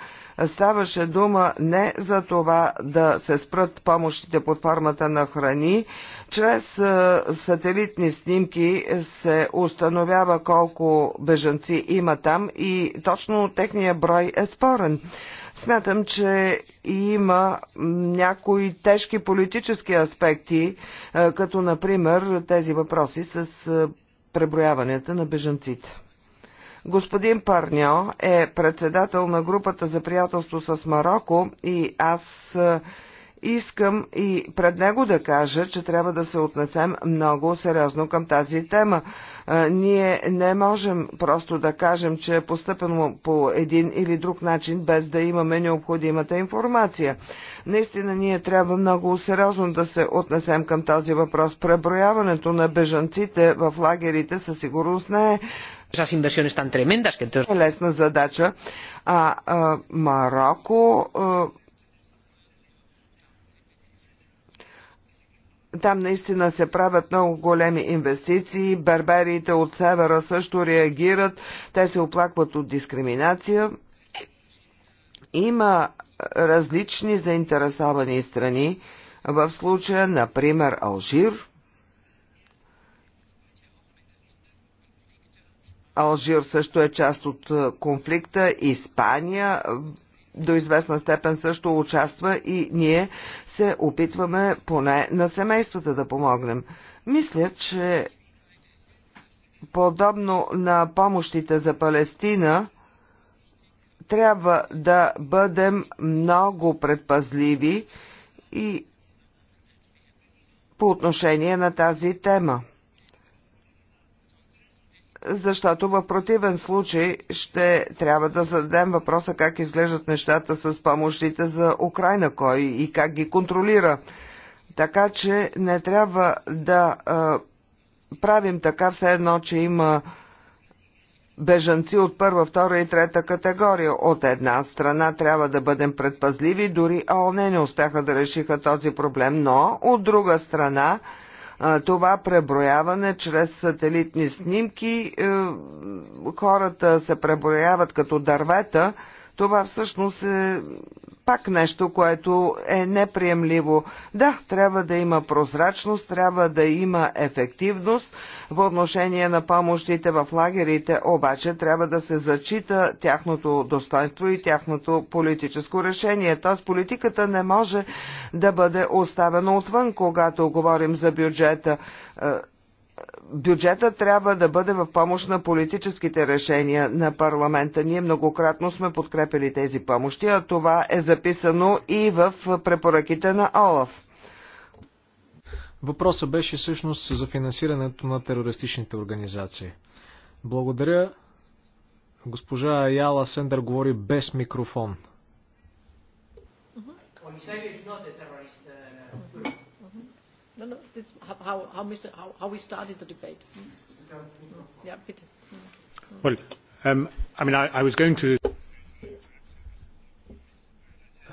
Ставаше дума не за това да се спрат помощите под формата на храни. Чрез е, сателитни снимки се установява колко бежанци има там и точно техния брой е спорен. Смятам, че има някои тежки политически аспекти, е, като например тези въпроси с е, преброяванията на бежанците. Господин Парньо е председател на групата за приятелство с Марокко и аз Искам и пред него да кажа, че трябва да се отнесем много сериозно към тази тема. Е, ние не можем просто да кажем, че е постъпено по един или друг начин, без да имаме необходимата информация. Наистина ние трябва много сериозно да се отнесем към този въпрос. Преброяването на бежанците в лагерите със сигурност не е esas inversiones tan tremendas que entonces... Е лесна задача. А, а Марокко а, Там наистина се правят много големи инвестиции. Берберите от севера също реагират. Те се оплакват от дискриминация. Има различни заинтересовани страни. В случая, например, Алжир. Алжир също е част от конфликта. Испания до известна степен също участва и ние се опитваме поне на семействата да помогнем. Мисля, че подобно на помощите за Палестина, трябва да бъдем много предпазливи и по отношение на тази тема защото в противен случай ще трябва да зададем въпроса как изглеждат нещата с помощите за Украина, кой и как ги контролира. Така че не трябва да а, правим така все едно, че има бежанци от първа, втора и трета категория. От една страна трябва да бъдем предпазливи, дори ООН не успяха да решиха този проблем, но от друга страна това преброяване чрез сателитни снимки. Е, хората се преброяват като дървета това всъщност е пак нещо, което е неприемливо. Да, трябва да има прозрачност, трябва да има ефективност в отношение на помощите в лагерите, обаче трябва да се зачита тяхното достоинство и тяхното политическо решение. Т.е. политиката не може да бъде оставена отвън, когато говорим за бюджета. Е, бюджета трябва да бъде в помощ на политическите решения на парламента. Ние многократно сме подкрепили тези помощи, а това е записано и в препоръките на ОЛАФ. Въпросът беше всъщност за финансирането на терористичните организации. Благодаря. Госпожа Яла Сендър говори без микрофон. Комисария is No, no, that's how, how, Mr., how, how we started the debate. Yeah, bitte. Well, um, I mean, I, I was going to...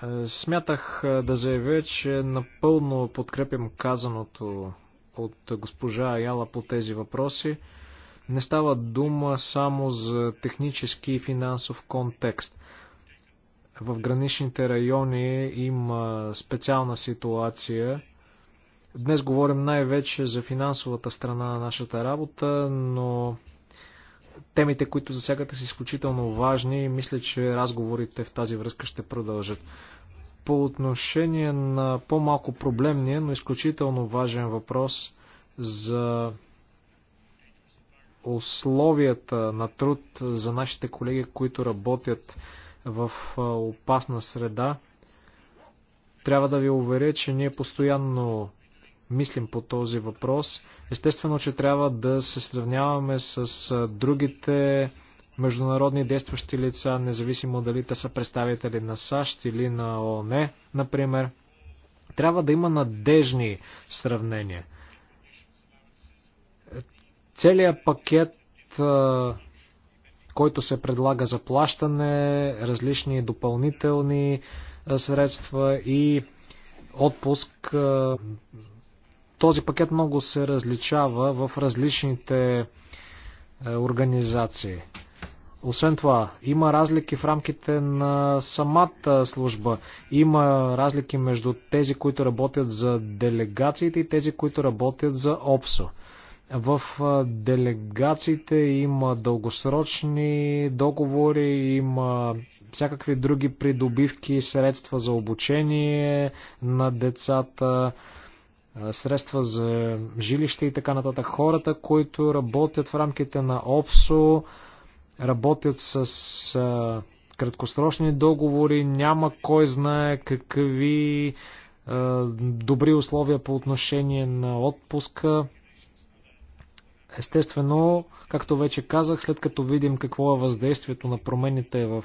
Е, смятах е, да заявя, че напълно подкрепям казаното от госпожа Аяла по тези въпроси. Не става дума само за технически и финансов контекст в граничните райони има специална ситуация. Днес говорим най-вече за финансовата страна на нашата работа, но темите, които засягате, са изключително важни и мисля, че разговорите в тази връзка ще продължат. По отношение на по-малко проблемния, но изключително важен въпрос за условията на труд за нашите колеги, които работят в опасна среда, трябва да ви уверя, че ние постоянно мислим по този въпрос. Естествено, че трябва да се сравняваме с другите международни действащи лица, независимо дали те са представители на САЩ или на ООН, например. Трябва да има надежни сравнения. Целият пакет, който се предлага за плащане, различни допълнителни средства и отпуск този пакет много се различава в различните е, организации. Освен това, има разлики в рамките на самата служба. Има разлики между тези, които работят за делегациите и тези, които работят за ОПСО. В е, делегациите има дългосрочни договори, има всякакви други придобивки, средства за обучение на децата средства за жилище и така нататък. Хората, които работят в рамките на ОПСО, работят с а, краткосрочни договори, няма кой знае какви а, добри условия по отношение на отпуска. Естествено, както вече казах, след като видим какво е въздействието на промените в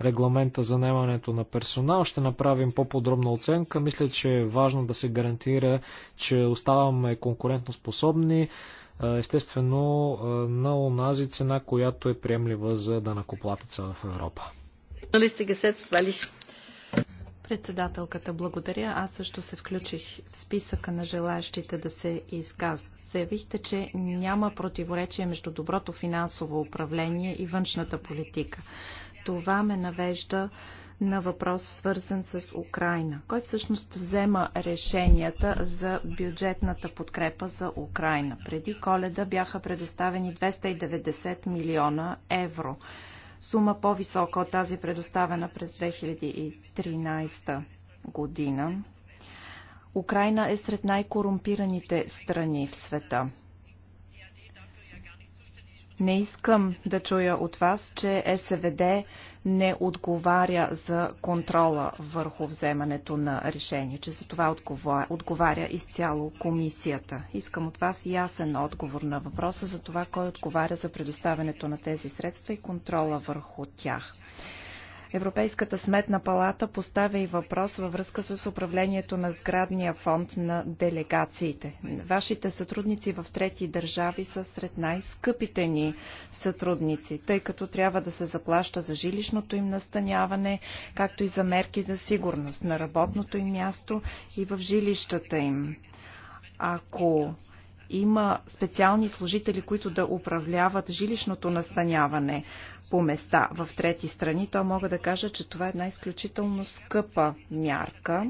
регламента за наемането на персонал, ще направим по-подробна оценка. Мисля, че е важно да се гарантира, че оставаме конкурентоспособни, естествено на онази цена, която е приемлива за данакоплатеца в Европа. Председателката, благодаря. Аз също се включих в списъка на желаящите да се изказват. Заявихте, че няма противоречие между доброто финансово управление и външната политика. Това ме навежда на въпрос, свързан с Украина. Кой всъщност взема решенията за бюджетната подкрепа за Украина? Преди коледа бяха предоставени 290 милиона евро сума по-висока от тази предоставена през 2013 година. Украина е сред най-корумпираните страни в света. Не искам да чуя от вас, че СВД не отговаря за контрола върху вземането на решение, че за това отговаря, отговаря изцяло комисията. Искам от вас ясен отговор на въпроса за това, кой отговаря за предоставянето на тези средства и контрола върху тях. Европейската сметна палата поставя и въпрос във връзка с управлението на сградния фонд на делегациите. Вашите сътрудници в трети държави са сред най-скъпите ни сътрудници, тъй като трябва да се заплаща за жилищното им настаняване, както и за мерки за сигурност на работното им място и в жилищата им. Ако има специални служители, които да управляват жилищното настаняване по места в трети страни, то мога да кажа, че това е една изключително скъпа мярка.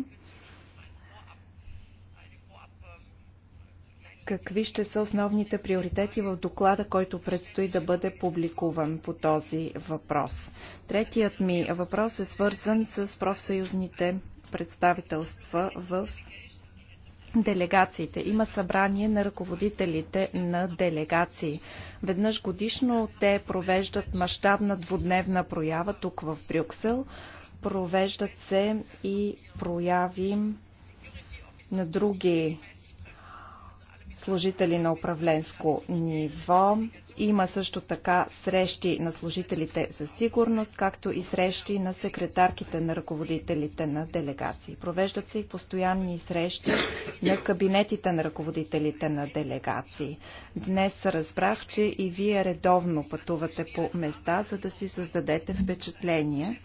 Какви ще са основните приоритети в доклада, който предстои да бъде публикуван по този въпрос? Третият ми въпрос е свързан с профсъюзните представителства в делегациите. Има събрание на ръководителите на делегации. Веднъж годишно те провеждат мащабна двудневна проява тук в Брюксел. Провеждат се и прояви на други служители на управленско ниво. Има също така срещи на служителите за сигурност, както и срещи на секретарките на ръководителите на делегации. Провеждат се и постоянни срещи на кабинетите на ръководителите на делегации. Днес разбрах, че и вие редовно пътувате по места, за да си създадете впечатление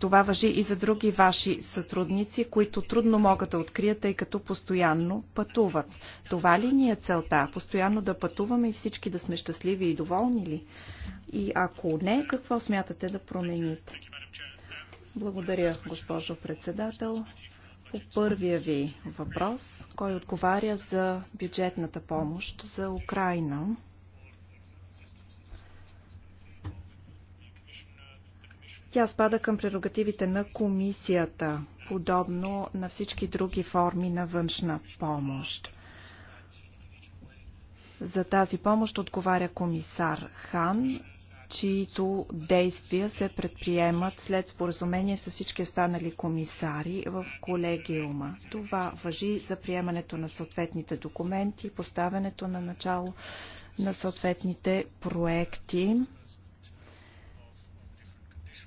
това въжи и за други ваши сътрудници, които трудно могат да открият, тъй като постоянно пътуват. Това ли ни е целта? Постоянно да пътуваме и всички да сме щастливи и доволни ли? И ако не, какво смятате да промените? Благодаря, госпожо председател. По първия ви въпрос, кой отговаря за бюджетната помощ за Украина, Тя спада към прерогативите на комисията, подобно на всички други форми на външна помощ. За тази помощ отговаря комисар Хан, чието действия се предприемат след споразумение с всички останали комисари в колегиума. Това въжи за приемането на съответните документи, поставянето на начало на съответните проекти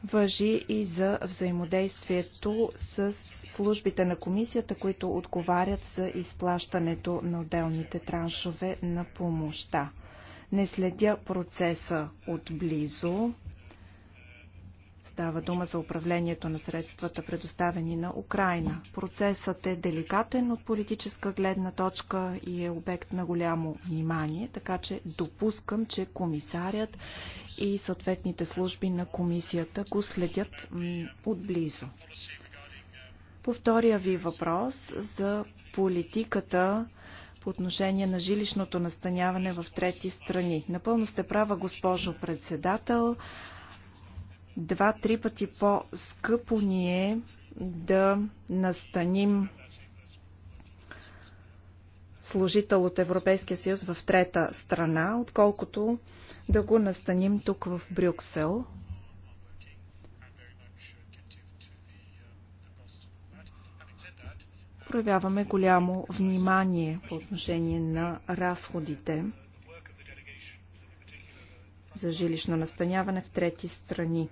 въжи и за взаимодействието с службите на комисията, които отговарят за изплащането на отделните траншове на помощта. Не следя процеса отблизо, Става дума за управлението на средствата, предоставени на Украина. Процесът е деликатен от политическа гледна точка и е обект на голямо внимание, така че допускам, че комисарят и съответните служби на комисията го следят отблизо. По втория ви въпрос за политиката по отношение на жилищното настаняване в трети страни. Напълно сте права, госпожо председател два-три пъти по-скъпо ни е да настаним служител от Европейския съюз в трета страна, отколкото да го настаним тук в Брюксел. Проявяваме голямо внимание по отношение на разходите за жилищно настаняване в трети страни.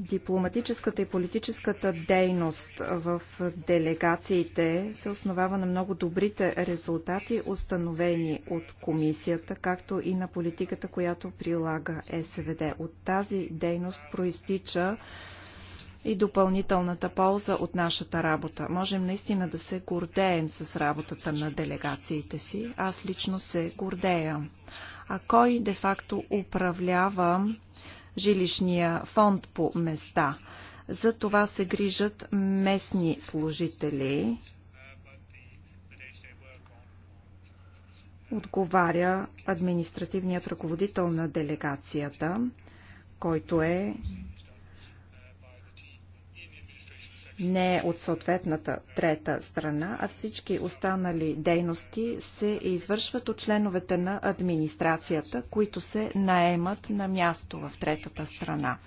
Дипломатическата и политическата дейност в делегациите се основава на много добрите резултати, установени от комисията, както и на политиката, която прилага СВД. От тази дейност проистича и допълнителната полза от нашата работа. Можем наистина да се гордеем с работата на делегациите си. Аз лично се гордея. А кой де-факто управлява жилищния фонд по места. За това се грижат местни служители. Отговаря административният ръководител на делегацията, който е не е от съответната трета страна, а всички останали дейности се извършват от членовете на администрацията, които се наемат на място в третата страна.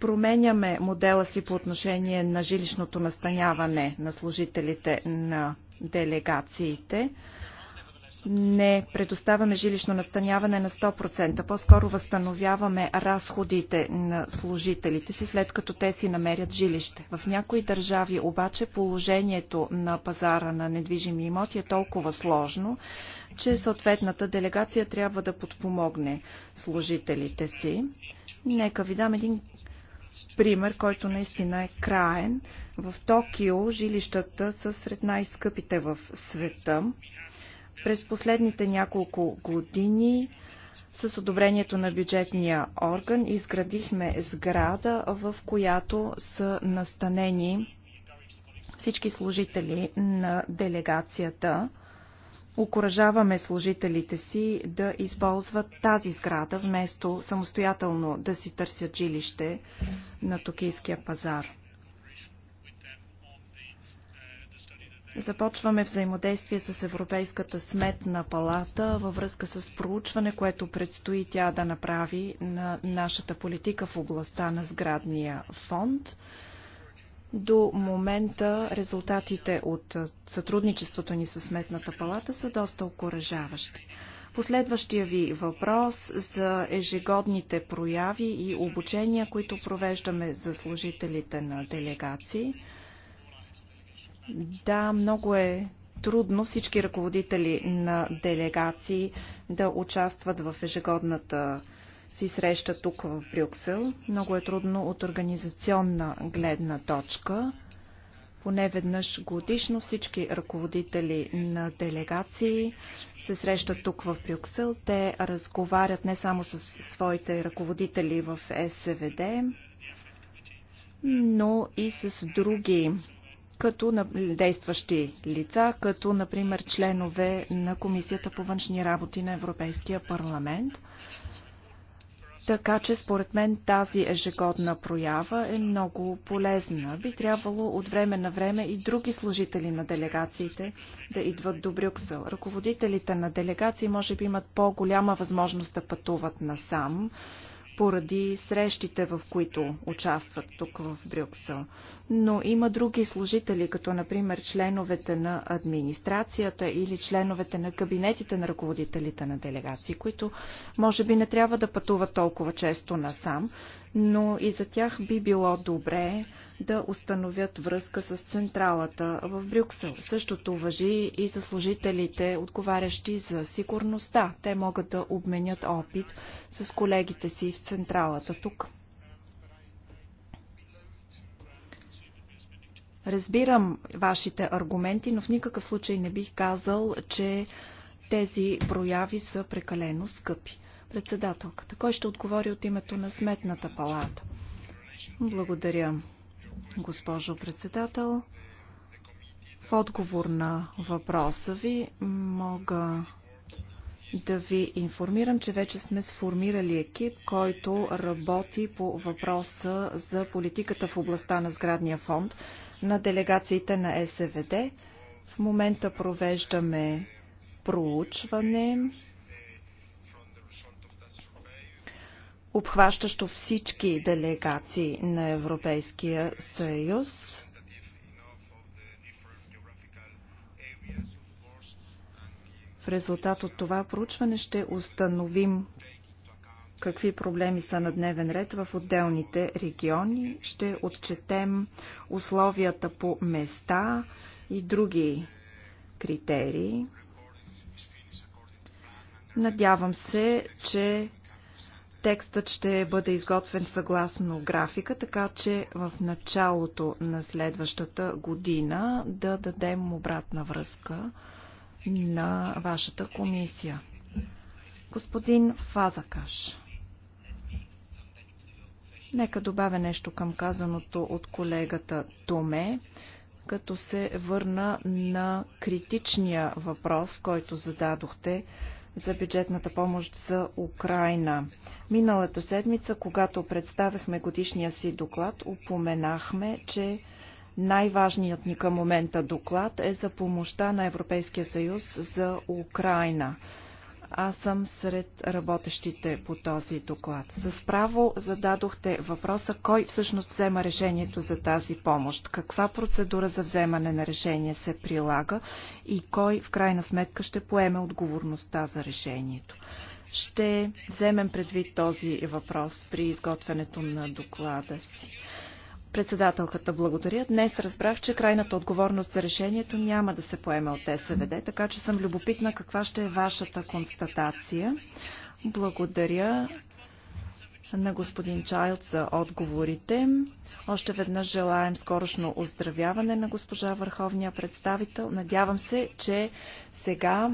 променяме модела си по отношение на жилищното настаняване на служителите на делегациите не предоставяме жилищно настаняване на 100%, по-скоро възстановяваме разходите на служителите си, след като те си намерят жилище. В някои държави обаче положението на пазара на недвижими имоти е толкова сложно, че съответната делегация трябва да подпомогне служителите си. Нека ви дам един пример, който наистина е краен. В Токио жилищата са сред най-скъпите в света. През последните няколко години с одобрението на бюджетния орган изградихме сграда, в която са настанени всички служители на делегацията. Окоръжаваме служителите си да използват тази сграда, вместо самостоятелно да си търсят жилище на токийския пазар. Започваме взаимодействие с Европейската сметна палата във връзка с проучване, което предстои тя да направи на нашата политика в областта на сградния фонд. До момента резултатите от сътрудничеството ни с Сметната палата са доста окоръжаващи. Последващия ви въпрос за ежегодните прояви и обучения, които провеждаме за служителите на делегации – да, много е трудно всички ръководители на делегации да участват в ежегодната си среща тук в Брюксел. Много е трудно от организационна гледна точка. Поне веднъж годишно всички ръководители на делегации се срещат тук в Брюксел. Те разговарят не само с своите ръководители в СВД, но и с други като действащи лица, като например членове на Комисията по външни работи на Европейския парламент. Така че според мен тази ежегодна проява е много полезна. Би трябвало от време на време и други служители на делегациите да идват до Брюксел. Ръководителите на делегации може би имат по-голяма възможност да пътуват насам, поради срещите, в които участват тук в Брюксел. Но има други служители, като например членовете на администрацията или членовете на кабинетите на ръководителите на делегации, които може би не трябва да пътуват толкова често насам, но и за тях би било добре да установят връзка с централата в Брюксел. Същото въжи и за служителите, отговарящи за сигурността. Те могат да обменят опит с колегите си в централата тук. Разбирам вашите аргументи, но в никакъв случай не бих казал, че тези прояви са прекалено скъпи. Председателката. Кой ще отговори от името на Сметната палата? Благодаря, госпожо председател. В отговор на въпроса ви мога да ви информирам, че вече сме сформирали екип, който работи по въпроса за политиката в областта на сградния фонд на делегациите на СВД. В момента провеждаме проучване обхващащо всички делегации на Европейския съюз. В резултат от това проучване ще установим какви проблеми са на дневен ред в отделните региони. Ще отчетем условията по места и други критерии. Надявам се, че Текстът ще бъде изготвен съгласно графика, така че в началото на следващата година да дадем обратна връзка на вашата комисия. Господин Фазакаш, нека добавя нещо към казаното от колегата Томе, като се върна на критичния въпрос, който зададохте за бюджетната помощ за Украина. Миналата седмица, когато представихме годишния си доклад, упоменахме, че най-важният ни към момента доклад е за помощта на Европейския съюз за Украина. Аз съм сред работещите по този доклад. С право зададохте въпроса кой всъщност взема решението за тази помощ, каква процедура за вземане на решение се прилага и кой в крайна сметка ще поеме отговорността за решението. Ще вземем предвид този въпрос при изготвянето на доклада си. Председателката благодаря. Днес разбрах, че крайната отговорност за решението няма да се поеме от СВД, така че съм любопитна каква ще е вашата констатация. Благодаря на господин Чайлд за отговорите. Още веднъж желаем скорошно оздравяване на госпожа Върховния представител. Надявам се, че сега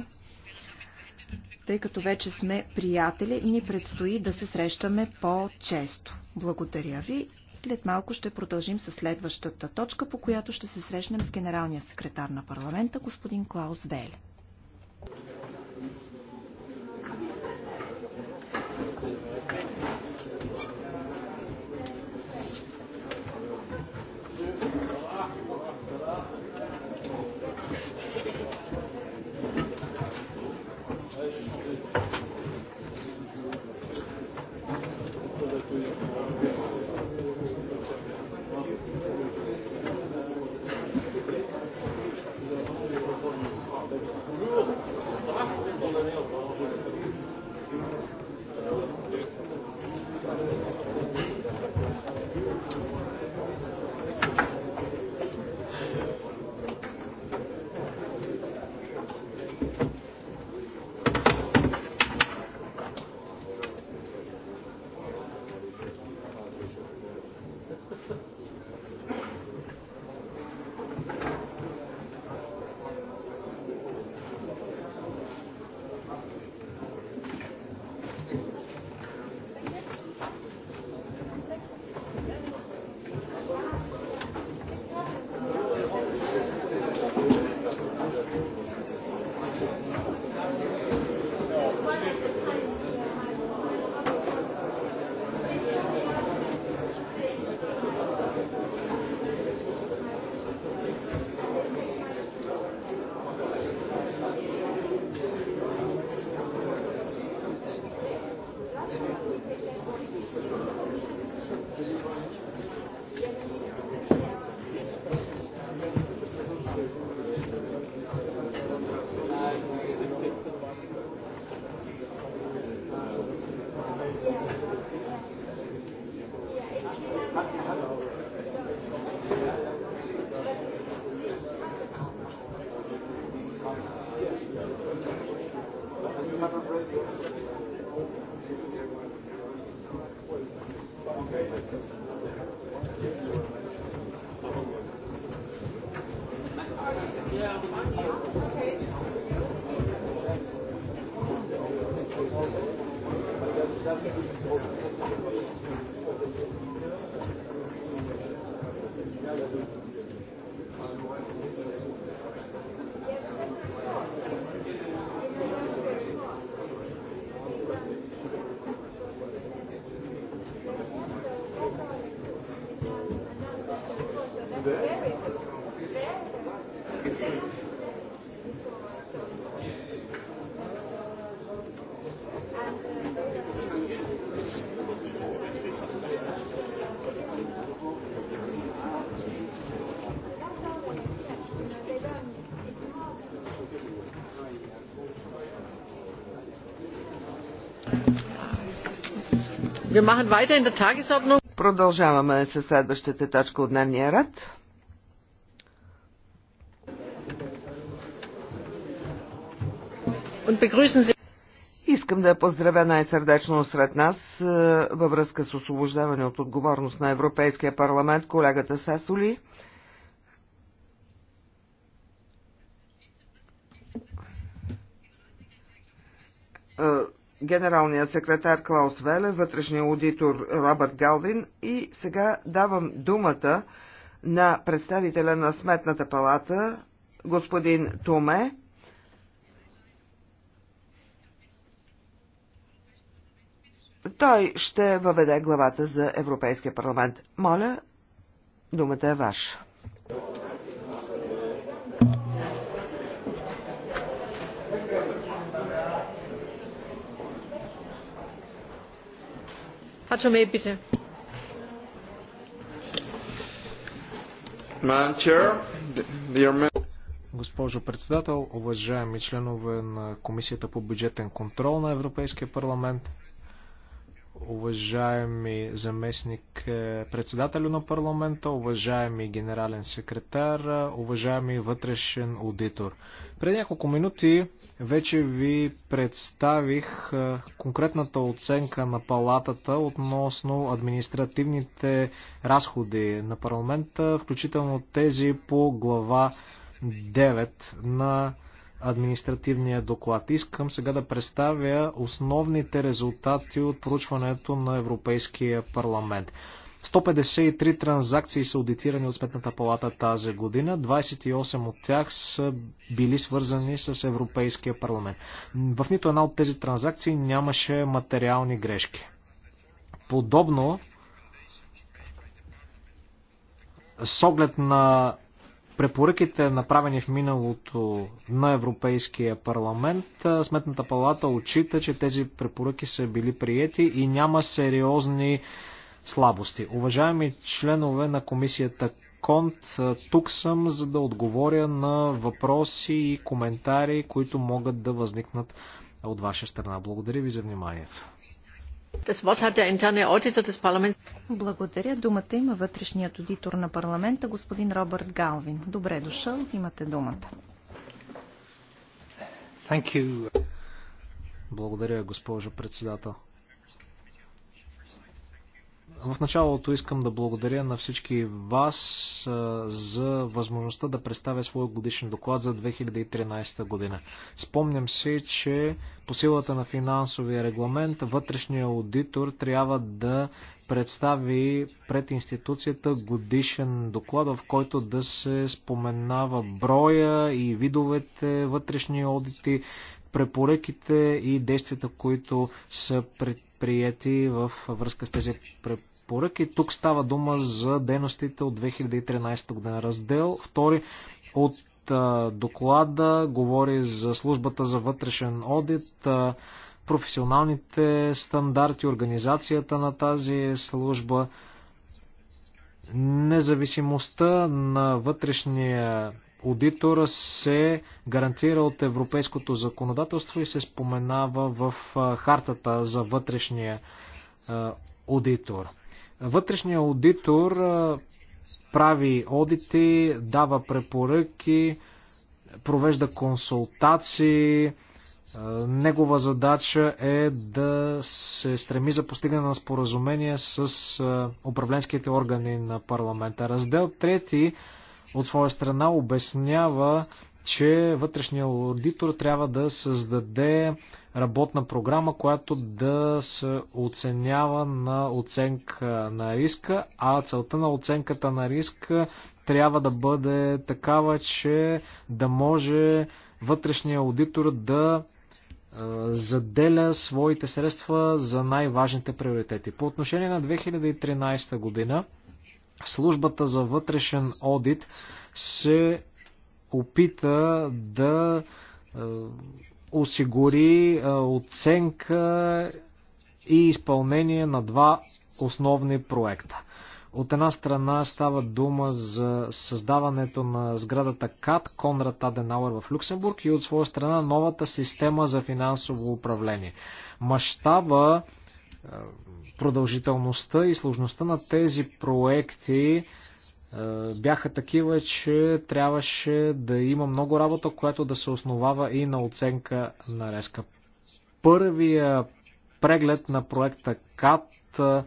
тъй като вече сме приятели и ни предстои да се срещаме по-често. Благодаря ви. След малко ще продължим с следващата точка, по която ще се срещнем с генералния секретар на парламента, господин Клаус Веле. Thank you. Продължаваме с следващата точка от дневния ред. Искам да поздравя най-сърдечно сред нас е, във връзка с освобождаване от отговорност на Европейския парламент колегата Сесоли. Uh, е, генералният секретар Клаус Веле, вътрешния аудитор Робърт Галвин и сега давам думата на представителя на Сметната палата, господин Томе. Той ще въведе главата за Европейския парламент. Моля, думата е ваша. Госпожо председател, уважаеми членове на Комисията по бюджетен контрол на Европейския парламент, уважаеми заместник е, председателю на парламента, уважаеми генерален секретар, е, уважаеми вътрешен аудитор. Преди няколко минути вече ви представих е, конкретната оценка на палатата относно административните разходи на парламента, включително тези по глава 9 на административния доклад. Искам сега да представя основните резултати от проучването на Европейския парламент. 153 транзакции са аудитирани от Сметната палата тази година. 28 от тях са били свързани с Европейския парламент. В нито една от тези транзакции нямаше материални грешки. Подобно с оглед на препоръките, направени в миналото на Европейския парламент, Сметната палата отчита, че тези препоръки са били приети и няма сериозни слабости. Уважаеми членове на комисията Конт, тук съм, за да отговоря на въпроси и коментари, които могат да възникнат от ваша страна. Благодаря ви за вниманието. Благодаря. Думата има вътрешният аудитор на парламента, господин Робърт Галвин. Добре дошъл, имате думата. Благодаря, госпожо председател. В началото искам да благодаря на всички вас за възможността да представя своя годишен доклад за 2013 година. Спомням си, че по силата на финансовия регламент вътрешния аудитор трябва да представи пред институцията годишен доклад, в който да се споменава броя и видовете вътрешни аудити, препоръките и действията, които са предприяти в връзка с тези препоръки препоръки. Тук става дума за дейностите от 2013 година. Раздел 2 от доклада говори за службата за вътрешен одит, професионалните стандарти, организацията на тази служба, независимостта на вътрешния аудитора се гарантира от европейското законодателство и се споменава в хартата за вътрешния аудитор. Вътрешният аудитор прави одити, дава препоръки, провежда консултации. Негова задача е да се стреми за постигане на споразумение с управленските органи на парламента. Раздел 3 от своя страна обяснява че вътрешния аудитор трябва да създаде работна програма, която да се оценява на оценка на риска, а целта на оценката на риска трябва да бъде такава, че да може вътрешния аудитор да заделя своите средства за най-важните приоритети. По отношение на 2013 година, службата за вътрешен одит се опита да е, осигури е, оценка и изпълнение на два основни проекта. От една страна става дума за създаването на сградата КАТ Конрад Аденауер в Люксембург и от своя страна новата система за финансово управление. Мащаба, е, продължителността и сложността на тези проекти е, бяха такива, че трябваше да има много работа, която да се основава и на оценка на резка. Първия преглед на проекта КАТ е,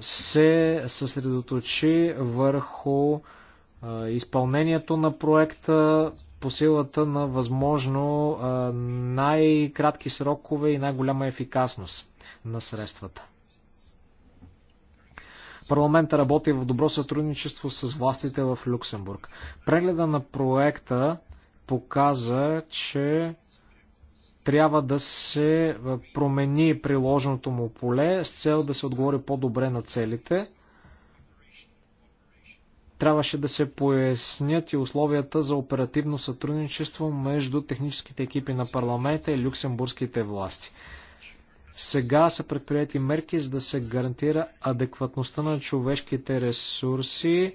се съсредоточи върху е, изпълнението на проекта по силата на възможно най-кратки срокове и най-голяма ефикасност на средствата. Парламента работи в добро сътрудничество с властите в Люксембург. Прегледа на проекта показа, че трябва да се промени приложеното му поле с цел да се отговори по-добре на целите. Трябваше да се пояснят и условията за оперативно сътрудничество между техническите екипи на парламента и люксембургските власти. Сега са предприяти мерки, за да се гарантира адекватността на човешките ресурси. Е,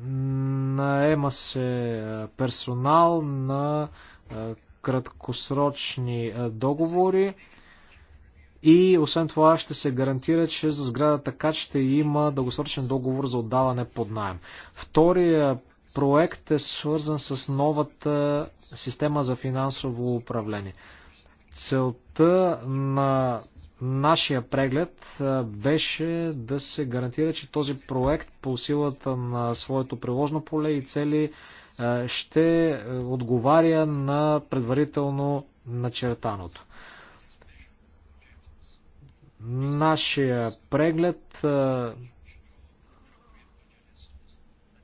наема се е, персонал на е, краткосрочни договори. И освен това ще се гарантира, че за сградата така ще има дългосрочен договор за отдаване под найем. Втория проект е свързан с новата система за финансово управление. Целта на нашия преглед беше да се гарантира, че този проект по силата на своето приложно поле и цели ще отговаря на предварително начертаното. Нашия преглед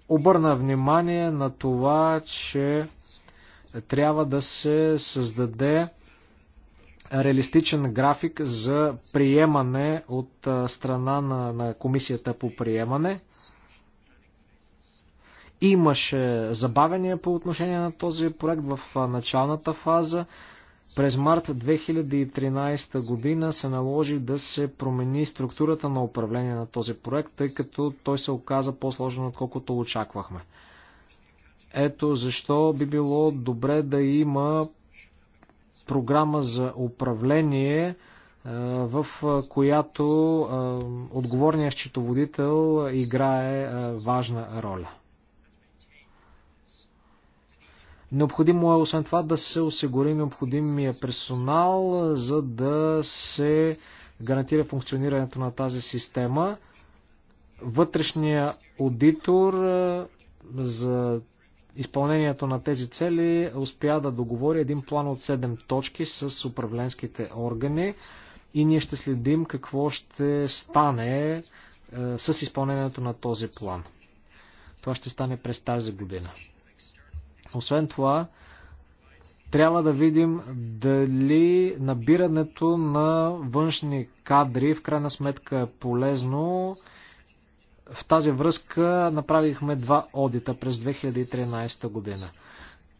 обърна внимание на това, че трябва да се създаде реалистичен график за приемане от страна на, на комисията по приемане. Имаше забавения по отношение на този проект в началната фаза. През март 2013 година се наложи да се промени структурата на управление на този проект, тъй като той се оказа по-сложен, отколкото очаквахме. Ето защо би било добре да има програма за управление, е, в която е, отговорният счетоводител играе е, важна роля. Необходимо е освен това да се осигури необходимия персонал, за да се гарантира функционирането на тази система. Вътрешния аудитор е, за изпълнението на тези цели успя да договори един план от 7 точки с управленските органи и ние ще следим какво ще стане е, с изпълнението на този план. Това ще стане през тази година. Освен това, трябва да видим дали набирането на външни кадри в крайна сметка е полезно. В тази връзка направихме два одита през 2013 година.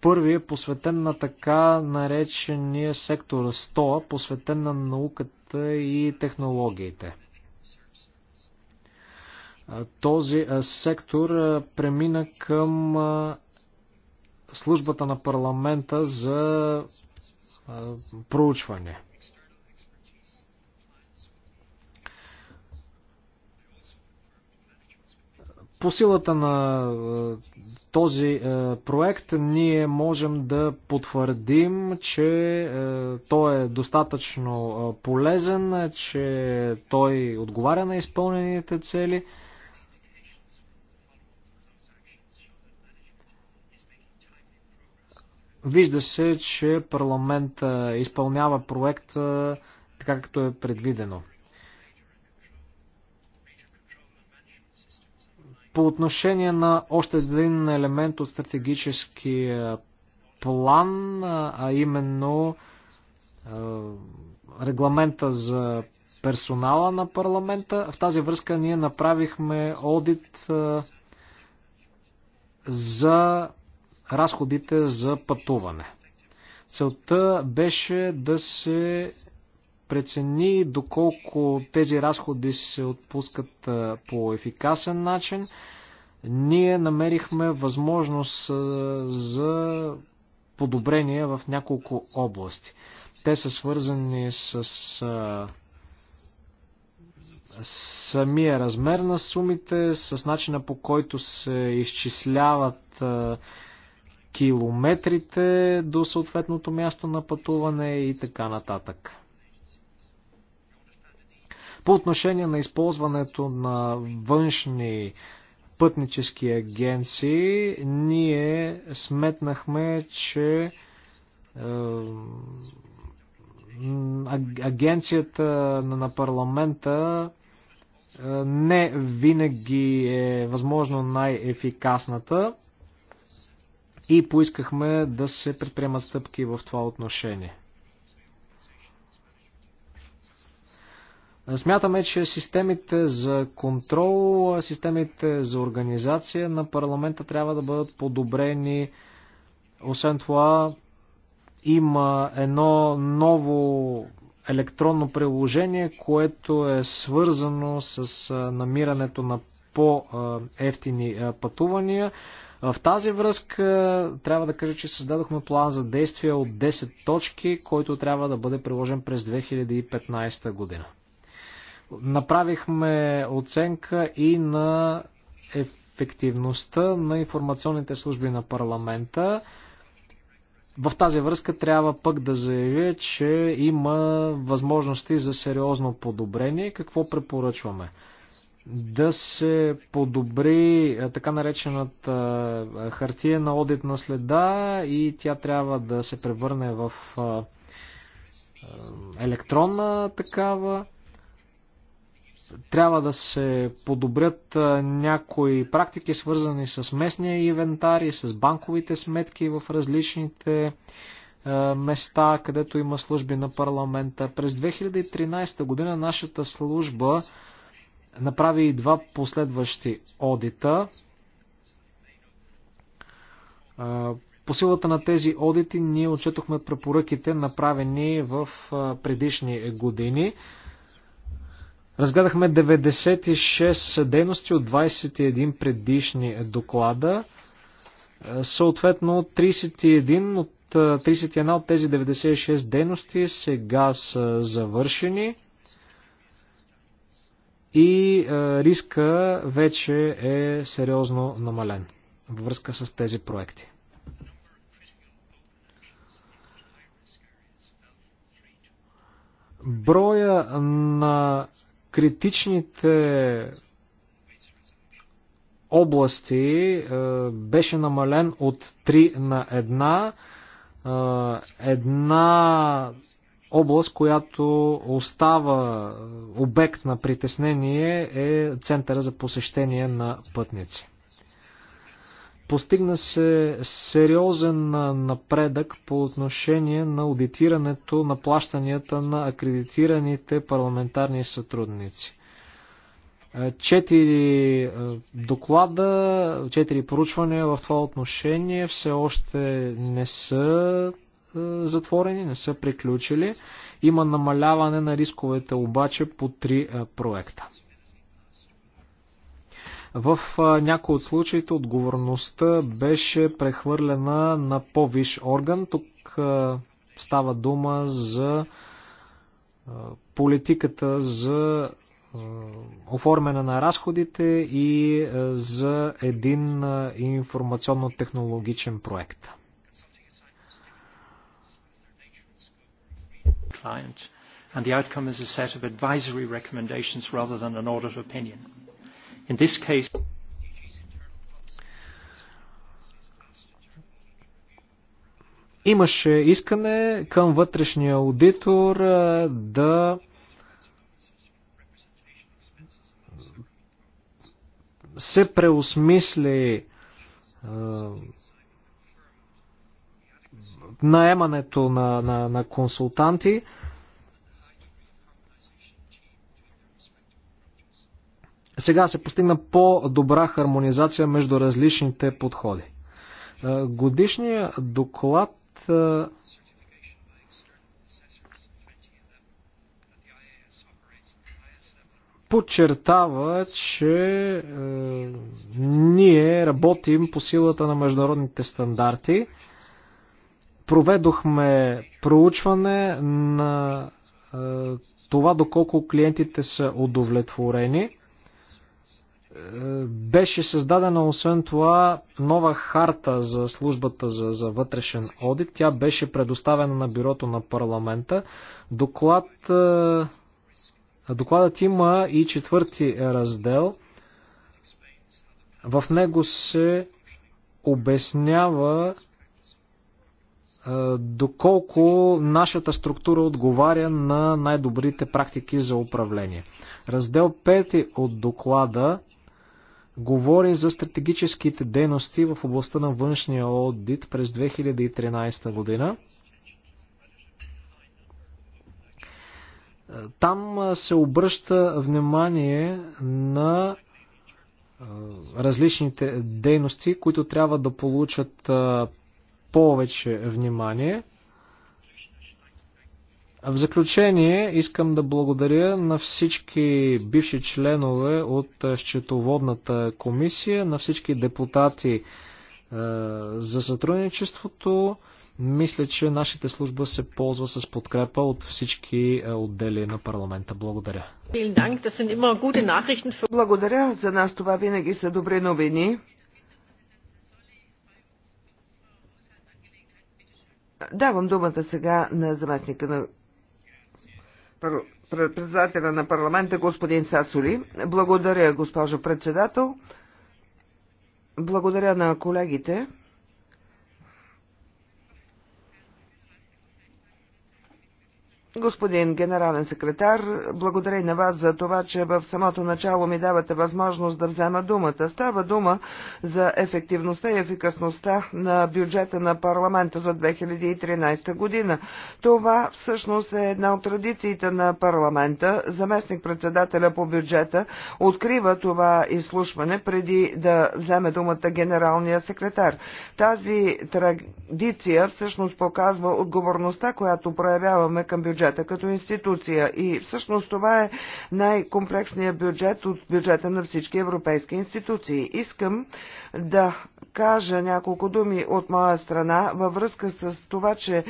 Първият е посветен на така наречения сектор 100, посветен на науката и технологиите. Този сектор премина към службата на парламента за проучване. По силата на този проект ние можем да потвърдим, че той е достатъчно полезен, че той отговаря на изпълнените цели – Вижда се, че парламента изпълнява проекта така както е предвидено. По отношение на още един елемент от стратегическия план, а именно регламента за персонала на парламента. В тази връзка ние направихме одит за разходите за пътуване. Целта беше да се прецени доколко тези разходи се отпускат по ефикасен начин. Ние намерихме възможност за подобрения в няколко области. Те са свързани с самия размер на сумите, с начина по който се изчисляват километрите до съответното място на пътуване и така нататък. По отношение на използването на външни пътнически агенции, ние сметнахме, че агенцията на парламента е, не винаги е възможно най-ефикасната и поискахме да се предприемат стъпки в това отношение. Смятаме, че системите за контрол, системите за организация на парламента трябва да бъдат подобрени. Освен това, има едно ново електронно приложение, което е свързано с намирането на по-ефтини пътувания. В тази връзка е, трябва да кажа, че създадохме план за действие от 10 точки, който трябва да бъде приложен през 2015 година. Направихме оценка и на ефективността на информационните служби на парламента. В тази връзка трябва пък да заявя, че има възможности за сериозно подобрение. Какво препоръчваме? да се подобри така наречената хартия на одитна следа и тя трябва да се превърне в електронна такава. Трябва да се подобрят някои практики, свързани с местния инвентар и с банковите сметки в различните места, където има служби на парламента. През 2013 година нашата служба направи и два последващи одита. По силата на тези одити ние отчетохме препоръките, направени в предишни години. Разгледахме 96 дейности от 21 предишни доклада. Съответно 31 от 31 от тези 96 дейности сега са завършени и е, риска вече е сериозно намален във връзка с тези проекти. Броя на критичните области е, беше намален от 3 на 1. Една е, област, която остава е, обект на притеснение е центъра за посещение на пътници. Постигна се сериозен е, напредък по отношение на аудитирането на плащанията на акредитираните парламентарни сътрудници. Е, четири доклада, четири поручвания в това отношение все още не са е, затворени, не са приключили. Има намаляване на рисковете обаче по три е, проекта. В е, някои от случаите отговорността беше прехвърлена на по-виш орган. Тук става дума за политиката за оформяне на разходите и за един информационно-технологичен проект. client, and the outcome is a set of advisory recommendations rather than an audit opinion. In this case, Имаше искане към вътрешния аудитор да се преосмисли наемането на, на, на консултанти. Сега се постигна по-добра хармонизация между различните подходи. Е, Годишният доклад е, подчертава, че е, ние работим по силата на международните стандарти. Проведохме проучване на е, това доколко клиентите са удовлетворени. Е, беше създадена освен това нова харта за службата за, за вътрешен одит. Тя беше предоставена на бюрото на парламента. Доклад, е, докладът има и четвърти раздел. В него се обяснява доколко нашата структура отговаря на най-добрите практики за управление. Раздел 5 от доклада говори за стратегическите дейности в областта на външния аудит през 2013 година. Там се обръща внимание на различните дейности, които трябва да получат повече внимание. В заключение искам да благодаря на всички бивши членове от счетоводната комисия, на всички депутати е, за сътрудничеството. Мисля, че нашите служба се ползва с подкрепа от всички е, отдели на парламента. Благодаря. Благодаря. За нас това винаги са добри новини. Давам думата сега на заместника на председателя на парламента, господин Сасоли. Благодаря, госпожо председател. Благодаря на колегите. Господин генерален секретар, благодаря на вас за това, че в самото начало ми давате възможност да взема думата. Става дума за ефективността и ефикасността на бюджета на парламента за 2013 година. Това всъщност е една от традициите на парламента. Заместник председателя по бюджета открива това изслушване преди да вземе думата генералния секретар. Тази традиция всъщност показва отговорността, която проявяваме към бюджета бюджета като институция и всъщност това е най-комплексният бюджет от бюджета на всички европейски институции. Искам да кажа няколко думи от моя страна във връзка с това, че е,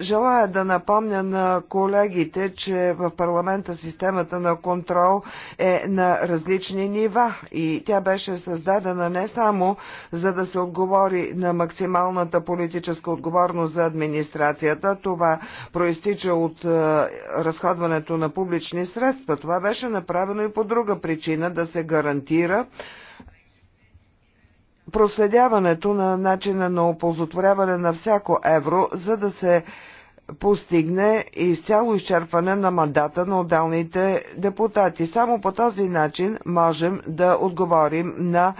желая да напомня на колегите, че в парламента системата на контрол е на различни нива и тя беше създадена не само за да се отговори на максималната политическа отговорност за администрацията, това проистича от е, разходването на публични средства. Това беше направено и по друга причина да се гарантира, проследяването на начина на оползотворяване на всяко евро, за да се постигне изцяло изчерпване на мандата на отделните депутати. Само по този начин можем да отговорим на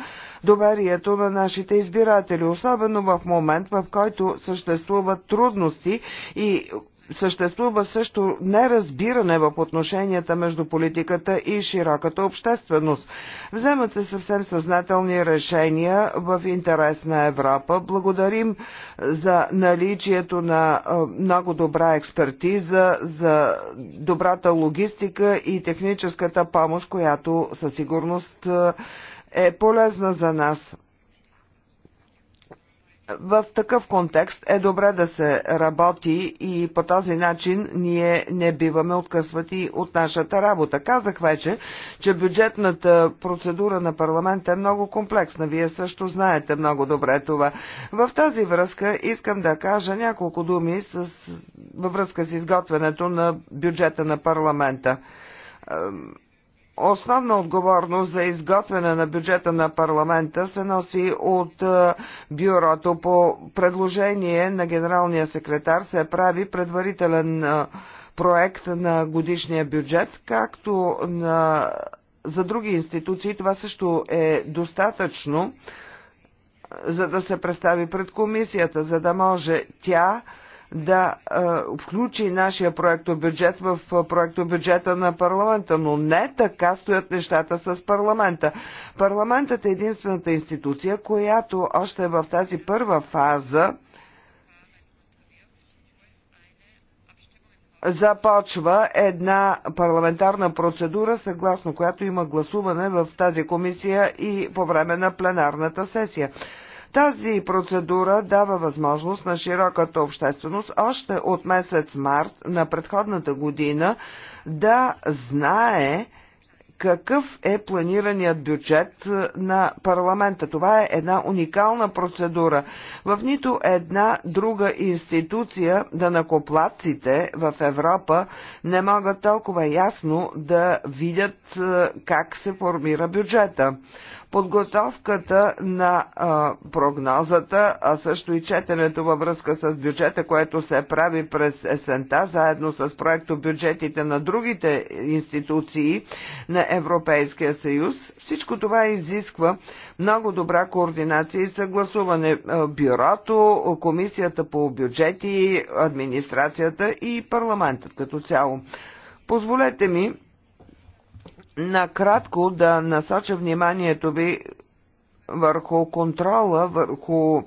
доверието на нашите избиратели, особено в момент, в който съществуват трудности и съществува също неразбиране в отношенията между политиката и широката общественост. Вземат се съвсем съзнателни решения в интерес на Европа. Благодарим за наличието на много добра експертиза, за добрата логистика и техническата помощ, която със сигурност е полезна за нас. В такъв контекст е добре да се работи и по този начин ние не биваме откъсвати от нашата работа. Казах вече, че бюджетната процедура на парламента е много комплексна. Вие също знаете много добре това. В тази връзка искам да кажа няколко думи с, във връзка с изготвянето на бюджета на парламента Основна отговорност за изготвяне на бюджета на парламента се носи от е, бюрото. По предложение на генералния секретар се прави предварителен е, проект на годишния бюджет, както на... за други институции. Това също е достатъчно, е, за да се представи пред комисията, за да може тя да включи нашия проектобюджет в проектобюджета на парламента, но не така стоят нещата с парламента. Парламентът е единствената институция, която още в тази първа фаза започва една парламентарна процедура, съгласно която има гласуване в тази комисия и по време на пленарната сесия. Тази процедура дава възможност на широката общественост още от месец март на предходната година да знае какъв е планираният бюджет е, на парламента. Това е една уникална процедура. В нито една друга институция да накоплаците в Европа не могат толкова ясно да видят е, как се формира бюджета подготовката на а, прогнозата, а също и четенето във връзка с бюджета, което се прави през есента, заедно с проекто бюджетите на другите институции на Европейския съюз. Всичко това изисква много добра координация и съгласуване. Бюрото, Комисията по бюджети, администрацията и парламентът като цяло. Позволете ми накратко да насоча вниманието ви върху контрола, върху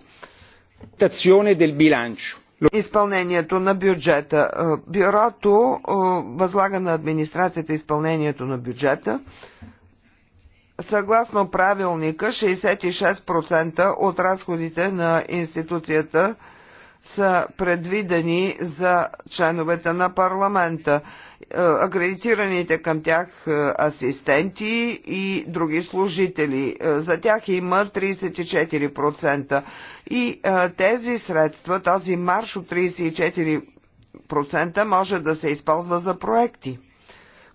изпълнението на бюджета. Е, бюрото е, възлага на администрацията изпълнението на бюджета. Съгласно правилника, 66% от разходите на институцията – са предвидени за членовете на парламента, е, акредитираните към тях е, асистенти и други служители. Е, за тях има 34%. И тези средства, този марш от 34% може да се използва за проекти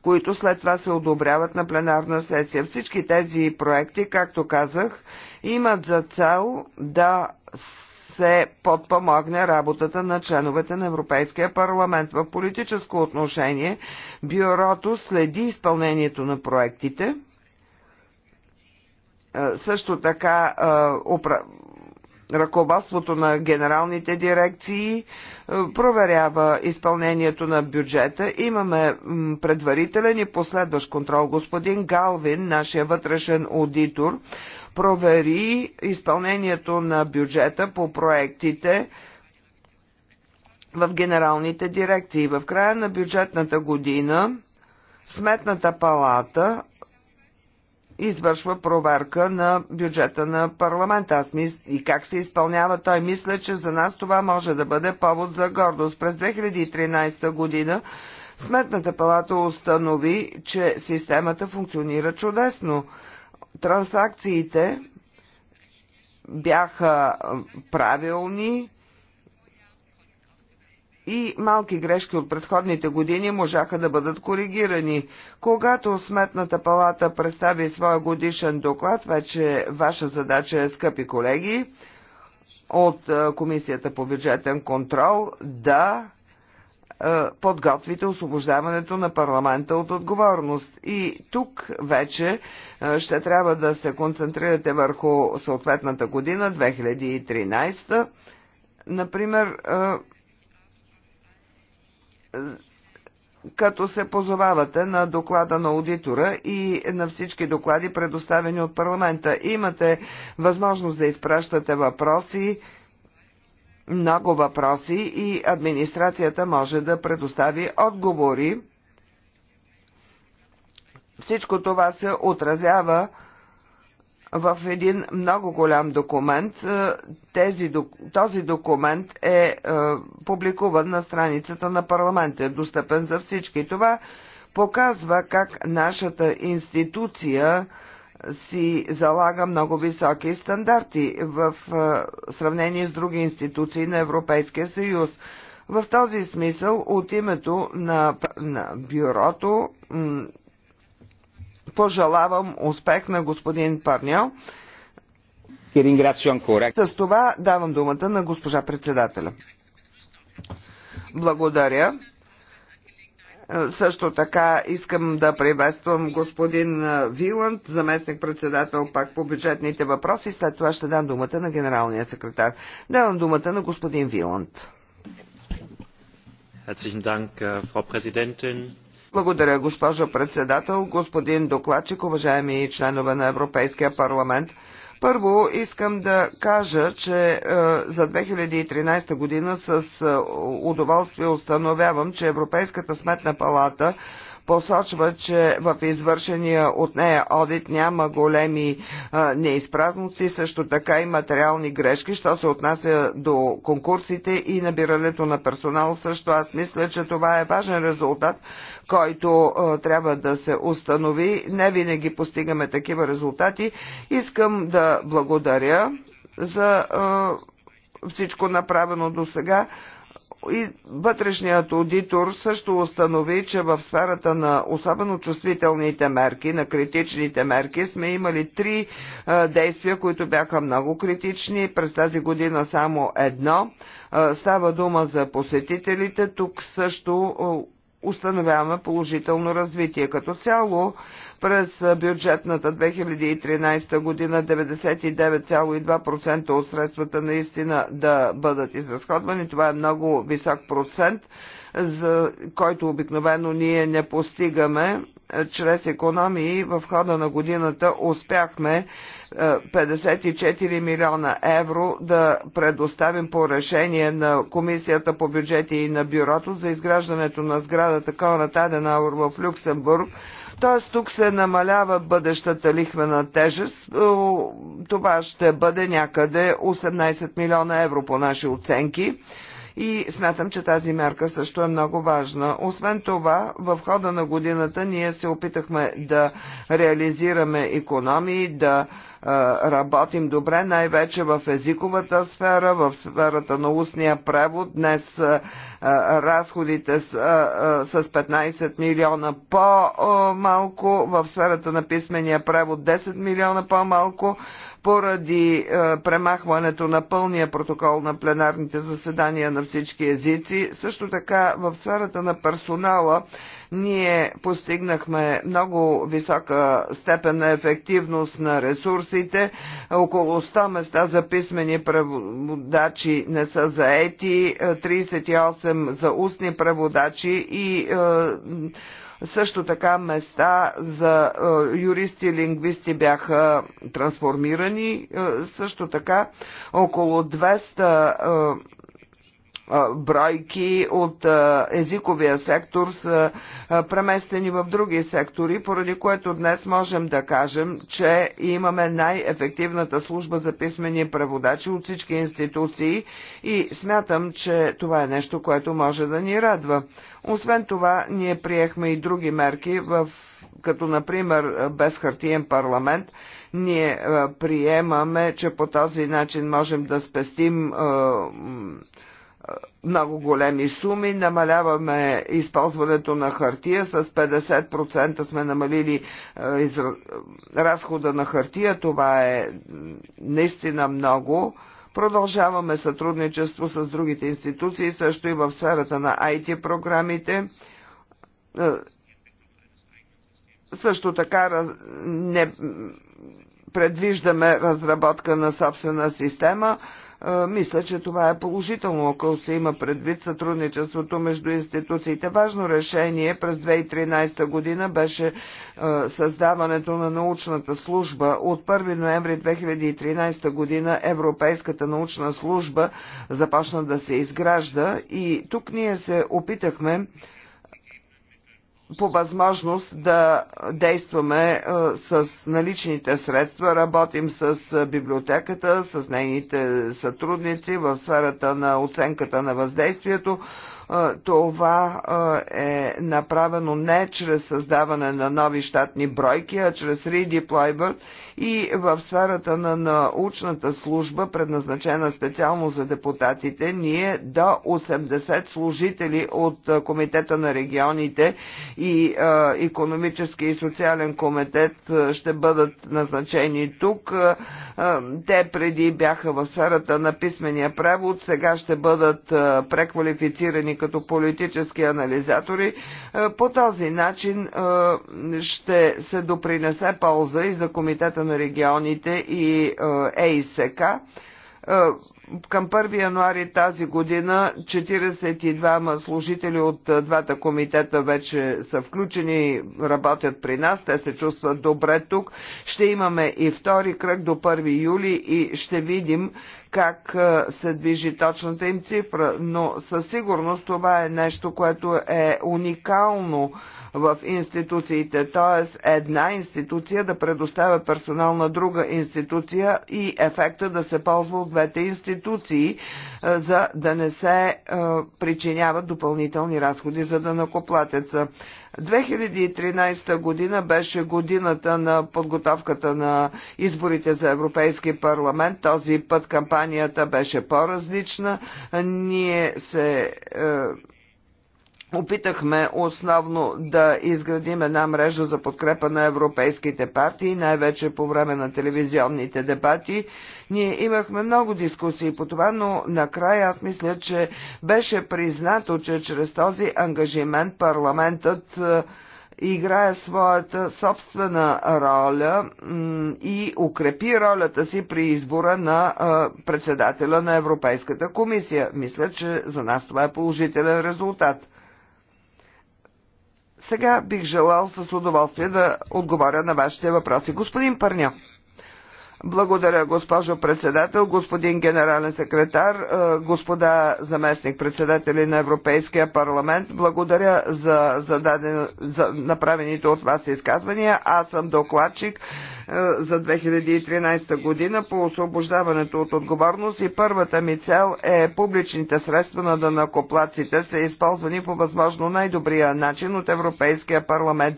които след това се одобряват на пленарна сесия. Всички тези проекти, както казах, имат за цел да се подпомогне работата на членовете на Европейския парламент. В политическо отношение бюрото следи изпълнението на проектите, е, също така е, ръководството на генералните дирекции е, проверява изпълнението на бюджета. Имаме предварителен и последващ контрол. Господин Галвин, нашия вътрешен аудитор, провери изпълнението на бюджета по проектите в генералните дирекции. В края на бюджетната година Сметната палата извършва проверка на бюджета на парламента. Аз мис... и как се изпълнява той. Мисля, че за нас това може да бъде повод за гордост. През 2013 година Сметната палата установи, че системата функционира чудесно. Трансакциите бяха правилни и малки грешки от предходните години можаха да бъдат коригирани. Когато Сметната палата представи своя годишен доклад, вече ваша задача е, скъпи колеги, от Комисията по бюджетен контрол да е, подготвите освобождаването на парламента от отговорност. И тук вече е, ще трябва да се концентрирате върху съответната година, 2013. Например, е, като се позовавате на доклада на аудитора и на всички доклади, предоставени от парламента. Имате възможност да изпращате въпроси много въпроси и администрацията може да предостави отговори. Всичко това се отразява в един много голям документ. Е, тези, този документ е, е публикуван на страницата на парламента, е достъпен за всички. Това показва как нашата институция си залага много високи стандарти в сравнение с други институции на Европейския съюз. В този смисъл от името на, на бюрото пожелавам успех на господин Парньо. С това давам думата на госпожа председателя. Благодаря. Е, също така искам да приветствам господин е, Виланд, заместник председател пак по бюджетните въпроси. След това ще дам думата на генералния секретар. Давам думата на господин Виланд. Е, Благодаря, госпожо председател, господин докладчик, уважаеми членове на Европейския парламент. Първо искам да кажа, че е, за 2013 година с е, удоволствие установявам, че Европейската сметна палата посочва, че в извършения от нея одит няма големи е, неизпразноци, също така и материални грешки, що се отнася до конкурсите и набирането на персонал. Също аз мисля, че това е важен резултат, който трябва да се установи. Не винаги постигаме такива резултати. Искам да благодаря за всичко направено до сега. И вътрешният аудитор също установи, че в сферата на особено чувствителните мерки, на критичните мерки, сме имали три а, действия, които бяха много критични. През тази година само едно. А, става дума за посетителите. Тук също установяваме положително развитие. Като цяло през бюджетната 2013 година 99,2% от средствата наистина да бъдат изразходвани. Това е много висок процент, за който обикновено ние не постигаме чрез економии в хода на годината успяхме 54 милиона евро да предоставим по решение на Комисията по бюджети и на бюрото за изграждането на сградата Конрад Аденаур в Люксембург. Т.е. тук се намалява бъдещата лихвена тежест. Това ще бъде някъде 18 милиона евро по наши оценки и смятам, че тази мярка също е много важна. Освен това, в хода на годината ние се опитахме да реализираме економии, да работим добре, най-вече в езиковата сфера, в сферата на устния превод. Днес разходите с, с 15 милиона по-малко, в сферата на писмения превод 10 милиона по-малко поради е, премахването на пълния протокол на пленарните заседания на всички езици. Също така в сферата на персонала ние постигнахме много висока степен на ефективност на ресурсите. Около 100 места за писмени преводачи не са заети, 38 е, за устни преводачи и е, също така места за е, юристи и лингвисти бяха трансформирани. Е, също така около 200 бройки от езиковия сектор са преместени в други сектори, поради което днес можем да кажем, че имаме най-ефективната служба за писмени преводачи от всички институции и смятам, че това е нещо, което може да ни радва. Освен това, ние приехме и други мерки, в, като например без хартиен парламент, ние приемаме, че по този начин можем да спестим много големи суми, намаляваме използването на хартия, с 50% сме намалили разхода на хартия, това е наистина много. Продължаваме сътрудничество с другите институции, също и в сферата на IT програмите. Също така не предвиждаме разработка на собствена система. Мисля, че това е положително, ако се има предвид сътрудничеството между институциите. Важно решение през 2013 година беше създаването на научната служба. От 1 ноември 2013 година Европейската научна служба започна да се изгражда и тук ние се опитахме по възможност да действаме е, с наличните средства. Работим с е, библиотеката, с нейните сътрудници в сферата на оценката на въздействието. Е, това е направено не чрез създаване на нови щатни бройки, а чрез redeployment и в сферата на научната служба, предназначена специално за депутатите, ние до 80 служители от Комитета на регионите и економически и социален комитет ще бъдат назначени тук. Те преди бяха в сферата на писмения превод, сега ще бъдат преквалифицирани като политически анализатори. По този начин ще се допринесе полза и за Комитета на регионите и е, ЕИСК. Е, към 1 януари тази година 42 служители от е, двата комитета вече са включени, работят при нас, те се чувстват добре тук. Ще имаме и втори кръг до 1 юли и ще видим как се движи точната им цифра, но със сигурност това е нещо, което е уникално в институциите, т.е. една институция да предоставя персонал на друга институция и ефекта да се ползва от двете институции, е, за да не се е, причиняват допълнителни разходи за данакоплатеца. 2013 година беше годината на подготовката на изборите за Европейски парламент. Този път кампанията беше по-различна. Ние се е, Опитахме основно да изградим една мрежа за подкрепа на европейските партии, най-вече по време на телевизионните дебати. Ние имахме много дискусии по това, но накрая аз мисля, че беше признато, че чрез този ангажимент парламентът е, играе своята собствена роля и укрепи ролята си при избора на е, председателя на Европейската комисия. Мисля, че за нас това е положителен резултат. Сега бих желал с удоволствие да отговоря на вашите въпроси. Господин Парня. Благодаря, госпожо председател, господин генерален секретар, е, господа заместник председатели на Европейския парламент. Благодаря за, за, даден, за направените от вас изказвания. Аз съм докладчик е, за 2013 година по освобождаването от отговорност и първата ми цел е публичните средства на данакоплаците са използвани по възможно най-добрия начин от Европейския парламент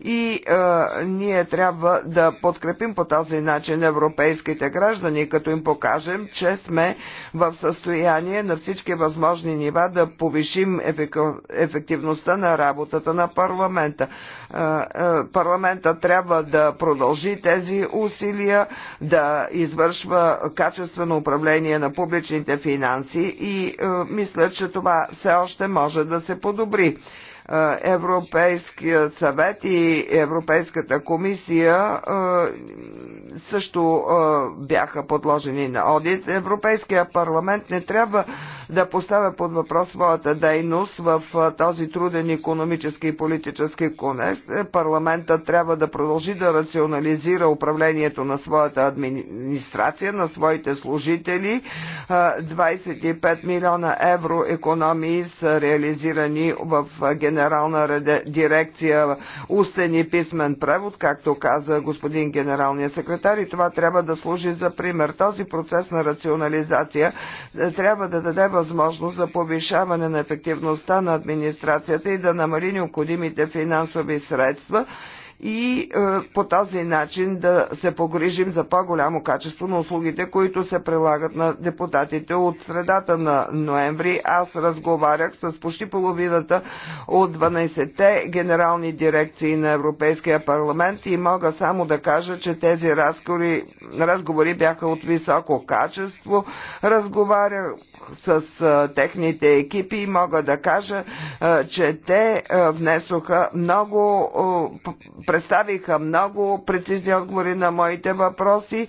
и а, е, ние трябва да подкрепим по този начин европейските граждани, като им покажем, че сме в състояние на всички възможни нива да повишим ефективността на работата на парламента. А, е, а, е, парламента трябва да продължи тези усилия, да извършва качествено управление на публичните финанси и а, мисля, че това все още може да се подобри. Европейският съвет и Европейската комисия също бяха подложени на одит. Европейския парламент не трябва да поставя под въпрос своята дейност в този труден економически и политически конец. Парламентът трябва да продължи да рационализира управлението на своята администрация, на своите служители. 25 милиона евро економии са реализирани в генералната генерална дирекция устен и писмен превод, както каза господин генералния секретар, и това трябва да служи за пример. Този процес на рационализация е, трябва да даде възможност за повишаване на ефективността на администрацията и да намали необходимите финансови средства, и е, по този начин да се погрижим за по-голямо качество на услугите, които се прилагат на депутатите. От средата на ноември аз разговарях с почти половината от 12-те генерални дирекции на Европейския парламент и мога само да кажа, че тези разговори, разговори бяха от високо качество. Разговарях с а, техните екипи и мога да кажа, а, че те а, внесоха много, а, представиха много прецизни отговори на моите въпроси.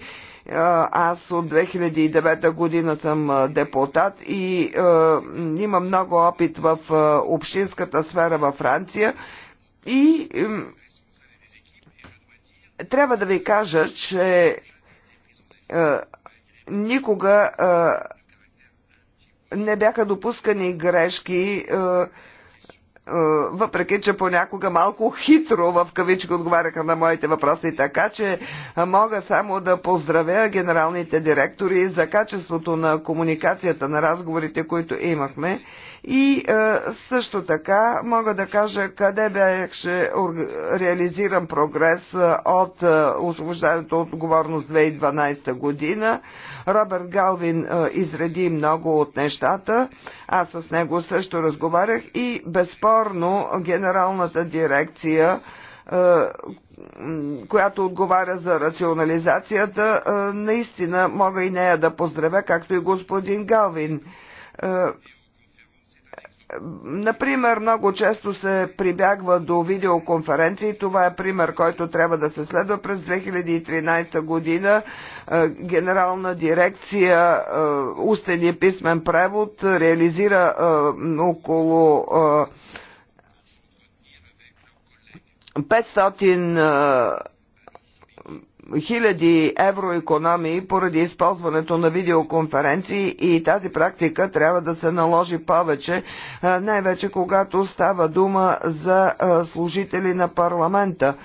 Аз от 2009 година съм депутат и а, имам много опит в а, общинската сфера във Франция и а, трябва да ви кажа, че а, никога а, не бяха допускани грешки, е, е, въпреки че понякога малко хитро в кавички отговаряха на моите въпроси, така че е, мога само да поздравя генералните директори за качеството на комуникацията, на разговорите, които имахме и е, също така мога да кажа къде беше реализиран прогрес е, от е, освобождането от отговорност 2012 година. Робърт Галвин е, изреди много от нещата. Аз с него също разговарях и безспорно генералната дирекция е, която отговаря за рационализацията, е, наистина мога и нея да поздравя, както и господин Галвин Например, много често се прибягва до видеоконференции. Това е пример, който трябва да се следва през 2013 година. Е, генерална дирекция е, Устен и писмен превод реализира е, около 500 хиляди евро економии поради използването на видеоконференции и тази практика трябва да се наложи повече, най-вече когато става дума за служители на парламента.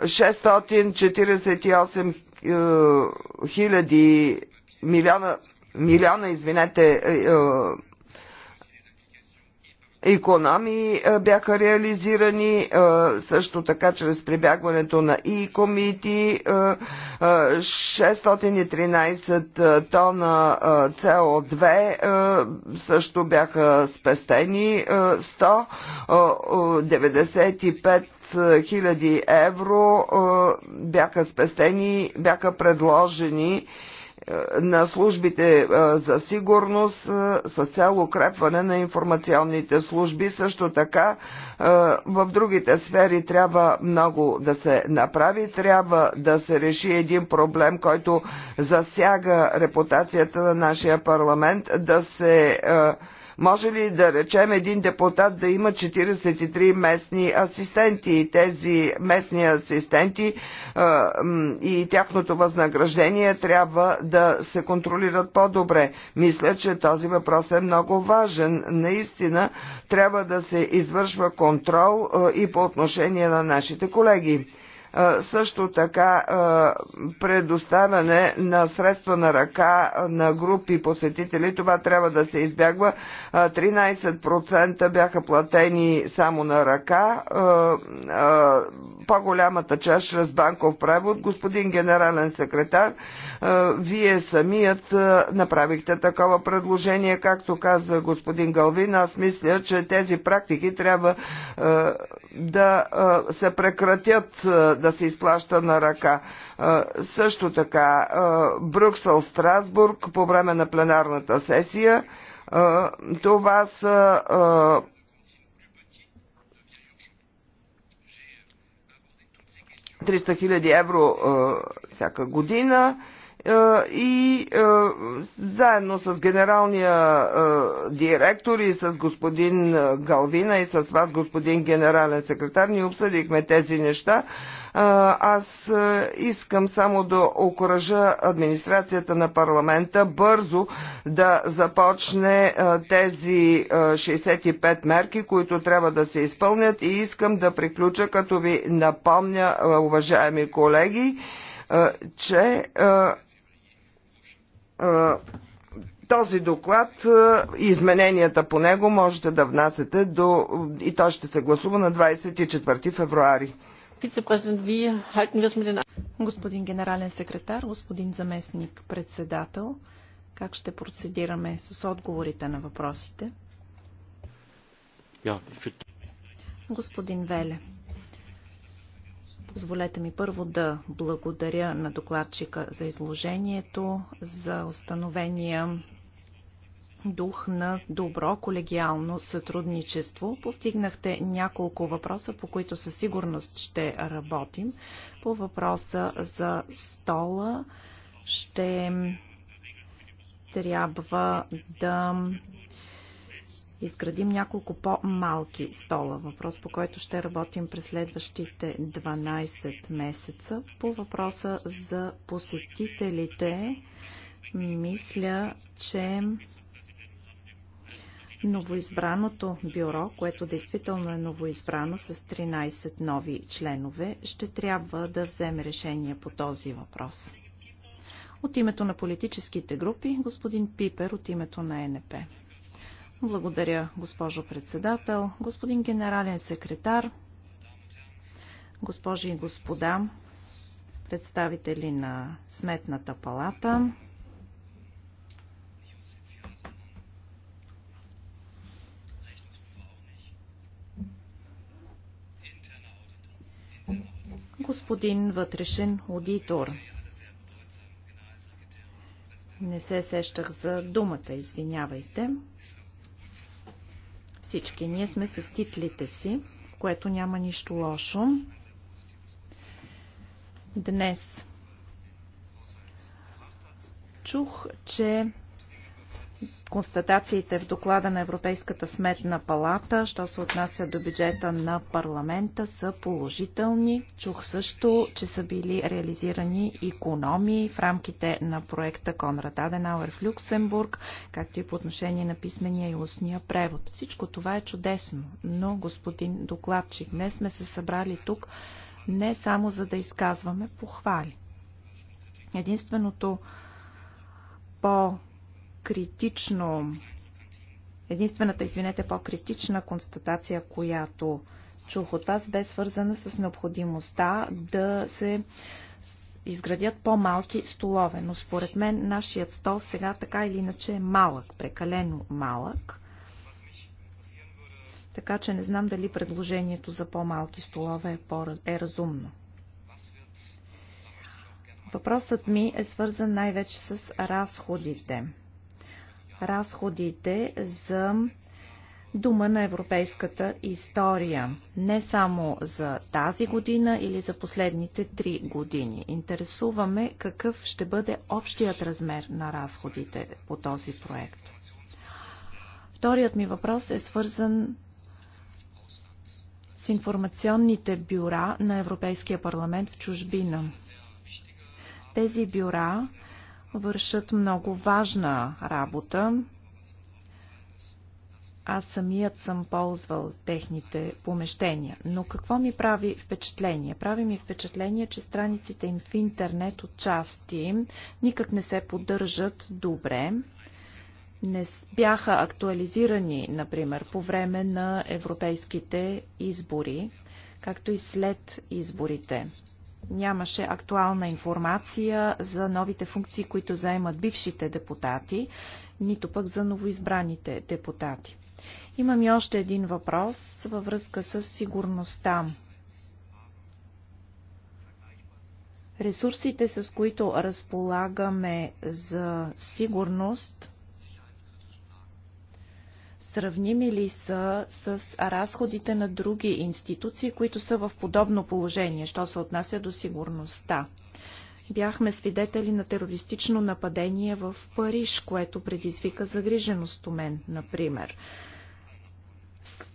648 хиляди милиона, милиона извинете, економии е, бяха реализирани, е, също така чрез прибягването на икомити e комити 613 е, тона CO2 също бяха спестени 195 000 евро бяха спестени, бяха предложени на службите за сигурност с цяло укрепване на информационните служби. Също така в другите сфери трябва много да се направи. Трябва да се реши един проблем, който засяга репутацията на нашия парламент, да се може ли да речем един депутат да има 43 местни асистенти и тези местни асистенти и тяхното възнаграждение трябва да се контролират по-добре? Мисля, че този въпрос е много важен. Наистина трябва да се извършва контрол и по отношение на нашите колеги също така предоставяне на средства на ръка на групи посетители. Това трябва да се избягва. 13% бяха платени само на ръка. По-голямата част чрез банков превод. Господин генерален секретар, вие самият направихте такова предложение, както каза господин Галвин. Аз мисля, че тези практики трябва да се прекратят, да се изплаща на ръка. Също така Брюксел, Страсбург по време на пленарната сесия. Това са 300 хиляди евро всяка година и заедно с генералния директор и с господин Галвина и с вас, господин генерален секретар, ни обсъдихме тези неща. Аз искам само да окоръжа администрацията на парламента бързо да започне тези 65 мерки, които трябва да се изпълнят и искам да приключа, като ви напомня, уважаеми колеги, че този доклад и измененията по него можете да внасете до, и то ще се гласува на 24 февруари. Господин генерален секретар, господин заместник председател, как ще процедираме с отговорите на въпросите? Господин Веле, позволете ми първо да благодаря на докладчика за изложението, за установения дух на добро колегиално сътрудничество. Повдигнахте няколко въпроса, по които със сигурност ще работим. По въпроса за стола ще трябва да изградим няколко по-малки стола. Въпрос, по който ще работим през следващите 12 месеца. По въпроса за посетителите, мисля, че новоизбраното бюро, което действително е новоизбрано с 13 нови членове, ще трябва да вземе решение по този въпрос. От името на политическите групи, господин Пипер от името на НП. Благодаря, госпожо председател, господин генерален секретар, госпожи и господа, представители на Сметната палата, господин вътрешен аудитор. Не се сещах за думата, извинявайте. Всички ние сме с титлите си, което няма нищо лошо. Днес чух, че констатациите в доклада на Европейската сметна палата, що се отнася до бюджета на парламента, са положителни. Чух също, че са били реализирани економии в рамките на проекта Конрад Аденауер в Люксембург, както и по отношение на писмения и устния превод. Всичко това е чудесно, но, господин докладчик, днес сме се събрали тук не само за да изказваме похвали. Единственото по по-критично, единствената, извинете, по-критична констатация, която чух от вас, бе свързана с необходимостта да се изградят по-малки столове. Но според мен нашият стол сега така или иначе е малък, прекалено малък. Така че не знам дали предложението за по-малки столове е, по- е разумно. Въпросът ми е свързан най-вече с разходите разходите за дума на европейската история. Не само за тази година или за последните три години. Интересуваме какъв ще бъде общият размер на разходите по този проект. Вторият ми въпрос е свързан с информационните бюра на Европейския парламент в чужбина. Тези бюра вършат много важна работа. Аз самият съм ползвал техните помещения. Но какво ми прави впечатление? Прави ми впечатление, че страниците им в интернет от части никак не се поддържат добре. Не бяха актуализирани, например, по време на европейските избори, както и след изборите нямаше актуална информация за новите функции, които заемат бившите депутати, нито пък за новоизбраните депутати. Имам и още един въпрос във връзка с сигурността. Ресурсите, с които разполагаме за сигурност, Сравними ли са с разходите на други институции, които са в подобно положение, що се отнася до сигурността? Бяхме свидетели на терористично нападение в Париж, което предизвика загриженост у мен, например.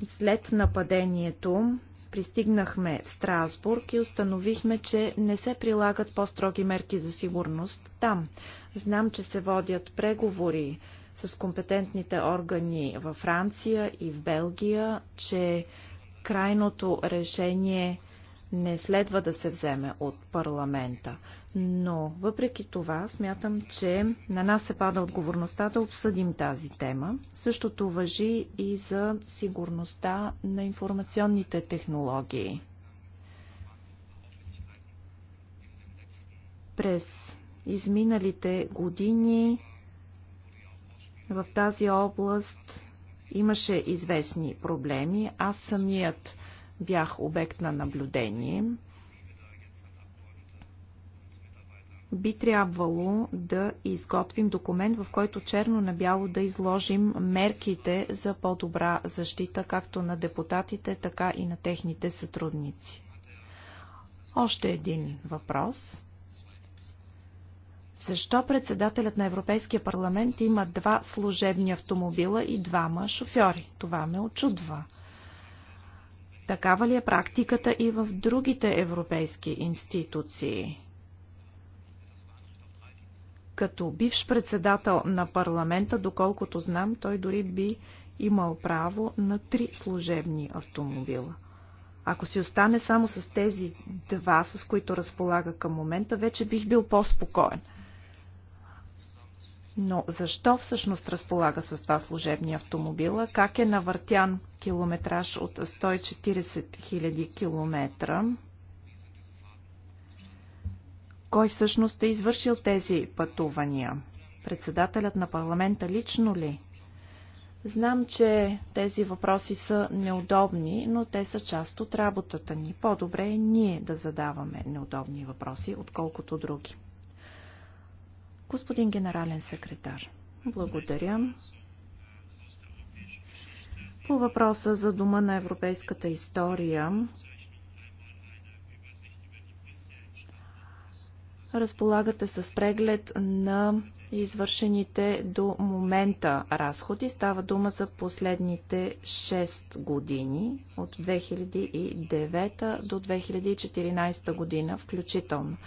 След нападението пристигнахме в Страсбург и установихме, че не се прилагат по-строги мерки за сигурност там. Знам, че се водят преговори с компетентните органи във Франция и в Белгия, че крайното решение не следва да се вземе от парламента. Но въпреки това смятам, че на нас се пада отговорността да обсъдим тази тема. Същото въжи и за сигурността на информационните технологии. През изминалите години в тази област имаше известни проблеми. Аз самият бях обект на наблюдение. Би трябвало да изготвим документ, в който черно на бяло да изложим мерките за по-добра защита както на депутатите, така и на техните сътрудници. Още един въпрос. Защо председателят на Европейския парламент има два служебни автомобила и двама шофьори? Това ме очудва. Такава ли е практиката и в другите европейски институции? Като бивш председател на парламента, доколкото знам, той дори би имал право на три служебни автомобила. Ако си остане само с тези два, с които разполага към момента, вече бих бил по-спокоен – но защо всъщност разполага с това служебния автомобила? Как е навъртян километраж от 140 000 километра? Кой всъщност е извършил тези пътувания? Председателят на парламента лично ли? Знам, че тези въпроси са неудобни, но те са част от работата ни. По-добре е ние да задаваме неудобни въпроси, отколкото други. Господин генерален секретар, благодаря. По въпроса за Дома на европейската история, разполагате с преглед на извършените до момента разходи. Става дума за последните 6 години, от 2009 до 2014 година включително.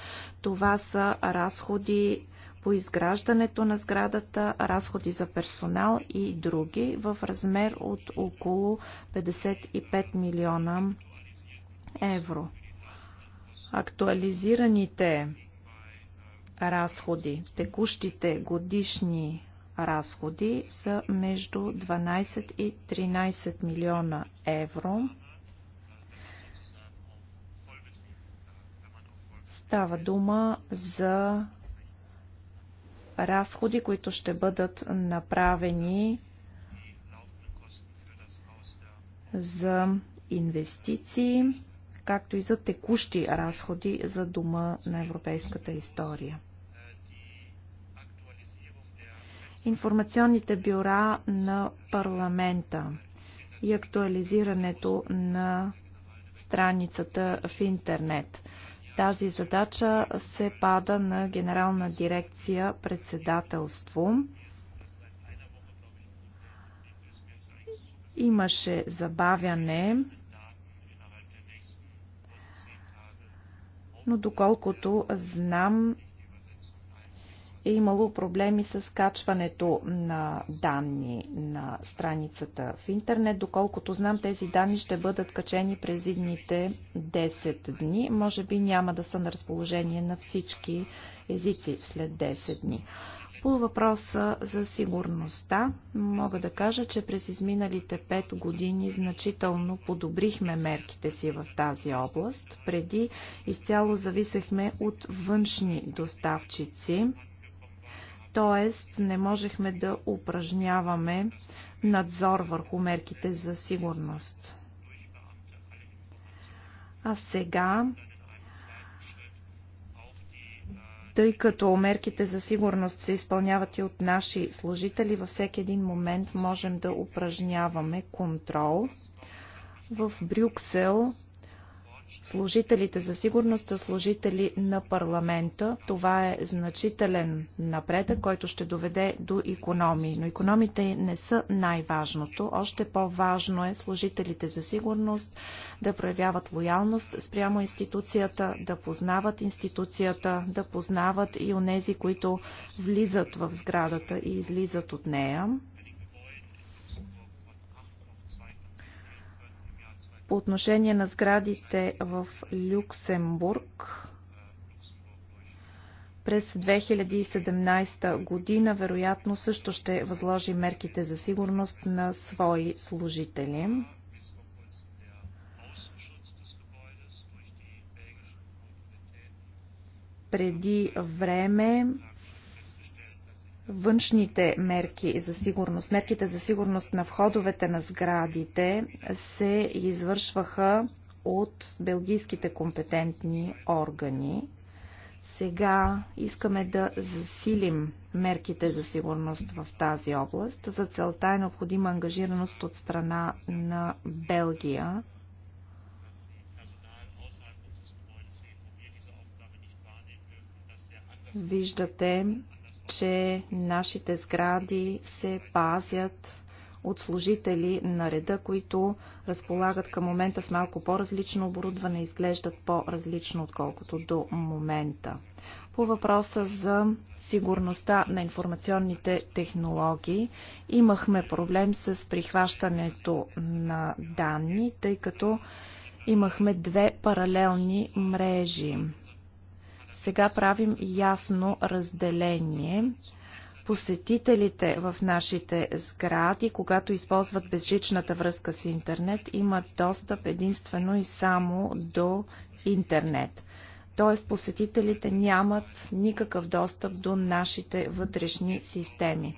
Това са разходи по изграждането на сградата, разходи за персонал и други в размер от около 55 милиона евро. Актуализираните разходи, текущите годишни разходи са между 12 и 13 милиона евро. Става дума за разходи, които ще бъдат направени за инвестиции, както и за текущи разходи за Дома на европейската история. Информационните бюра на парламента и актуализирането на страницата в интернет. Тази задача се пада на Генерална дирекция председателство. Имаше забавяне, но доколкото знам, е имало проблеми с качването на данни на страницата в интернет. Доколкото знам, тези данни ще бъдат качени през идните 10 дни. Може би няма да са на разположение на всички езици след 10 дни. По въпроса за сигурността, мога да кажа, че през изминалите 5 години значително подобрихме мерките си в тази област. Преди изцяло зависехме от външни доставчици. Тоест, не можехме да упражняваме надзор върху мерките за сигурност. А сега тъй като мерките за сигурност се изпълняват и от наши служители, във всеки един момент можем да упражняваме контрол. В Брюксел Служителите за сигурност са служители на парламента. Това е значителен напредък, който ще доведе до економии. Но економите не са най-важното. Още по-важно е служителите за сигурност да проявяват лоялност спрямо институцията, да познават институцията, да познават и онези, които влизат в сградата и излизат от нея. По отношение на сградите в Люксембург, през 2017 година вероятно също ще възложи мерките за сигурност на свои служители. Преди време външните мерки за сигурност, мерките за сигурност на входовете на сградите се извършваха от белгийските компетентни органи. Сега искаме да засилим мерките за сигурност в тази област. За целта е необходима ангажираност от страна на Белгия. Виждате, че нашите сгради се пазят от служители на реда, които разполагат към момента с малко по-различно оборудване, изглеждат по-различно, отколкото до момента. По въпроса за сигурността на информационните технологии имахме проблем с прихващането на данни, тъй като имахме две паралелни мрежи. Сега правим ясно разделение посетителите в нашите сгради, когато използват безжичната връзка с интернет, имат достъп единствено и само до интернет. Тоест посетителите нямат никакъв достъп до нашите вътрешни системи.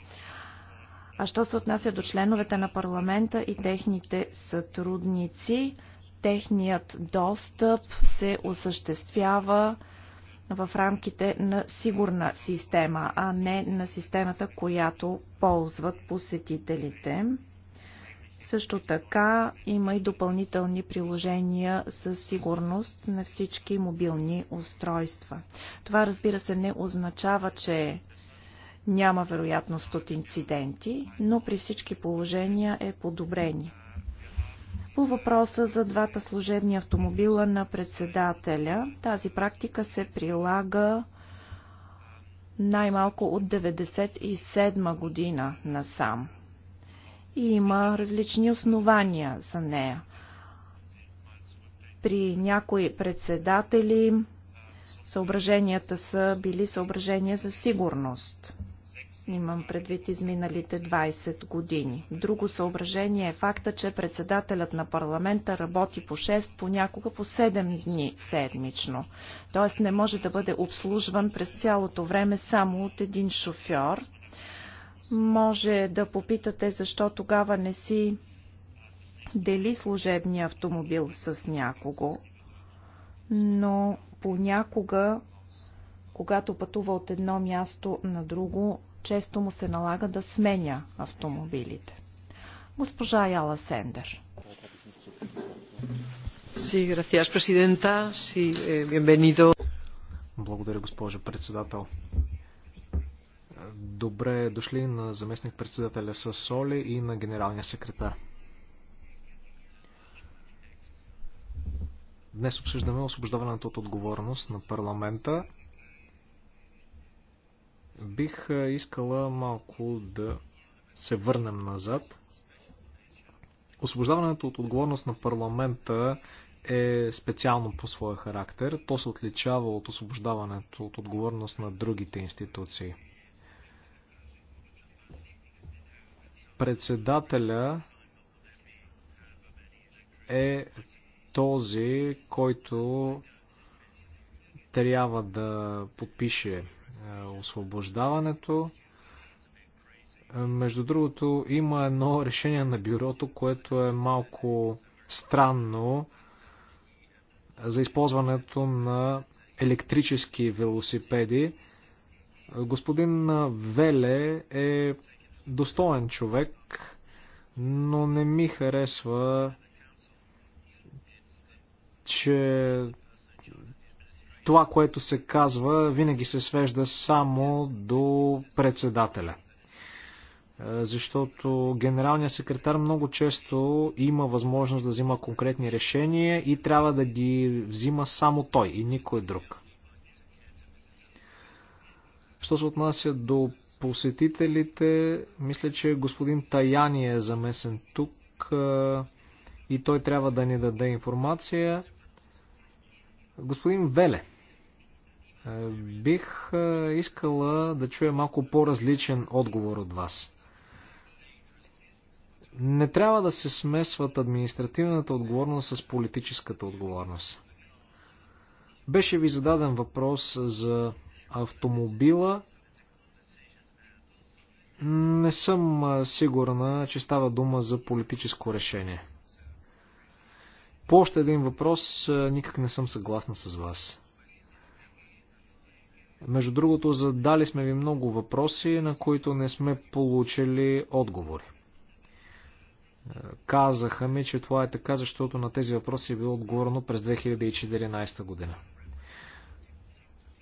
А що се отнася до членовете на парламента и техните сътрудници, техният достъп се осъществява в рамките на сигурна система, а не на системата, която ползват посетителите. Също така има и допълнителни приложения със сигурност на всички мобилни устройства. Това разбира се не означава, че няма вероятност от инциденти, но при всички положения е подобрение. По въпроса за двата служебни автомобила на председателя, тази практика се прилага най-малко от 1997 година насам. И има различни основания за нея. При някои председатели съображенията са били съображения за сигурност. Имам предвид изминалите 20 години. Друго съображение е факта, че председателят на парламента работи по 6, понякога по 7 дни седмично. Тоест не може да бъде обслужван през цялото време само от един шофьор. Може да попитате защо тогава не си дели служебния автомобил с някого, но понякога, когато пътува от едно място на друго, често му се налага да сменя автомобилите. Госпожа Яла Сендер. Eh, Благодаря, госпожо председател. Добре дошли на заместник председателя Соли и на генералния секретар. Днес обсъждаме освобождаването от отговорност на парламента Бих искала малко да се върнем назад. Освобождаването от отговорност на парламента е специално по своя характер. То се отличава от освобождаването от отговорност на другите институции. Председателя е този, който трябва да подпише е, освобождаването. Е, между другото, има едно решение на бюрото, което е малко странно е, за използването на електрически велосипеди. Господин Веле е достоен човек, но не ми харесва, че това, което се казва, винаги се свежда само до председателя. Е, защото генералният секретар много често има възможност да взима конкретни решения и трябва да ги взима само той и никой друг. Що се отнася до посетителите, мисля, че господин Таяни е замесен тук е, и той трябва да ни даде информация. Господин Веле е, бих е, искала да чуя малко по-различен отговор от вас. Не трябва да се смесват административната отговорност с политическата отговорност. Беше ви зададен въпрос за автомобила. Не съм е, сигурна, че става дума за политическо решение. По още един въпрос никак не съм съгласна с вас. Между другото, задали сме ви много въпроси, на които не сме получили отговори. Казаха ми, че това е така, защото на тези въпроси е било отговорено през 2014 година.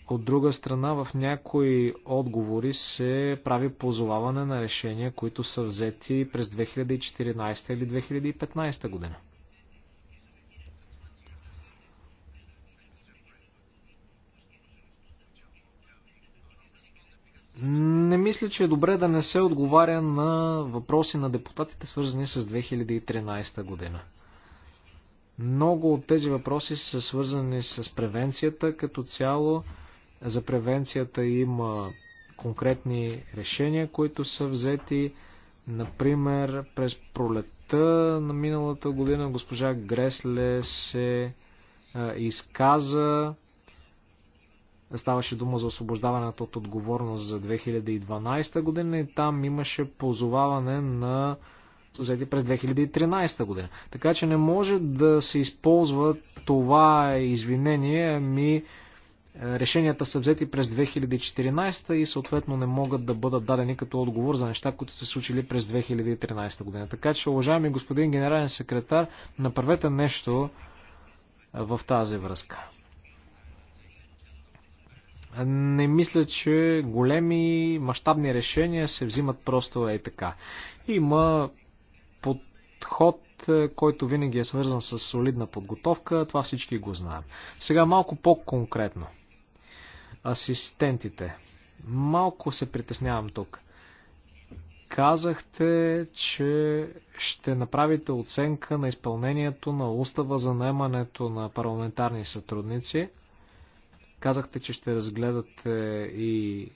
От друга страна, в някои отговори се прави позоваване на решения, които са взети през 2014 или 2015 година. Не мисля, че е добре да не се отговаря на въпроси на депутатите, свързани с 2013 година. Много от тези въпроси са свързани с превенцията като цяло. За превенцията има конкретни решения, които са взети. Например, през пролетта на миналата година госпожа Гресле се изказа Ставаше дума за освобождаването от отговорност за 2012 година и там имаше позоваване на взети през 2013 година. Така че не може да се използва това извинение, ми е, решенията са взети през 2014 и съответно не могат да бъдат дадени като отговор за неща, които се случили през 2013 година. Така че, уважаеми господин генерален секретар, направете нещо е, в тази връзка. Не мисля, че големи мащабни решения се взимат просто е така. Има подход, е, който винаги е свързан с солидна подготовка, това всички го знаем. Сега малко по-конкретно. Асистентите. Малко се притеснявам тук. Казахте, че ще направите оценка на изпълнението на устава за наемането на парламентарни сътрудници – Казахте, че ще разгледате и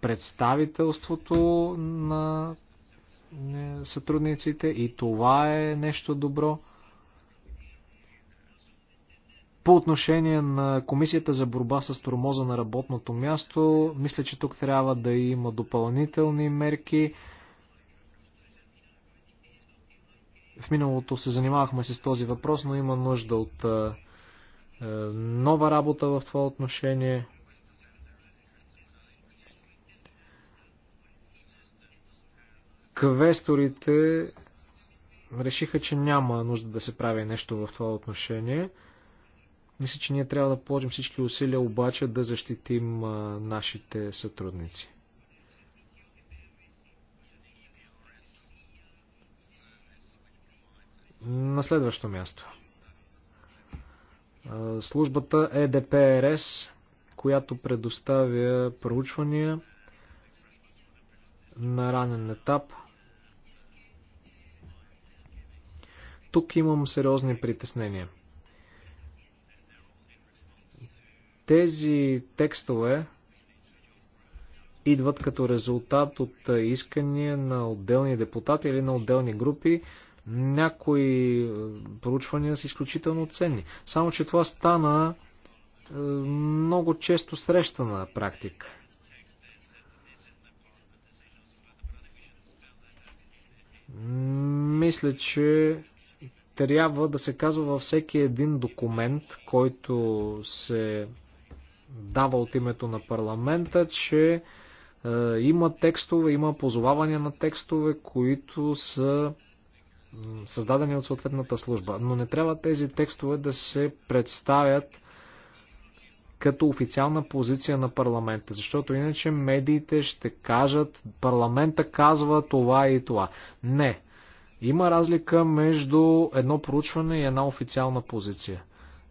представителството на е, сътрудниците и това е нещо добро. По отношение на Комисията за борба с тормоза на работното място, мисля, че тук трябва да има допълнителни мерки. В миналото се занимавахме с този въпрос, но има нужда от е, е, нова работа в това отношение. Квесторите решиха, че няма нужда да се прави нещо в това отношение. Мисля, че ние трябва да положим всички усилия обаче да защитим нашите сътрудници. На следващо място службата ЕДПРС, която предоставя проучвания на ранен етап. Тук имам сериозни притеснения. Тези текстове идват като резултат от искания на отделни депутати или на отделни групи някои е, проучвания са изключително ценни. Само, че това стана е, много често срещана практика. Мисля, че трябва да се казва във всеки един документ, който се дава от името на парламента, че е, има текстове, има позовавания на текстове, които са създадени от съответната служба. Но не трябва тези текстове да се представят като официална позиция на парламента, защото иначе медиите ще кажат парламента казва това и това. Не. Има разлика между едно проучване и една официална позиция.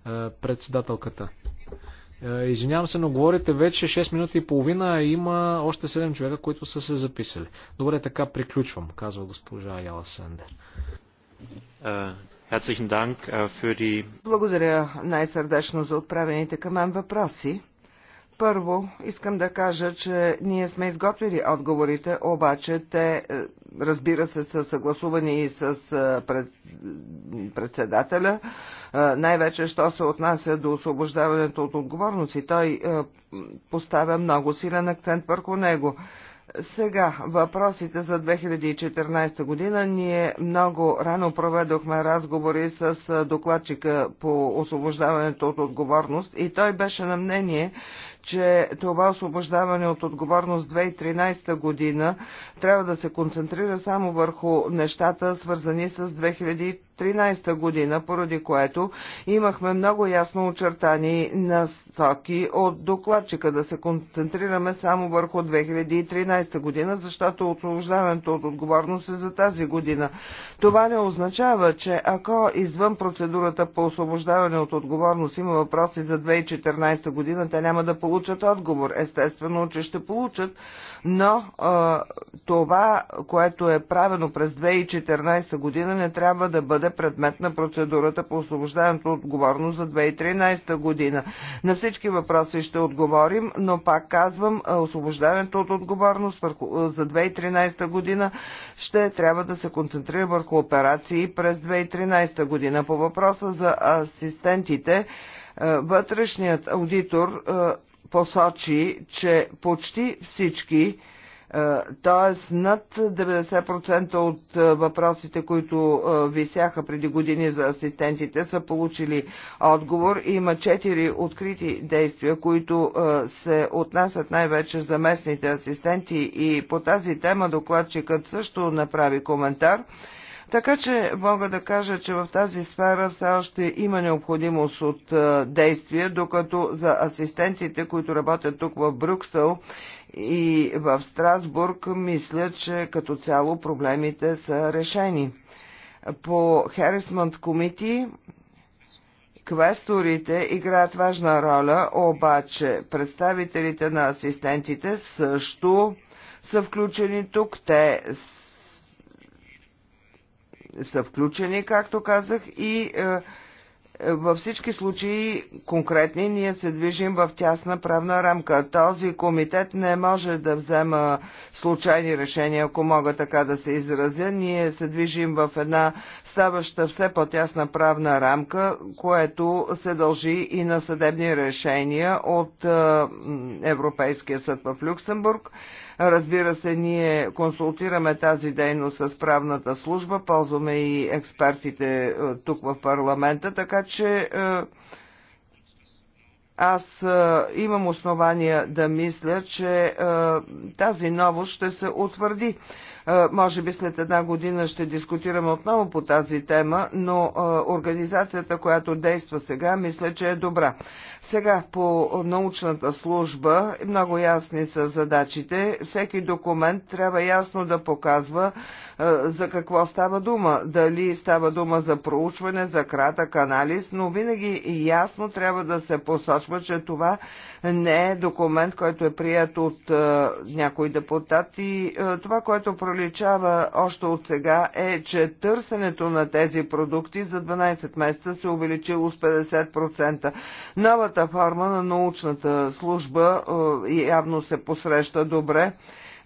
Е, председателката. Е, извинявам се, но говорите вече 6 минути и половина, има още 7 човека, които са се записали. Добре, така приключвам, казва госпожа Яла Сендер. Е, е, Благодаря най-сърдечно за отправените към мен въпроси. Първо, искам да кажа, че ние сме изготвили отговорите, обаче те, е, разбира се, са съгласувани и с е, пред, председателя, е, най-вече, що се отнася до освобождаването от отговорности. Той поставя много силен акцент върху него. Сега, въпросите за 2014 година. Ние много рано проведохме разговори с докладчика по освобождаването от отговорност и той беше на мнение, че това освобождаване от отговорност 2013 година трябва да се концентрира само върху нещата, свързани с 2013 2013 година, поради което имахме много ясно очертани насоки от докладчика да се концентрираме само върху 2013 година, защото освобождаването от отговорност е за тази година. Това не означава, че ако извън процедурата по освобождаване от отговорност има въпроси за 2014 година, те няма да получат отговор. Естествено, че ще получат, но а, това, което е правено през 2014 година, не трябва да бъде бъде предмет на процедурата по освобождането отговорност за 2013 година. На всички въпроси ще отговорим, но пак казвам, освобождаването от отговорност за 2013 година ще трябва да се концентрира върху операции през 2013 година. По въпроса за асистентите, вътрешният аудитор посочи, че почти всички е, тоест над 90% от е, въпросите, които е, висяха преди години за асистентите, са получили отговор. Има 4 открити действия, които се отнасят най-вече за местните асистенти и по тази тема докладчикът също направи коментар. Така че мога да кажа, че в тази сфера все още има необходимост от действие, докато за асистентите, които работят тук в Брюксел и в Страсбург, мисля, че като цяло проблемите са решени. По Харисмонт Комити Квесторите играят важна роля, обаче представителите на асистентите също са включени тук. Те са включени, както казах, и е, е, във всички случаи конкретни ние се движим в тясна правна рамка. Този комитет не може да взема случайни решения, ако мога така да се изразя. Ние се движим в една ставаща все по-тясна правна рамка, което се дължи и на съдебни решения от е, Европейския съд в Люксембург Разбира се, ние консултираме тази дейност с правната служба, ползваме и експертите е, тук в парламента, така че е, аз е, имам основания да мисля, че тази новост ще се утвърди. може би след една година ще дискутираме отново по тази тема, но организацията, която действа сега, мисля, че е добра. Сега по научната служба много ясни са задачите. Всеки документ трябва ясно да показва е, за какво става дума. Дали става дума за проучване, за кратък анализ, но винаги ясно трябва да се посочва, че това не е документ, който е прият от е, някой депутат. И е, това, което проличава още от сега е, че търсенето на тези продукти за 12 месеца се увеличило с 50%. Новата първата форма на научната служба е, явно се посреща добре.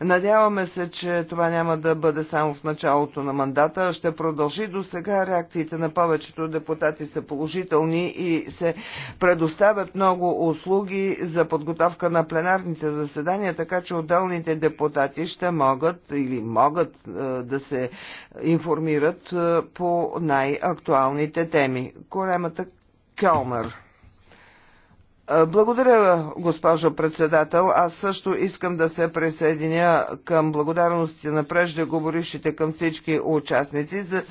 Надяваме се, че това няма да бъде само в началото на мандата, ще продължи до сега. Реакциите на повечето депутати са положителни и се предоставят много услуги за подготовка на пленарните заседания, така че отделните депутати ще могат или могат е, да се информират е, по най-актуалните теми. Коремата Келмър. Благодаря, госпожо председател. Аз също искам да се присъединя към благодарностите на преждеговорившите към всички участници за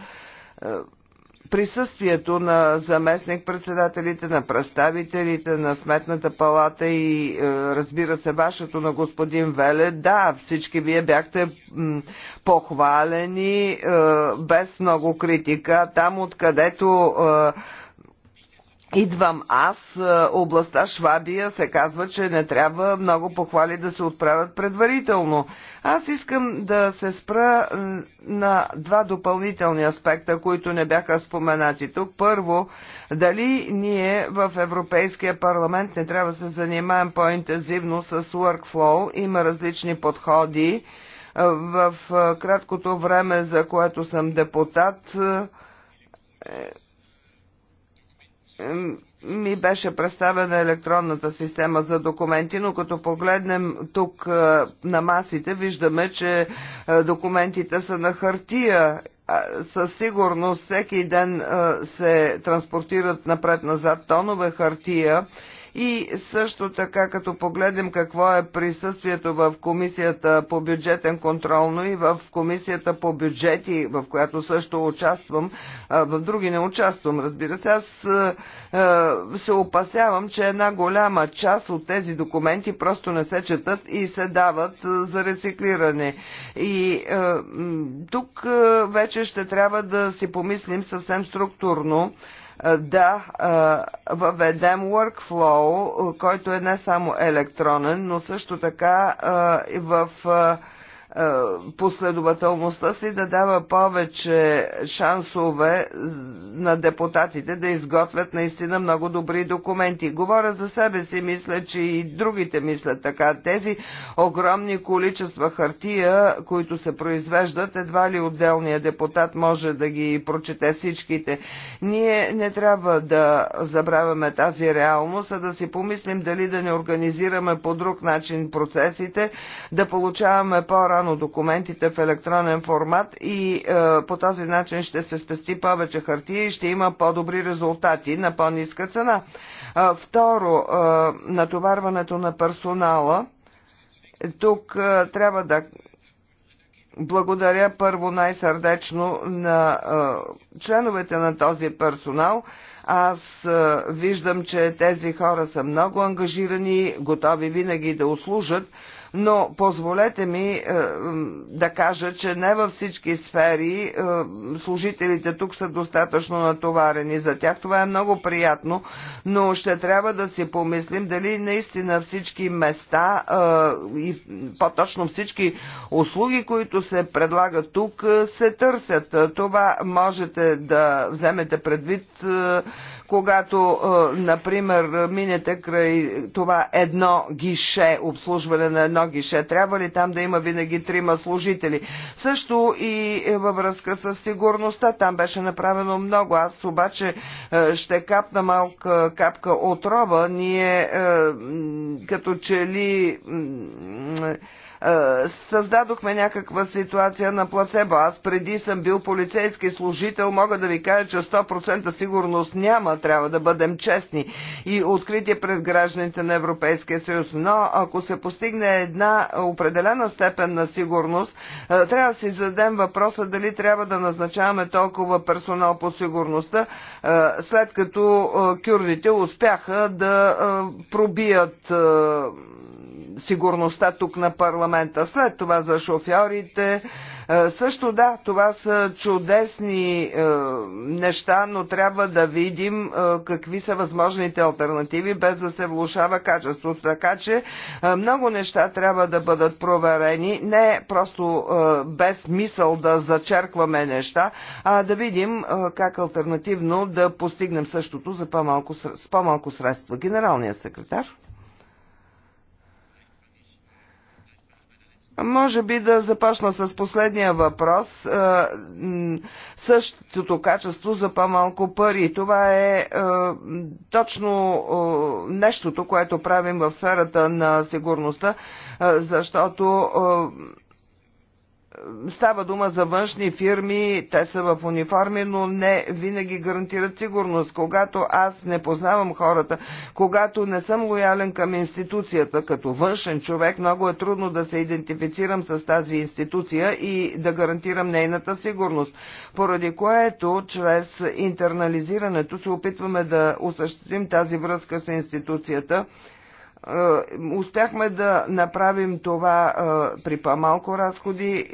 присъствието на заместник-председателите, на представителите на Сметната палата и разбира се вашето на господин Веле. Да, всички вие бяхте похвалени без много критика. Там откъдето Идвам аз, е, областта Швабия се казва, че не трябва много похвали да се отправят предварително. Аз искам да се спра на два допълнителни аспекта, които не бяха споменати тук. Първо, дали ние в Европейския парламент не трябва да се занимаем по-интензивно с workflow. Има различни подходи. Е, в е, краткото време, за което съм депутат, ми беше представена електронната система за документи, но като погледнем тук на масите, виждаме, че документите са на хартия. Със сигурност всеки ден се транспортират напред-назад тонове хартия и също така, като погледнем какво е присъствието в Комисията по бюджетен контрол, но и в Комисията по бюджети, в която също участвам, в други не участвам, разбира се, аз се опасявам, че една голяма част от тези документи просто не се четат и се дават за рециклиране. И тук вече ще трябва да си помислим съвсем структурно, да въведем workflow, който е не само електронен, но също така и в е, последователността си да дава повече шансове на депутатите да изготвят наистина много добри документи. Говоря за себе си, мисля, че и другите мислят така. Тези огромни количества хартия, които се произвеждат, едва ли отделният депутат може да ги прочете всичките. Ние не трябва да забравяме тази реалност, а да си помислим дали да не организираме по друг начин процесите, да получаваме по-рано по-рано документите в електронен формат и е, по този начин ще се спести повече хартия и ще има по-добри резултати на по-ниска цена. Е, второ, е, натоварването на персонала. Тук е, трябва да благодаря първо най-сърдечно на е, членовете на този персонал. Аз е, виждам, че тези хора са много ангажирани, готови винаги да услужат но позволете ми е, да кажа, че не във всички сфери е, служителите тук са достатъчно натоварени. За тях това е много приятно, но ще трябва да си помислим дали наистина всички места е, и по-точно всички услуги, които се предлагат тук, се търсят. Това можете да вземете предвид когато, е, например, минете край това едно гише, обслужване на едно гише, трябва ли там да има винаги трима служители? Също и е, във връзка с сигурността, там беше направено много. Аз обаче е, ще капна малка капка отрова. Ние като че ли е, създадохме някаква ситуация на плацебо. Аз преди съм бил полицейски служител, мога да ви кажа, че 100% сигурност няма, трябва да бъдем честни и открити пред гражданите на Европейския съюз. Но ако се постигне една определена степен на сигурност, е, трябва да си зададем въпроса дали трябва да назначаваме толкова персонал по сигурността, е, след като кюрдите успяха да пробият сигурността тук на парламента, след това за шофьорите. Е, също да, това са чудесни е, неща, но трябва да видим е, какви са възможните альтернативи, без да се влушава качеството. Така че много неща трябва да бъдат проверени, не просто без мисъл да зачеркваме неща, а да видим как альтернативно да постигнем същото за по-малко, с по-малко средства. Генералният секретар. Може би да започна с последния въпрос. Е, същото качество за по-малко пари. Това е, е точно е, нещото, което правим в сферата на сигурността, защото Става дума за външни фирми, те са в униформи, но не винаги гарантират сигурност. Когато аз не познавам хората, когато не съм лоялен към институцията, като външен човек, много е трудно да се идентифицирам с тази институция и да гарантирам нейната сигурност. Поради което, чрез интернализирането се опитваме да осъществим тази връзка с институцията е, успяхме да направим това е, при по-малко разходи,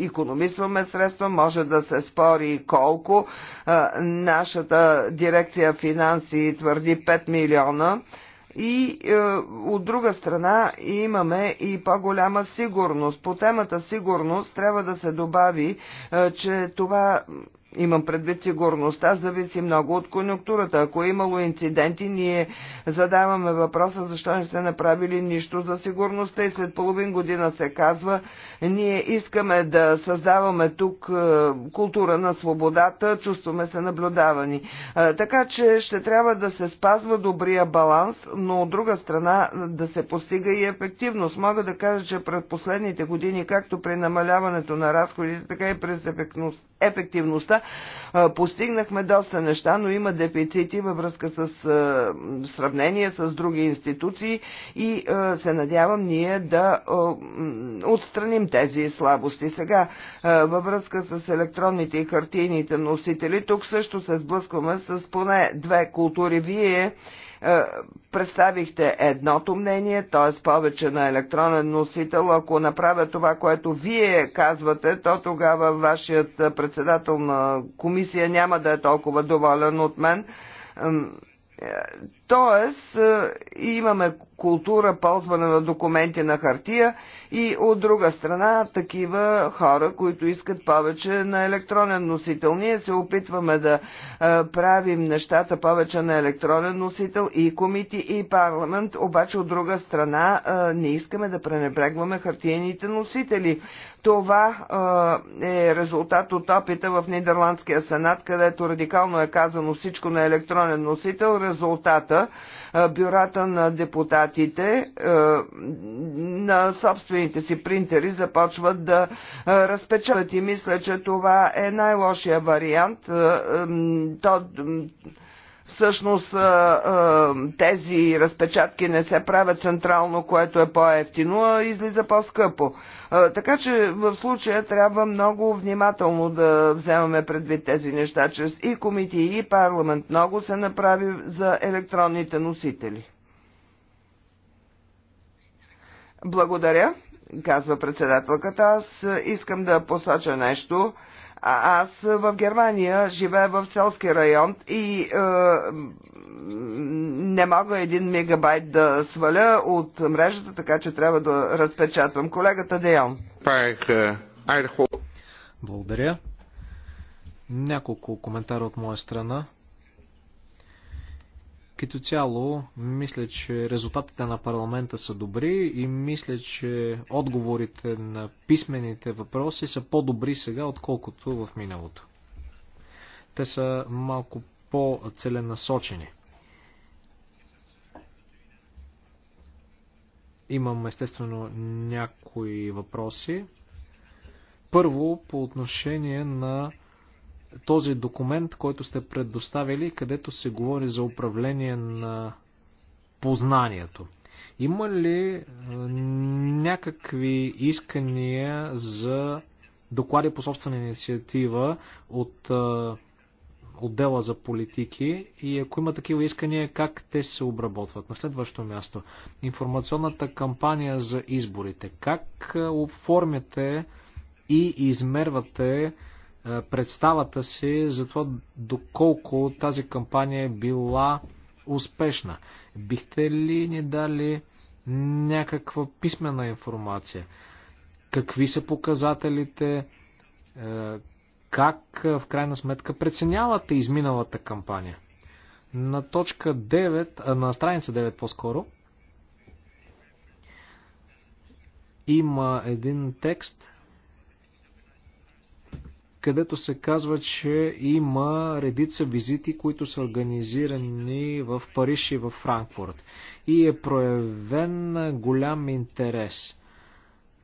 економисваме е, средства, може да се спори колко. Нашата дирекция финанси твърди 5 милиона. И е, от друга страна имаме и по-голяма сигурност. По темата сигурност трябва да се добави, е, че това имам предвид сигурността, зависи много от конюнктурата. Ако е имало инциденти, ние задаваме въпроса защо не сте направили нищо за сигурността и след половин година се казва, ние искаме да създаваме тук е, култура на свободата, чувстваме се наблюдавани. Е, така че ще трябва да се спазва добрия баланс, но от друга страна е, да се постига и ефективност. Мога да кажа, че пред последните години, както при намаляването на разходите, така и през ефективността, Постигнахме доста неща, но има дефицити във връзка с сравнение с други институции и се надявам ние да отстраним тези слабости. Сега във връзка с електронните и картийните носители, тук също се сблъскваме с поне две култури. Вие е, представихте едното мнение, т.е. повече на електронен носител. Ако направя това, което вие казвате, то тогава вашият председател на комисия няма да е толкова доволен от мен. Тоест, е, имаме култура ползване на документи на хартия и от друга страна такива хора, които искат повече на електронен носител. Ние се опитваме да е, правим нещата повече на електронен носител и комити и парламент, обаче от друга страна е, не искаме да пренебрегваме хартиените носители. Това е резултат от опита в Нидерландския сенат, където радикално е казано всичко на електронен носител. Резултата бюрата на депутатите на собствените си принтери започват да разпечатат и мисля, че това е най-лошия вариант. То, Всъщност тези разпечатки не се правят централно, което е по-ефтино, а излиза по-скъпо. Така че в случая трябва много внимателно да вземаме предвид тези неща. Чрез и комитии, и парламент много се направи за електронните носители. Благодаря, казва председателката. Аз искам да посоча нещо. А аз в Германия живея в селски район и е, не мога един мегабайт да сваля от мрежата, така че трябва да разпечатвам. Колегата Деян. Е, Благодаря. Няколко коментара от моя страна. Като цяло, мисля, че резултатите на парламента са добри и мисля, че отговорите на писмените въпроси са по-добри сега, отколкото в миналото. Те са малко по-целенасочени. Имам естествено някои въпроси. Първо, по отношение на този документ, който сте предоставили, където се говори за управление на познанието. Има ли е, някакви искания за доклади по собствена инициатива от е, отдела за политики и ако има такива искания, как те се обработват? На следващо място, информационната кампания за изборите. Как оформяте и измервате представата си за това доколко тази кампания е била успешна? Бихте ли ни дали някаква писмена информация? Какви са показателите? Как в крайна сметка преценявате изминалата кампания? На точка 9, на страница 9 по-скоро, има един текст, където се казва, че има редица визити, които са организирани в Париж и в Франкфурт. И е проявен голям интерес.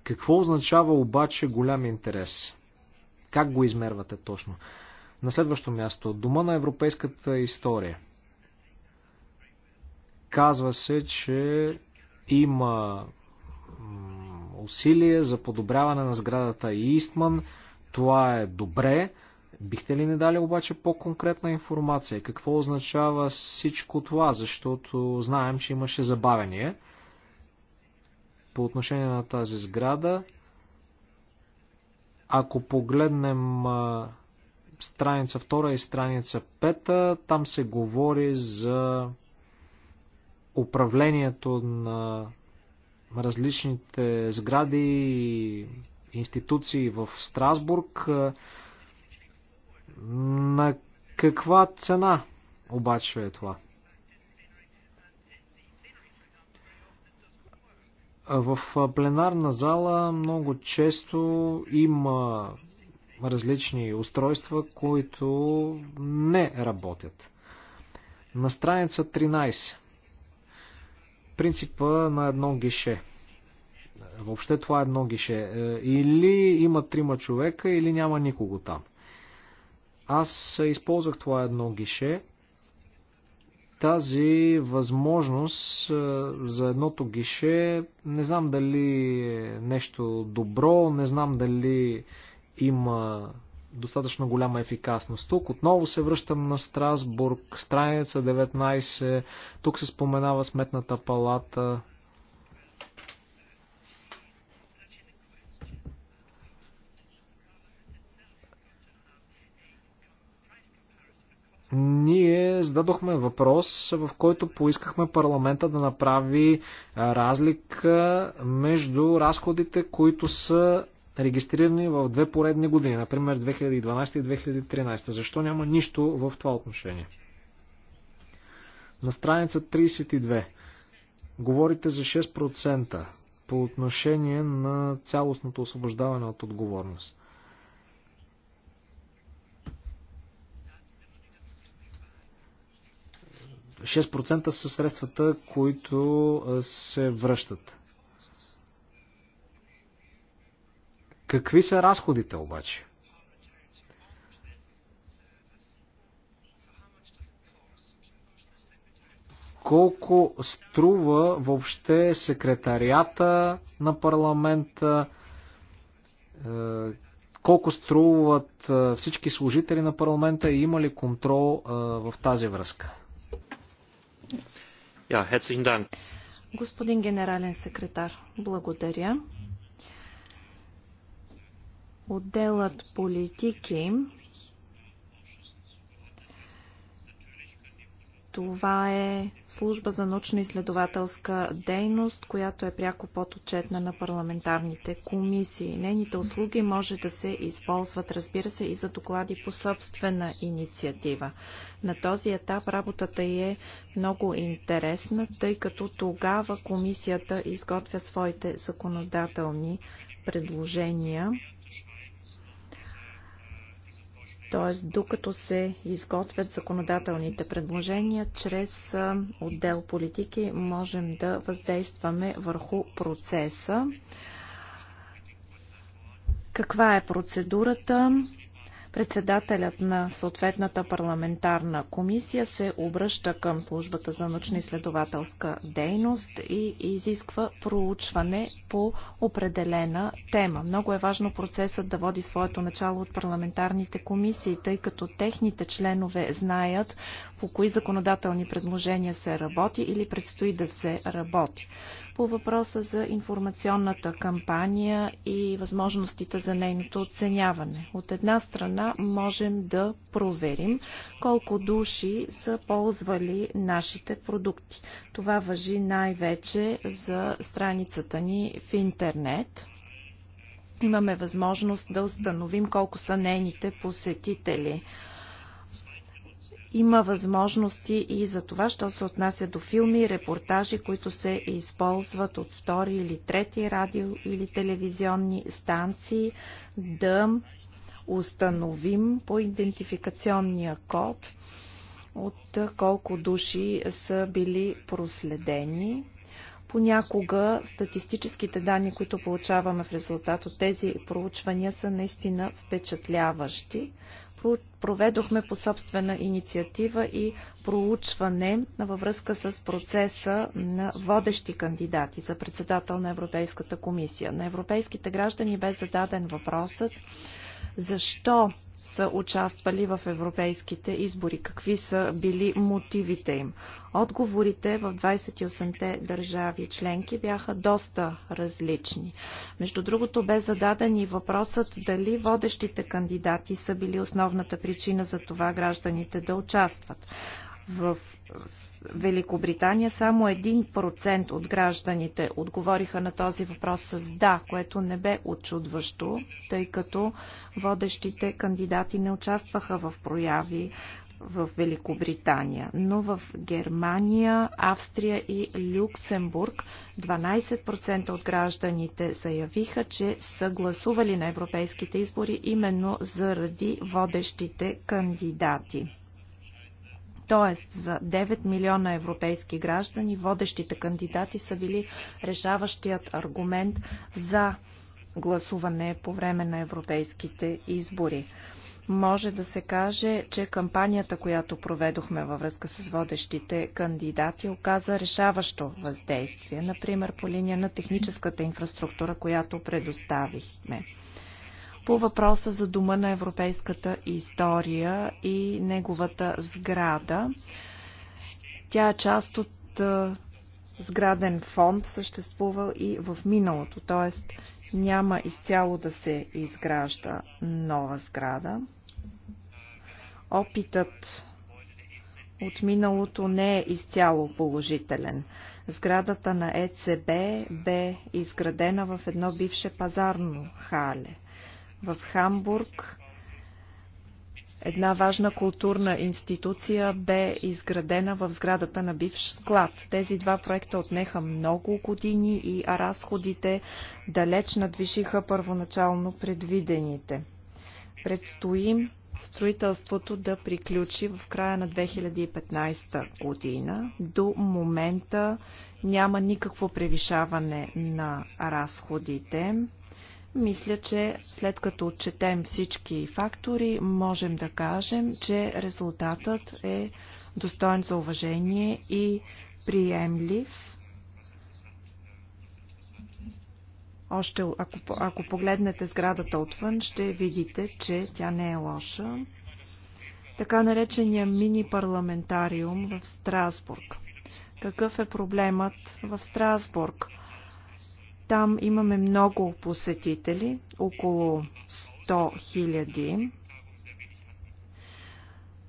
Какво означава обаче голям интерес? Как го измервате точно? На следващо място, Дома на европейската история. Казва се, че има усилие за подобряване на сградата Истман. Това е добре. Бихте ли не дали обаче по-конкретна информация? Какво означава всичко това? Защото знаем, че имаше забавение по отношение на тази сграда. Ако погледнем страница 2 и страница 5, там се говори за управлението на различните сгради и институции в Страсбург. На каква цена обаче е това? В пленарна зала много често има различни устройства, които не работят. На страница 13. Принципа на едно гише. Въобще това е едно гише. Е, или има трима човека, или няма никого там. Аз използвах това едно гише, тази възможност е, за едното гише, не знам дали е нещо добро, не знам дали има достатъчно голяма ефикасност. Тук отново се връщам на Страсбург, страница 19, тук се споменава сметната палата, ние зададохме въпрос, в който поискахме парламента да направи разлика между разходите, които са регистрирани в две поредни години, например 2012 и 2013. Защо няма нищо в това отношение? На страница 32 говорите за 6% по отношение на цялостното освобождаване от отговорност. 6% са средствата, които се връщат. Какви са разходите обаче? Колко струва въобще секретарията на парламента? Е, колко струват е, всички служители на парламента и има ли контрол е, в тази връзка? Господин генерален секретар, благодаря. Отделът политики Това е служба за научно изследователска дейност, която е пряко подотчетна на парламентарните комисии. Нейните услуги може да се използват, разбира се, и за доклади по собствена инициатива. На този етап работата й е много интересна, тъй като тогава комисията изготвя своите законодателни предложения т.е. докато се изготвят законодателните предложения, чрез отдел политики можем да въздействаме върху процеса. Каква е процедурата? Председателят на съответната парламентарна комисия се обръща към службата за научно изследователска дейност и изисква проучване по определена тема. Много е важно процесът да води своето начало от парламентарните комисии, тъй като техните членове знаят по кои законодателни предложения се работи или предстои да се работи по въпроса за информационната кампания и възможностите за нейното оценяване. От една страна можем да проверим колко души са ползвали нашите продукти. Това въжи най-вече за страницата ни в интернет. Имаме възможност да установим колко са нейните посетители – има възможности и за това, що се отнася до филми, репортажи, които се използват от втори или трети радио или телевизионни станции, да установим по идентификационния код от колко души са били проследени. Понякога статистическите данни, които получаваме в резултат от тези проучвания, са наистина впечатляващи проведохме по собствена инициатива и проучване във връзка с процеса на водещи кандидати за председател на Европейската комисия. На европейските граждани бе зададен въпросът защо са участвали в европейските избори? Какви са били мотивите им? Отговорите в 28-те държави членки бяха доста различни. Между другото бе зададен и въпросът дали водещите кандидати са били основната причина за това гражданите да участват. В Великобритания само 1% от гражданите отговориха на този въпрос с да, което не бе очудващо, тъй като водещите кандидати не участваха в прояви в Великобритания, но в Германия, Австрия и Люксембург 12% от гражданите заявиха, че са гласували на европейските избори именно заради водещите кандидати. Тоест за 9 милиона европейски граждани водещите кандидати са били решаващият аргумент за гласуване по време на европейските избори. Може да се каже, че кампанията, която проведохме във връзка с водещите кандидати, оказа решаващо въздействие, например по линия на техническата инфраструктура, която предоставихме по въпроса за Дома на европейската история и неговата сграда. Тя е част от сграден фонд, съществувал и в миналото, т.е. няма изцяло да се изгражда нова сграда. Опитът от миналото не е изцяло положителен. Сградата на ЕЦБ бе изградена в едно бивше пазарно хале – в Хамбург една важна културна институция бе изградена в сградата на бивш склад. Тези два проекта отнеха много години и разходите далеч надвишиха първоначално предвидените. Предстоим строителството да приключи в края на 2015 година. До момента няма никакво превишаване на разходите. Мисля, че след като отчетем всички фактори, можем да кажем, че резултатът е достоен за уважение и приемлив. Още ако, ако погледнете сградата отвън, ще видите, че тя не е лоша. Така наречения мини парламентариум в Страсбург. Какъв е проблемът в Страсбург? Там имаме много посетители, около 100 хиляди,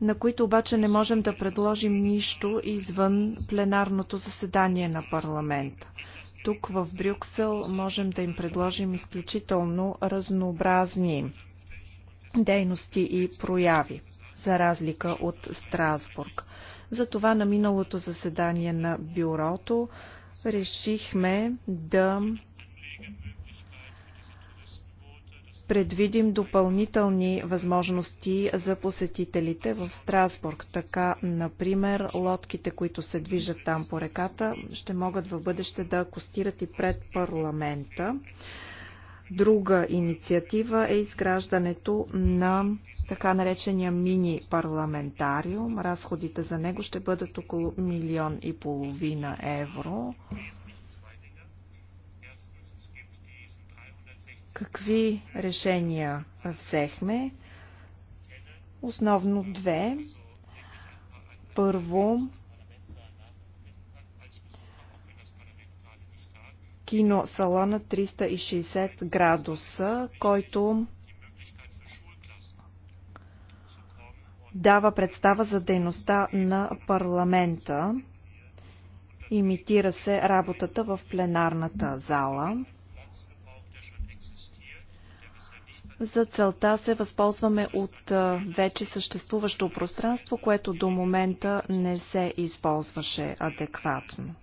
на които обаче не можем да предложим нищо извън пленарното заседание на парламента. Тук в Брюксел можем да им предложим изключително разнообразни дейности и прояви, за разлика от Страсбург. Затова на миналото заседание на бюрото решихме да предвидим допълнителни възможности за посетителите в Страсбург. Така, например, лодките, които се движат там по реката, ще могат в бъдеще да костират и пред парламента. Друга инициатива е изграждането на така наречения мини парламентариум. Разходите за него ще бъдат около милион и половина евро. Какви решения взехме? Основно две. Първо, киносалона 360 градуса, който дава представа за дейността на парламента. Имитира се работата в пленарната зала. За целта се възползваме от вече съществуващо пространство, което до момента не се използваше адекватно.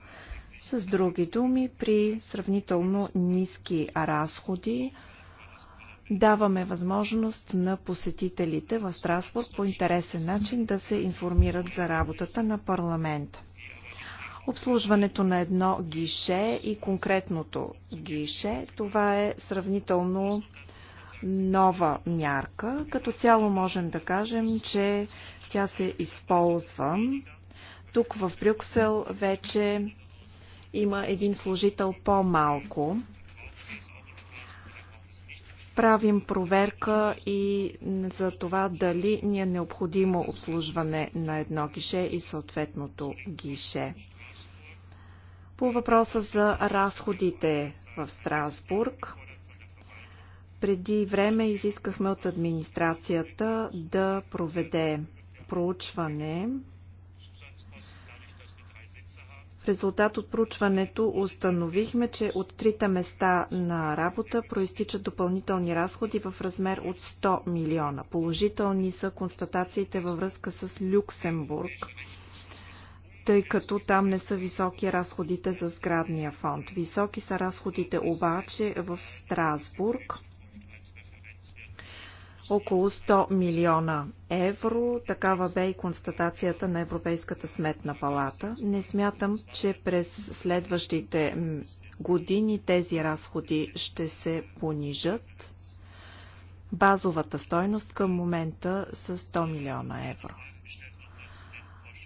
С други думи, при сравнително ниски разходи даваме възможност на посетителите в Страсбург по интересен начин да се информират за работата на парламента. Обслужването на едно гише и конкретното гише, това е сравнително нова мярка. Като цяло можем да кажем, че тя се използва. Тук в Брюксел вече има един служител по-малко. Правим проверка и за това дали ни е необходимо обслужване на едно гише и съответното гише. По въпроса за разходите в Страсбург, преди време изискахме от администрацията да проведе проучване. В резултат от проучването установихме, че от трите места на работа проистичат допълнителни разходи в размер от 100 милиона. Положителни са констатациите във връзка с Люксембург тъй като там не са високи разходите за сградния фонд. Високи са разходите обаче в Страсбург около 100 милиона евро. Такава бе и констатацията на Европейската сметна палата. Не смятам, че през следващите години тези разходи ще се понижат. Базовата стойност към момента са 100 милиона евро.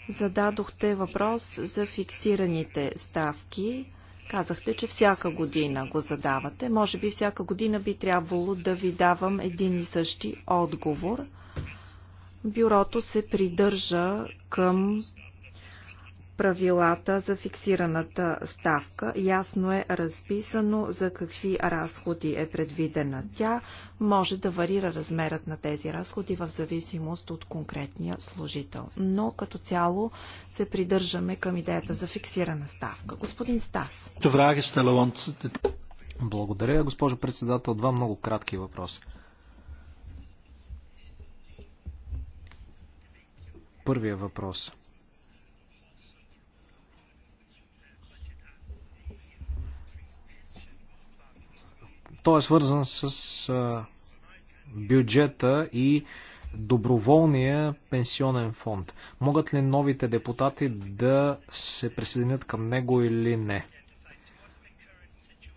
Зададохте въпрос за фиксираните ставки. Казахте, че всяка година го задавате. Може би всяка година би трябвало да ви давам един и същи отговор. Бюрото се придържа към правилата за фиксираната ставка. Ясно е разписано за какви разходи е предвидена тя. Може да варира размерът на тези разходи в зависимост от конкретния служител. Но като цяло се придържаме към идеята за фиксирана ставка. Господин Стас. Благодаря, госпожо председател. Два много кратки въпроса. Първия въпрос – Той е свързан с бюджета и доброволния пенсионен фонд. Могат ли новите депутати да се присъединят към него или не?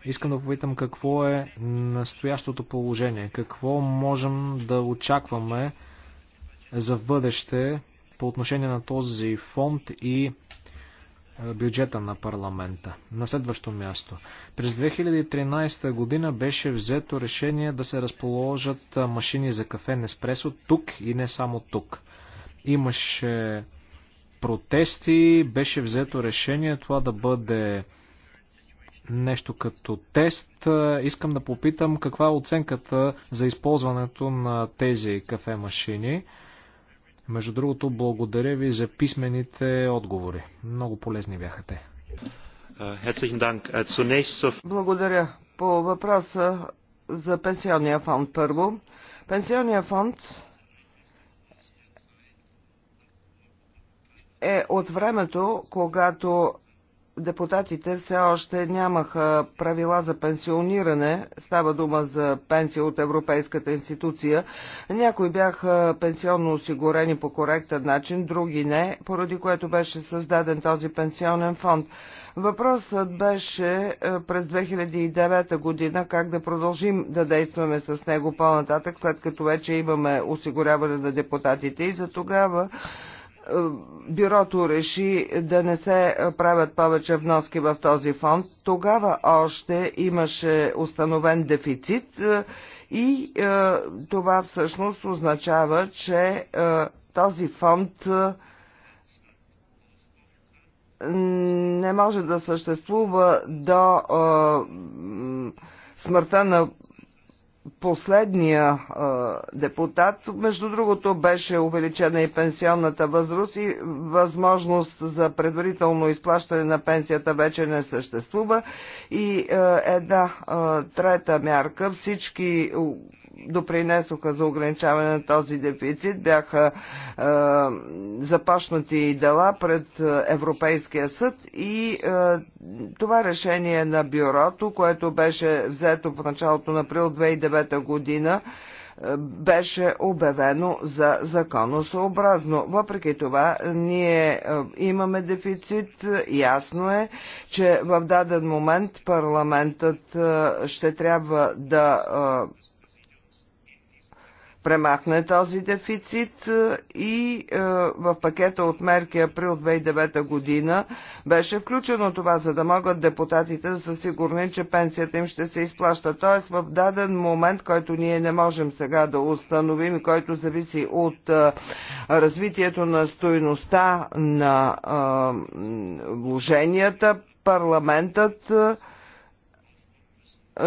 Искам да попитам какво е настоящото положение, какво можем да очакваме за бъдеще по отношение на този фонд и е, бюджета на парламента. На следващо място. През 2013 година беше взето решение да се разположат е, машини за кафе Неспресо тук и не само тук. Имаше протести, беше взето решение това да бъде нещо като тест. Е, искам да попитам каква е оценката за използването на тези кафе машини. Между другото, благодаря ви за писмените отговори. Много полезни бяха те. Е, е, благодаря. По въпроса за пенсионния фонд първо. Пенсионния фонд е от времето, когато депутатите все още нямаха правила за пенсиониране. Става дума за пенсия от Европейската институция. Някои бяха пенсионно осигурени по коректен начин, други не, поради което беше създаден този пенсионен фонд. Въпросът беше е, през 2009 година как да продължим да действаме с него по-нататък, след като вече имаме осигуряване на депутатите и за тогава бюрото реши да не се правят повече вноски в този фонд, тогава още имаше установен дефицит е, и е, това всъщност означава, че е, този фонд не може да съществува до смъртта на последния а, депутат. Между другото беше увеличена и пенсионната възраст и възможност за предварително изплащане на пенсията вече не съществува. И а, една а, трета мярка, всички допринесоха за ограничаване на този дефицит. Бяха е, започнати дела пред е, Европейския съд и е, това решение на бюрото, което беше взето в началото на април 2009 година, е, беше обявено за законосъобразно. Въпреки това, ние е, имаме дефицит. Ясно е, че в даден момент парламентът ще трябва да премахне този дефицит е, и е, в пакета от мерки април 2009 година беше включено това, за да могат депутатите да са сигурни, че пенсията им ще се изплаща. Тоест в даден момент, който ние не можем сега да установим и който зависи от е, развитието на стоеността на вложенията, парламентът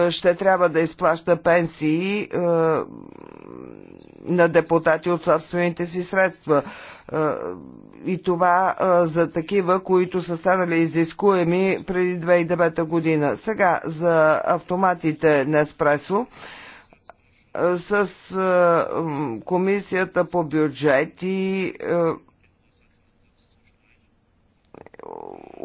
ще трябва да изплаща пенсии на депутати от собствените си средства и това за такива, които са станали изискуеми преди 2009 година. Сега за автоматите на Еспресо с комисията по бюджет и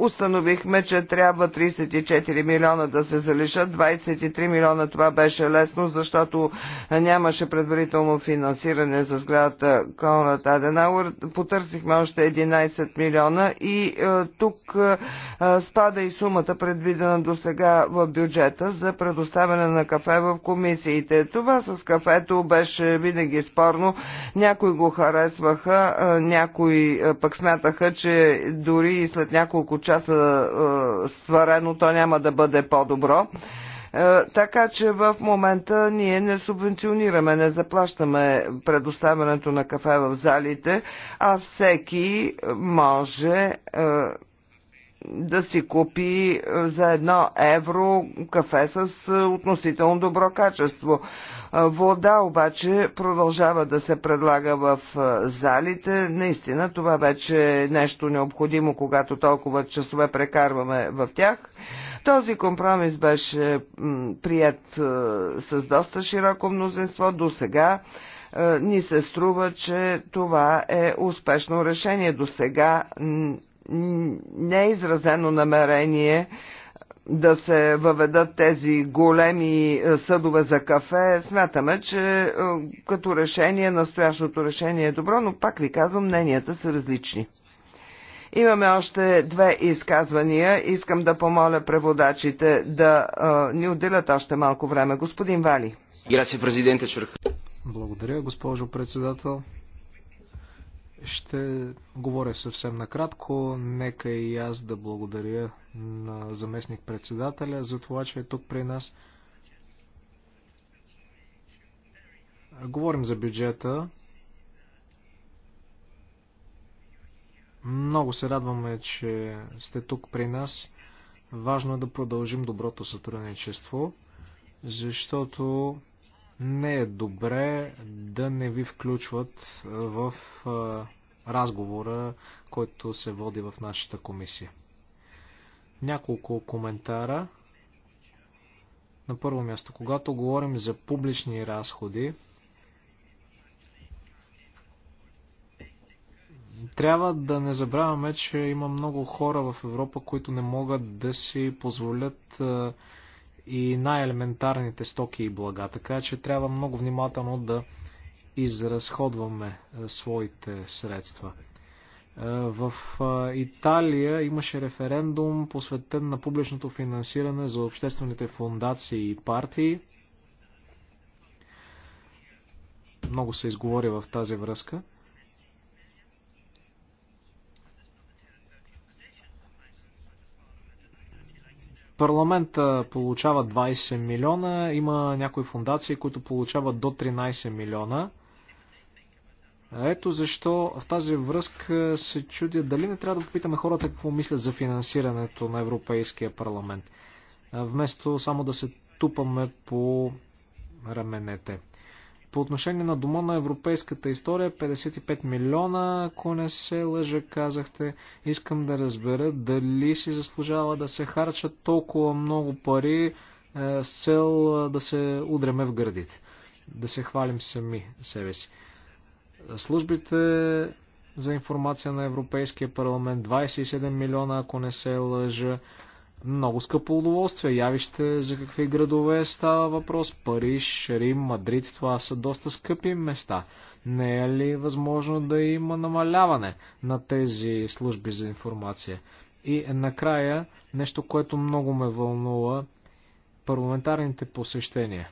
установихме, че трябва 34 милиона да се залишат. 23 милиона това беше лесно, защото нямаше предварително финансиране за сградата Конрад Аденауер. Потърсихме още 11 милиона и е, тук е, спада и сумата предвидена до сега в бюджета за предоставяне на кафе в комисиите. Това с кафето беше винаги спорно. Някои го харесваха, е, някои пък смятаха, че дори и след няколко часа часа е, сварено, то няма да бъде по-добро. Е, така че в момента ние не субвенционираме, не заплащаме предоставянето на кафе в залите, а всеки може е, да си купи за едно евро кафе с относително добро качество. Вода обаче продължава да се предлага в залите. Наистина това вече е нещо необходимо, когато толкова часове прекарваме в тях. Този компромис беше прият с доста широко мнозинство до сега ни се струва, че това е успешно решение. До сега не е изразено намерение да се въведат тези големи е, съдове за кафе, смятаме, че е, като решение, настоящото решение е добро, но пак ви казвам, мненията са различни. Имаме още две изказвания. Искам да помоля преводачите да а, е, ни отделят още малко време. Господин Вали. Благодаря, госпожо председател. Ще говоря съвсем накратко. Нека и аз да благодаря на заместник-председателя за това, че е тук при нас. Говорим за бюджета. Много се радваме, че сте тук при нас. Важно е да продължим доброто сътрудничество, защото не е добре да не ви включват в разговора, който се води в нашата комисия. Няколко коментара. На първо място, когато говорим за публични разходи, трябва да не забравяме, че има много хора в Европа, които не могат да си позволят и най-елементарните стоки и блага, така че трябва много внимателно да изразходваме е, своите средства. Е, в е, Италия имаше референдум посветен на публичното финансиране за обществените фундации и партии. Много се изговори в тази връзка. Парламента получава 20 милиона, има някои фундации, които получават до 13 милиона. Ето защо в тази връзка се чудя дали не трябва да попитаме хората какво мислят за финансирането на Европейския парламент, вместо само да се тупаме по раменете. По отношение на Дома на европейската история, 55 милиона, ако не се лъжа, казахте. Искам да разбера дали си заслужава да се харчат толкова много пари е, с цел е, да се удреме в гърдите. Да се хвалим сами себе си. Службите за информация на Европейския парламент 27 милиона, ако не се лъжа много скъпо удоволствие. Явище за какви градове става въпрос. Париж, Рим, Мадрид, това са доста скъпи места. Не е ли възможно да има намаляване на тези служби за информация? И накрая, нещо, което много ме вълнува, парламентарните посещения.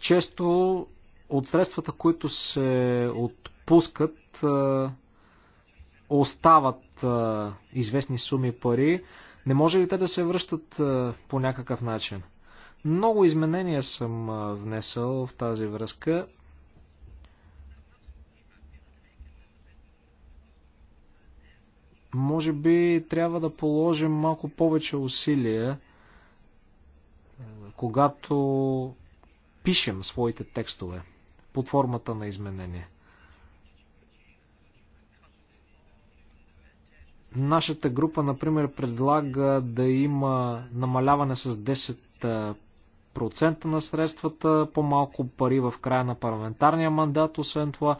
Често от средствата, които се от отпускат, остават известни суми пари. Не може ли те да се връщат по някакъв начин? Много изменения съм внесъл в тази връзка. Може би трябва да положим малко повече усилия, когато пишем своите текстове под формата на изменения. Нашата група, например, предлага да има намаляване с 10% на средствата, по-малко пари в края на парламентарния мандат, освен това.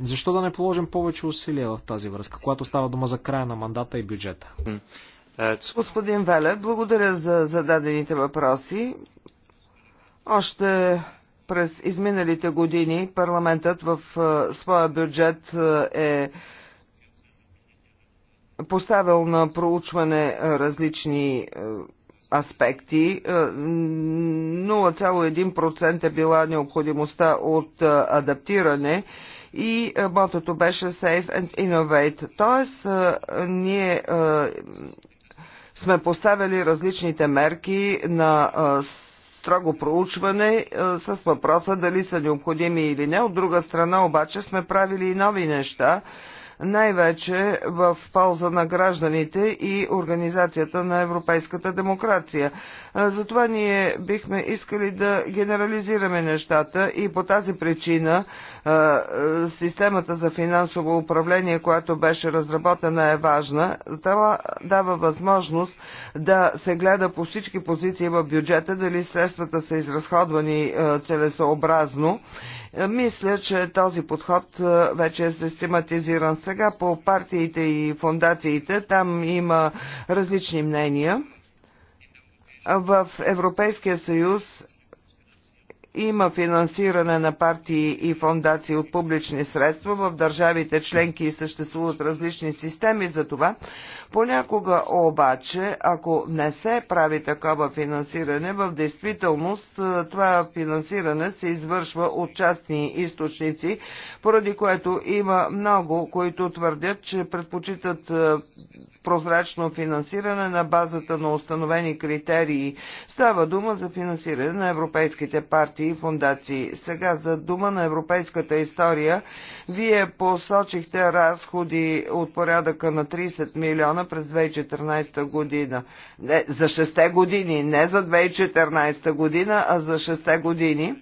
Защо да не положим повече усилия в тази връзка, когато става дума за края на мандата и бюджета? Господин Веле, благодаря за зададените въпроси. Още през изминалите години парламентът в своя бюджет е поставил на проучване е, различни е, аспекти. 0,1% е, е била необходимостта от адаптиране и мотото беше Safe and Innovate. Тоест, ние сме поставили различните мерки на строго проучване с въпроса дали са необходими или не. От друга страна обаче сме правили и нови неща, най-вече в полза на гражданите и организацията на европейската демокрация. Затова ние бихме искали да генерализираме нещата и по тази причина системата за финансово управление, която беше разработена, е важна. Това дава възможност да се гледа по всички позиции в бюджета, дали средствата са изразходвани целесообразно. Мисля, че този подход вече е систематизиран сега по партиите и фундациите. Там има различни мнения. В Европейския съюз има финансиране на партии и фондации от публични средства. В държавите членки и съществуват различни системи за това. Понякога обаче, ако не се прави такова финансиране, в действителност това финансиране се извършва от частни източници, поради което има много, които твърдят, че предпочитат прозрачно финансиране на базата на установени критерии. Става дума за финансиране на европейските партии и фундации. Сега за дума на европейската история. Вие посочихте разходи от порядъка на 30 милиона през 2014 година. Не, за 6 години, не за 2014 година, а за 6 години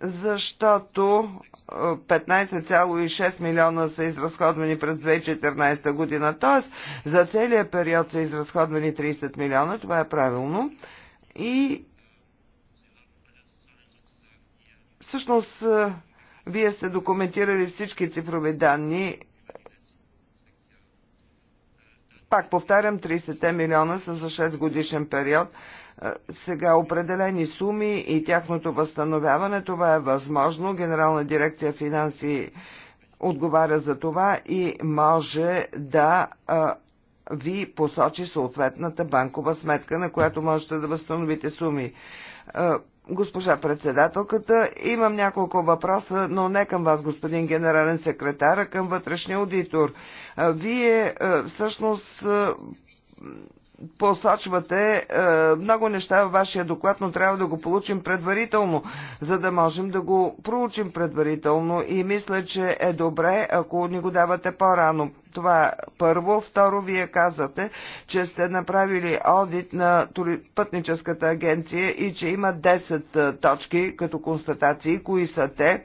защото 15,6 милиона са изразходвани през 2014 година, т.е. за целия период са изразходвани 30 милиона, това е правилно. И всъщност вие сте документирали всички цифрови данни. Пак повтарям, 30 милиона са за 6 годишен период сега определени суми и тяхното възстановяване. Това е възможно. Генерална дирекция финанси отговаря за това и може да ви посочи съответната банкова сметка, на която можете да възстановите суми. Госпожа председателката, имам няколко въпроса, но не към вас, господин генерален секретар, а към вътрешния аудитор. Вие всъщност посочвате е, много неща във вашия доклад, но трябва да го получим предварително, за да можем да го проучим предварително и мисля, че е добре, ако ни го давате по-рано. Това първо. Второ, вие казвате, че сте направили одит на пътническата агенция и че има 10 е, точки като констатации. Кои са те?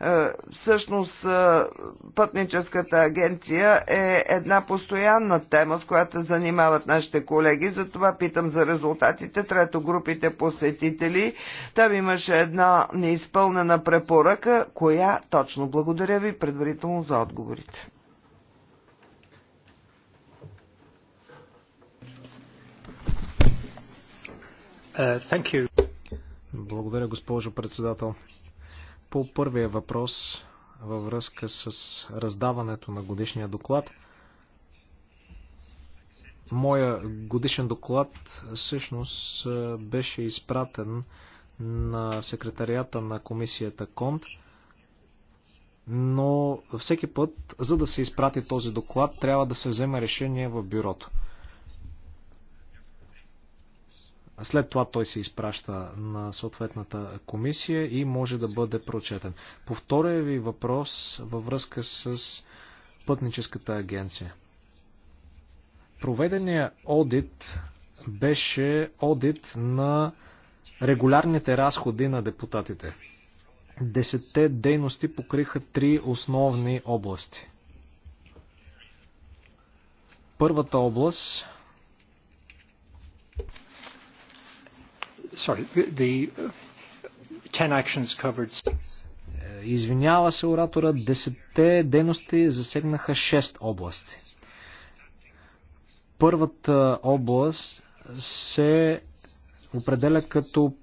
Е, всъщност е, пътническата агенция е една постоянна тема, с която се занимават нашите колеги. Затова питам за резултатите. Трето групите посетители. Там имаше една неизпълнена препоръка. Коя точно? Благодаря ви предварително за отговорите. Е, Благодаря, госпожо председател. По първия въпрос във връзка с раздаването на годишния доклад, моя годишен доклад всъщност беше изпратен на секретарията на комисията КОНТ, но всеки път, за да се изпрати този доклад, трябва да се вземе решение в бюрото. След това той се изпраща на съответната комисия и може да бъде прочетен. По втория ви въпрос във връзка с пътническата агенция. Проведения одит беше одит на регулярните разходи на депутатите. Десетте дейности покриха три основни области. Първата област Sorry, the uh, ten actions covered. Е, извинява се оратора, десетте дейности засегнаха 6 области. Първата област се определя като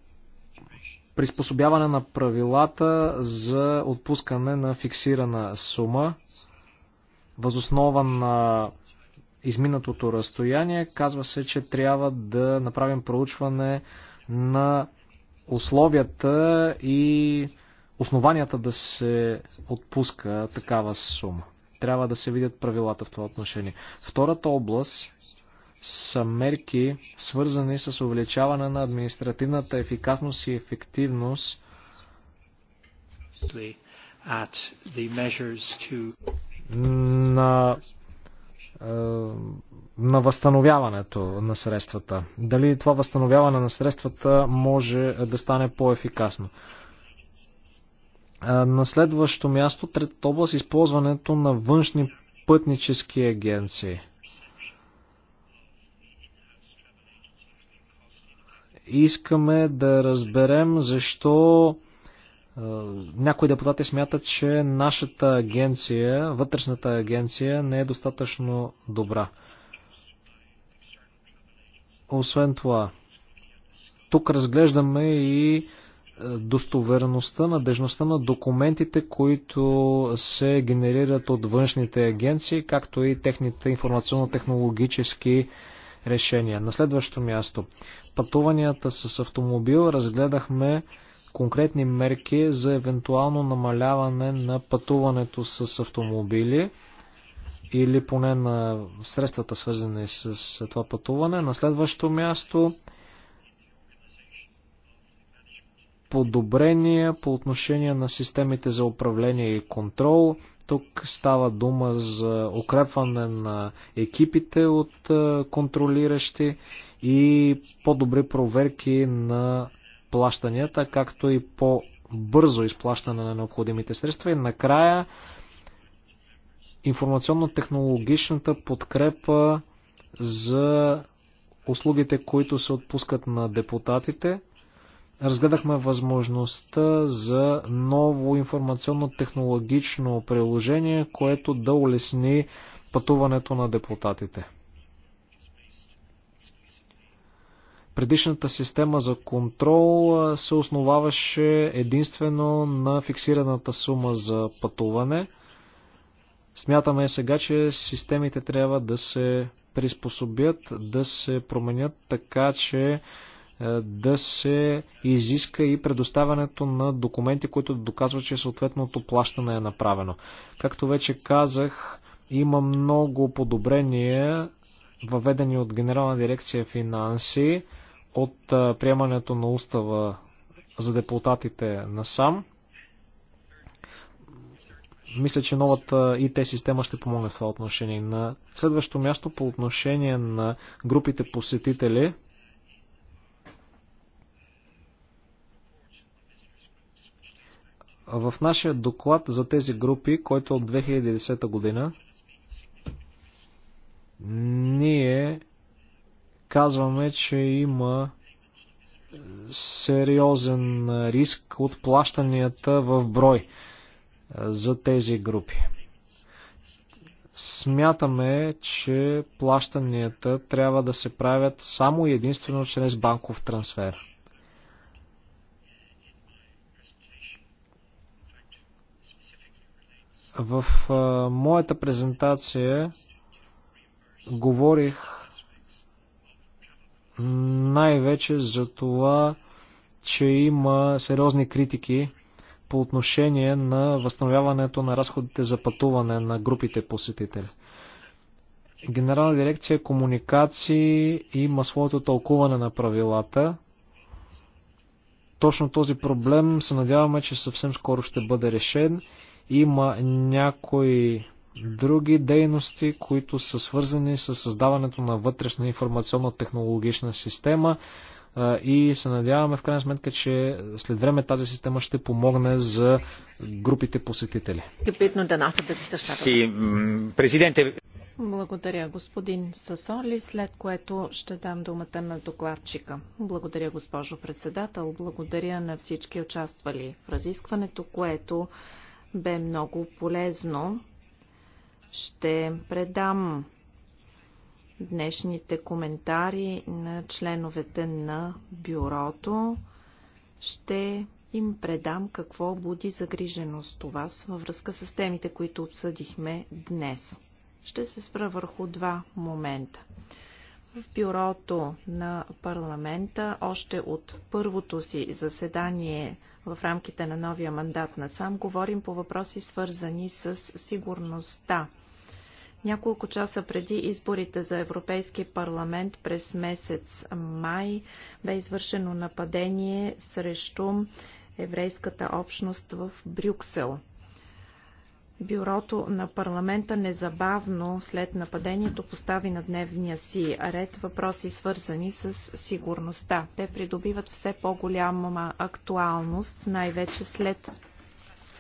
приспособяване на правилата за отпускане на фиксирана сума възоснова на изминатото разстояние. Казва се, че трябва да направим проучване на на условията и основанията да се отпуска такава сума. Трябва да се видят правилата в това отношение. Втората област са мерки, свързани с увеличаване на административната ефикасност и ефективност на е, на възстановяването на средствата. Дали това възстановяване на средствата може да стане по-ефикасно. Е, на следващо място, третата област, използването на външни пътнически агенции. Искаме да разберем защо някои депутати смятат, че нашата агенция, вътрешната агенция не е достатъчно добра. Освен това, тук разглеждаме и е, достоверността, надежността на документите, които се генерират от външните агенции, както и техните информационно-технологически решения. На следващо място, пътуванията с автомобил разгледахме конкретни мерки за евентуално намаляване на пътуването с автомобили или поне на средствата свързани с това пътуване. На следващо място подобрения по отношение на системите за управление и контрол. Тук става дума за укрепване на екипите от контролиращи и по-добри проверки на плащанията, както и по-бързо изплащане на необходимите средства. И накрая информационно-технологичната подкрепа за услугите, които се отпускат на депутатите. Разгледахме възможността за ново информационно-технологично приложение, което да улесни пътуването на депутатите. Предишната система за контрол се основаваше единствено на фиксираната сума за пътуване. Смятаме сега, че системите трябва да се приспособят, да се променят така, че да се изиска и предоставянето на документи, които доказват, че съответното плащане е направено. Както вече казах, има много подобрения, въведени от Генерална дирекция финанси от приемането на устава за депутатите на САм, Мисля, че новата ИТ система ще помогне в това отношение. На следващо място по отношение на групите посетители, в нашия доклад за тези групи, който е от 2010 година, ние казваме, че има сериозен риск от плащанията в брой е, за тези групи. Смятаме, че плащанията трябва да се правят само и единствено чрез банков трансфер. В е, моята презентация говорих най-вече за това, че има сериозни критики по отношение на възстановяването на разходите за пътуване на групите посетители. Генерална дирекция комуникации има своето тълкуване на правилата. Точно този проблем се надяваме, че съвсем скоро ще бъде решен. Има някои други дейности, които са свързани с създаването на вътрешна информационно-технологична система и се надяваме в крайна сметка, че след време тази система ще помогне за групите посетители. Благодаря, господин Сасоли, след което ще дам думата на докладчика. Благодаря, госпожо председател. Благодаря на всички участвали в разискването, което бе много полезно. Ще предам днешните коментари на членовете на бюрото. Ще им предам какво буди загриженост у вас във връзка с темите, които обсъдихме днес. Ще се спра върху два момента. В бюрото на парламента още от първото си заседание в рамките на новия мандат на сам говорим по въпроси свързани с сигурността. Няколко часа преди изборите за Европейски парламент през месец май бе извършено нападение срещу еврейската общност в Брюксел. Бюрото на парламента незабавно след нападението постави на дневния си ред въпроси свързани с сигурността. Те придобиват все по-голяма актуалност, най-вече след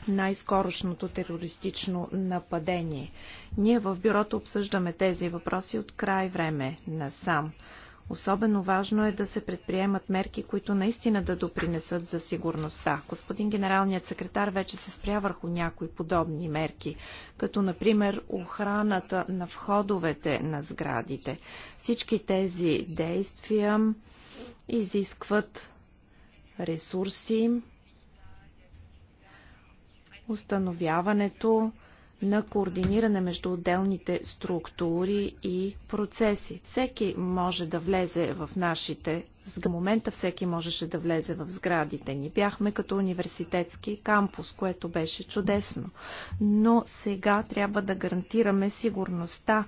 най-скорошното терористично нападение. Ние в бюрото обсъждаме тези въпроси от край време на сам. Особено важно е да се предприемат мерки, които наистина да допринесат за сигурността. Господин генералният секретар вече се спря върху някои подобни мерки, като например охраната на входовете на сградите. Всички тези действия изискват ресурси, установяването на координиране между отделните структури и процеси. Всеки може да влезе в нашите в момента всеки можеше да влезе в сградите ни. Бяхме като университетски кампус, което беше чудесно. Но сега трябва да гарантираме сигурността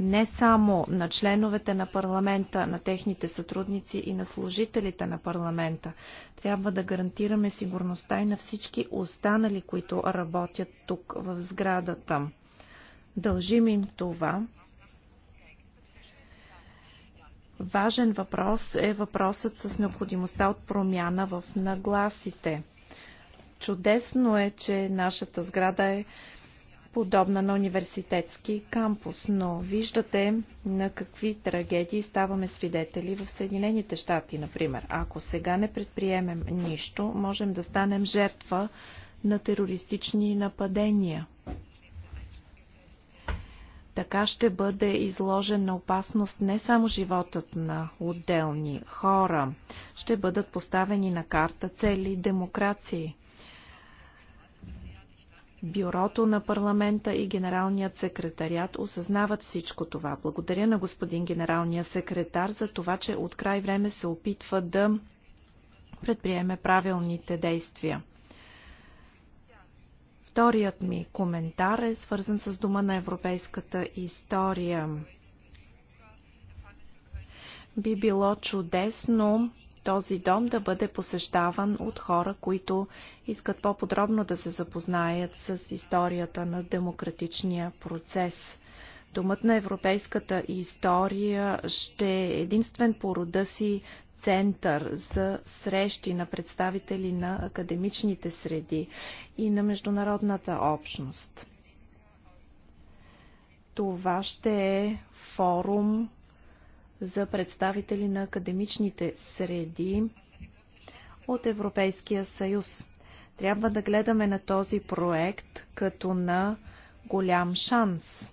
не само на членовете на парламента, на техните сътрудници и на служителите на парламента. Трябва да гарантираме сигурността и на всички останали, които работят тук в сградата. Дължим им това. Важен въпрос е въпросът с необходимостта от промяна в нагласите. Чудесно е, че нашата сграда е подобна на университетски кампус, но виждате на какви трагедии ставаме свидетели в Съединените щати, например. Ако сега не предприемем нищо, можем да станем жертва на терористични нападения. Така ще бъде изложен на опасност не само животът на отделни хора, ще бъдат поставени на карта цели демокрации. Бюрото на парламента и генералният секретарят осъзнават всичко това. Благодаря на господин генералния секретар за това, че от край време се опитва да предприеме правилните действия. Вторият ми коментар е свързан с дума на европейската история. Би било чудесно този дом да бъде посещаван от хора, които искат по-подробно да се запознаят с историята на демократичния процес. Домът на европейската история ще е единствен по рода си център за срещи на представители на академичните среди и на международната общност. Това ще е форум, за представители на академичните среди от Европейския съюз. Трябва да гледаме на този проект като на голям шанс.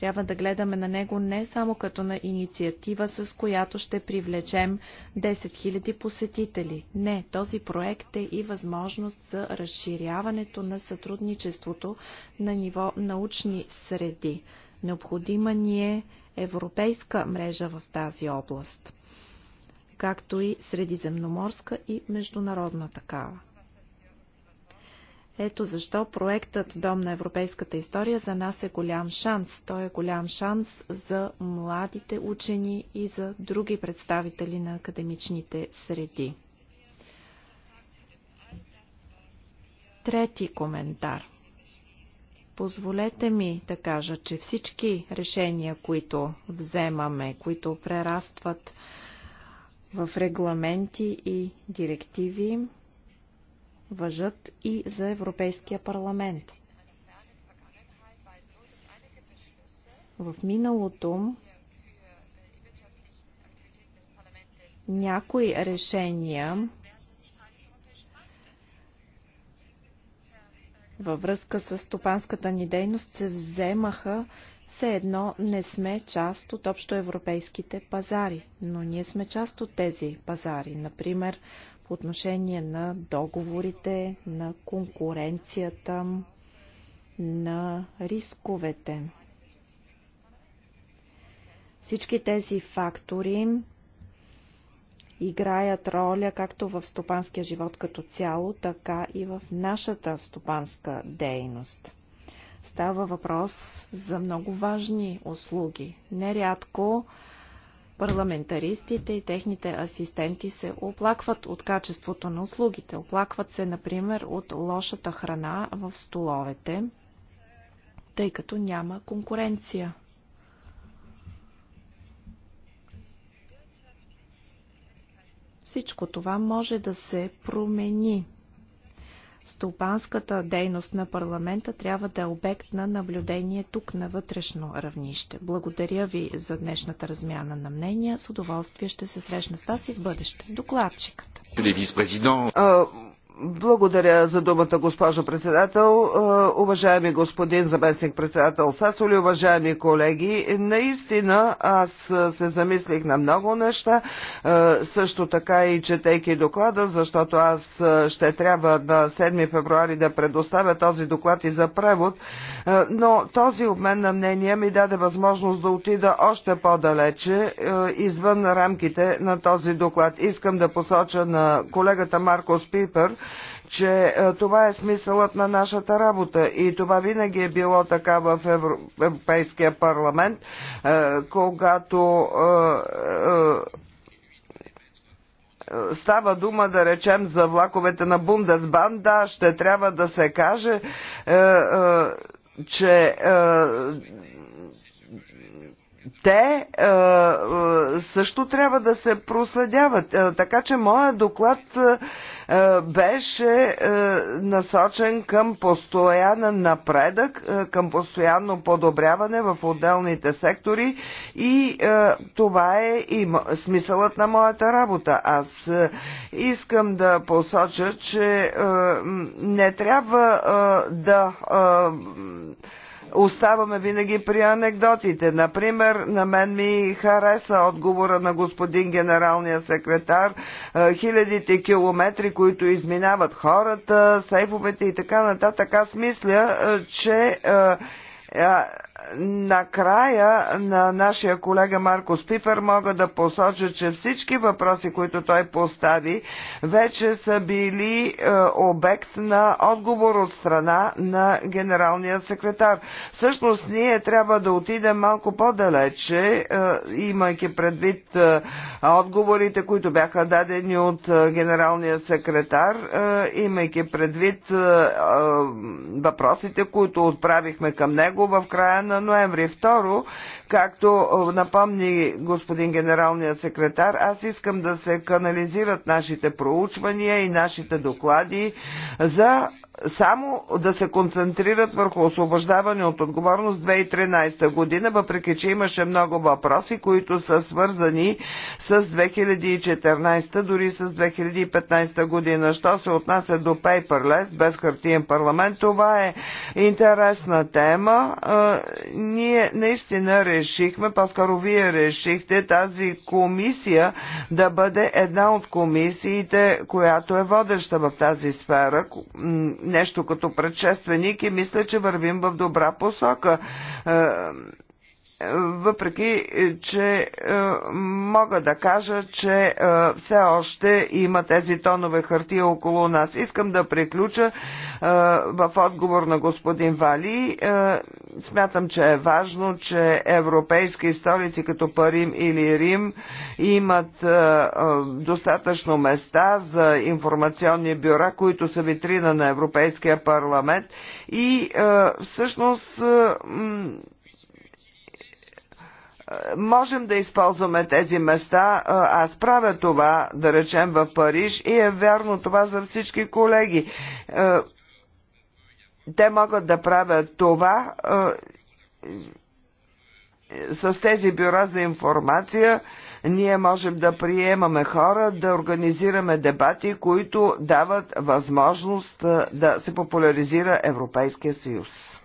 Трябва да гледаме на него не само като на инициатива, с която ще привлечем 10 000 посетители. Не, този проект е и възможност за разширяването на сътрудничеството на ниво научни среди. Необходима ни е европейска мрежа в тази област, както и средиземноморска и международна такава. Ето защо проектът Дом на европейската история за нас е голям шанс. Той е голям шанс за младите учени и за други представители на академичните среди. Трети коментар. Позволете ми да кажа, че всички решения, които вземаме, които прерастват в регламенти и директиви, въжат и за Европейския парламент. В миналото някои решения във връзка с стопанската ни дейност се вземаха все едно не сме част от общоевропейските пазари, но ние сме част от тези пазари. Например, по отношение на договорите, на конкуренцията, на рисковете. Всички тези фактори играят роля както в стопанския живот като цяло, така и в нашата стопанска дейност. Става въпрос за много важни услуги. Нерядко парламентаристите и техните асистенти се оплакват от качеството на услугите. Оплакват се, например, от лошата храна в столовете, тъй като няма конкуренция. Всичко това може да се промени. Стопанската дейност на парламента трябва да е обект на наблюдение тук на вътрешно равнище. Благодаря ви за днешната размяна на мнения. С удоволствие ще се срещна с вас и в бъдеще. Докладчикът. Благодаря за думата, госпожо председател. Е, уважаеми господин заместник председател Сасоли, уважаеми колеги, наистина аз се замислих на много неща, е, също така и четейки доклада, защото аз ще трябва на 7 февруари да предоставя този доклад и за превод, е, но този обмен на мнение ми даде възможност да отида още по-далече, извън рамките на този доклад. Искам да посоча на колегата Маркос Пипер, че е, това е смисълът на нашата работа и това винаги е било така в Европейския парламент, е, когато е, става дума да речем за влаковете на Бундесбан, да, ще трябва да се каже, че те а, е, е, също трябва да се проследяват. А, е, така че моят доклад а, беше а, насочен към постоянен напредък, а, към постоянно подобряване в отделните сектори и а, това е и смисълът на моята работа. Аз а, искам да посоча, че а, не трябва а, да. А, оставаме винаги при анекдотите. Например, на мен ми хареса отговора на господин генералния секретар, е, хилядите километри, които изминават хората, сейфовете и така нататък. Аз мисля, е, че е, накрая на нашия колега Марко Спифер мога да посоча, че всички въпроси, които той постави, вече са били е, обект на отговор от страна на генералния секретар. Всъщност ние трябва да отидем малко по-далече, е, имайки предвид е, отговорите, които бяха дадени от генералния секретар, имайки предвид въпросите, които отправихме към него в края на ноември. Второ, Както напомни господин генералният секретар, аз искам да се канализират нашите проучвания и нашите доклади за само да се концентрират върху освобождаване от отговорност 2013 година, въпреки че имаше много въпроси, които са свързани с 2014, дори с 2015 година. Що се отнася до Paperless, без хартиен парламент, това е интересна тема. Е, ние наистина решим решихме, по-скоро вие решихте тази комисия да бъде една от комисиите, която е водеща в тази сфера. Нещо като предшественик и мисля, че вървим в добра посока. Е, въпреки че е, мога да кажа, че е, все още има тези тонове хартия около нас. Искам да приключа е, в отговор на господин Вали. Смятам, че е важно, че европейски столици като Парим или Рим имат достатъчно места за информационни бюра, които са витрина на Европейския парламент и всъщност можем да използваме тези места. Аз правя това, да речем, в Париж и е вярно това за всички колеги. Е, те могат да правят това е, с тези бюра за информация ние можем да приемаме хора, да организираме дебати, които дават възможност е, да се популяризира Европейския съюз.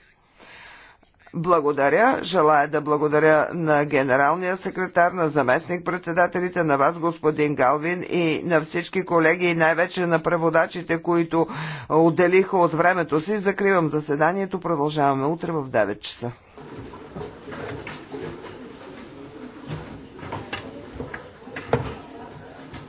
Благодаря. Желая да благодаря на генералния секретар, на заместник-председателите, на вас, господин Галвин, и на всички колеги, и най-вече на преводачите, които отделиха от времето си. Закривам заседанието. Продължаваме утре в 9 часа.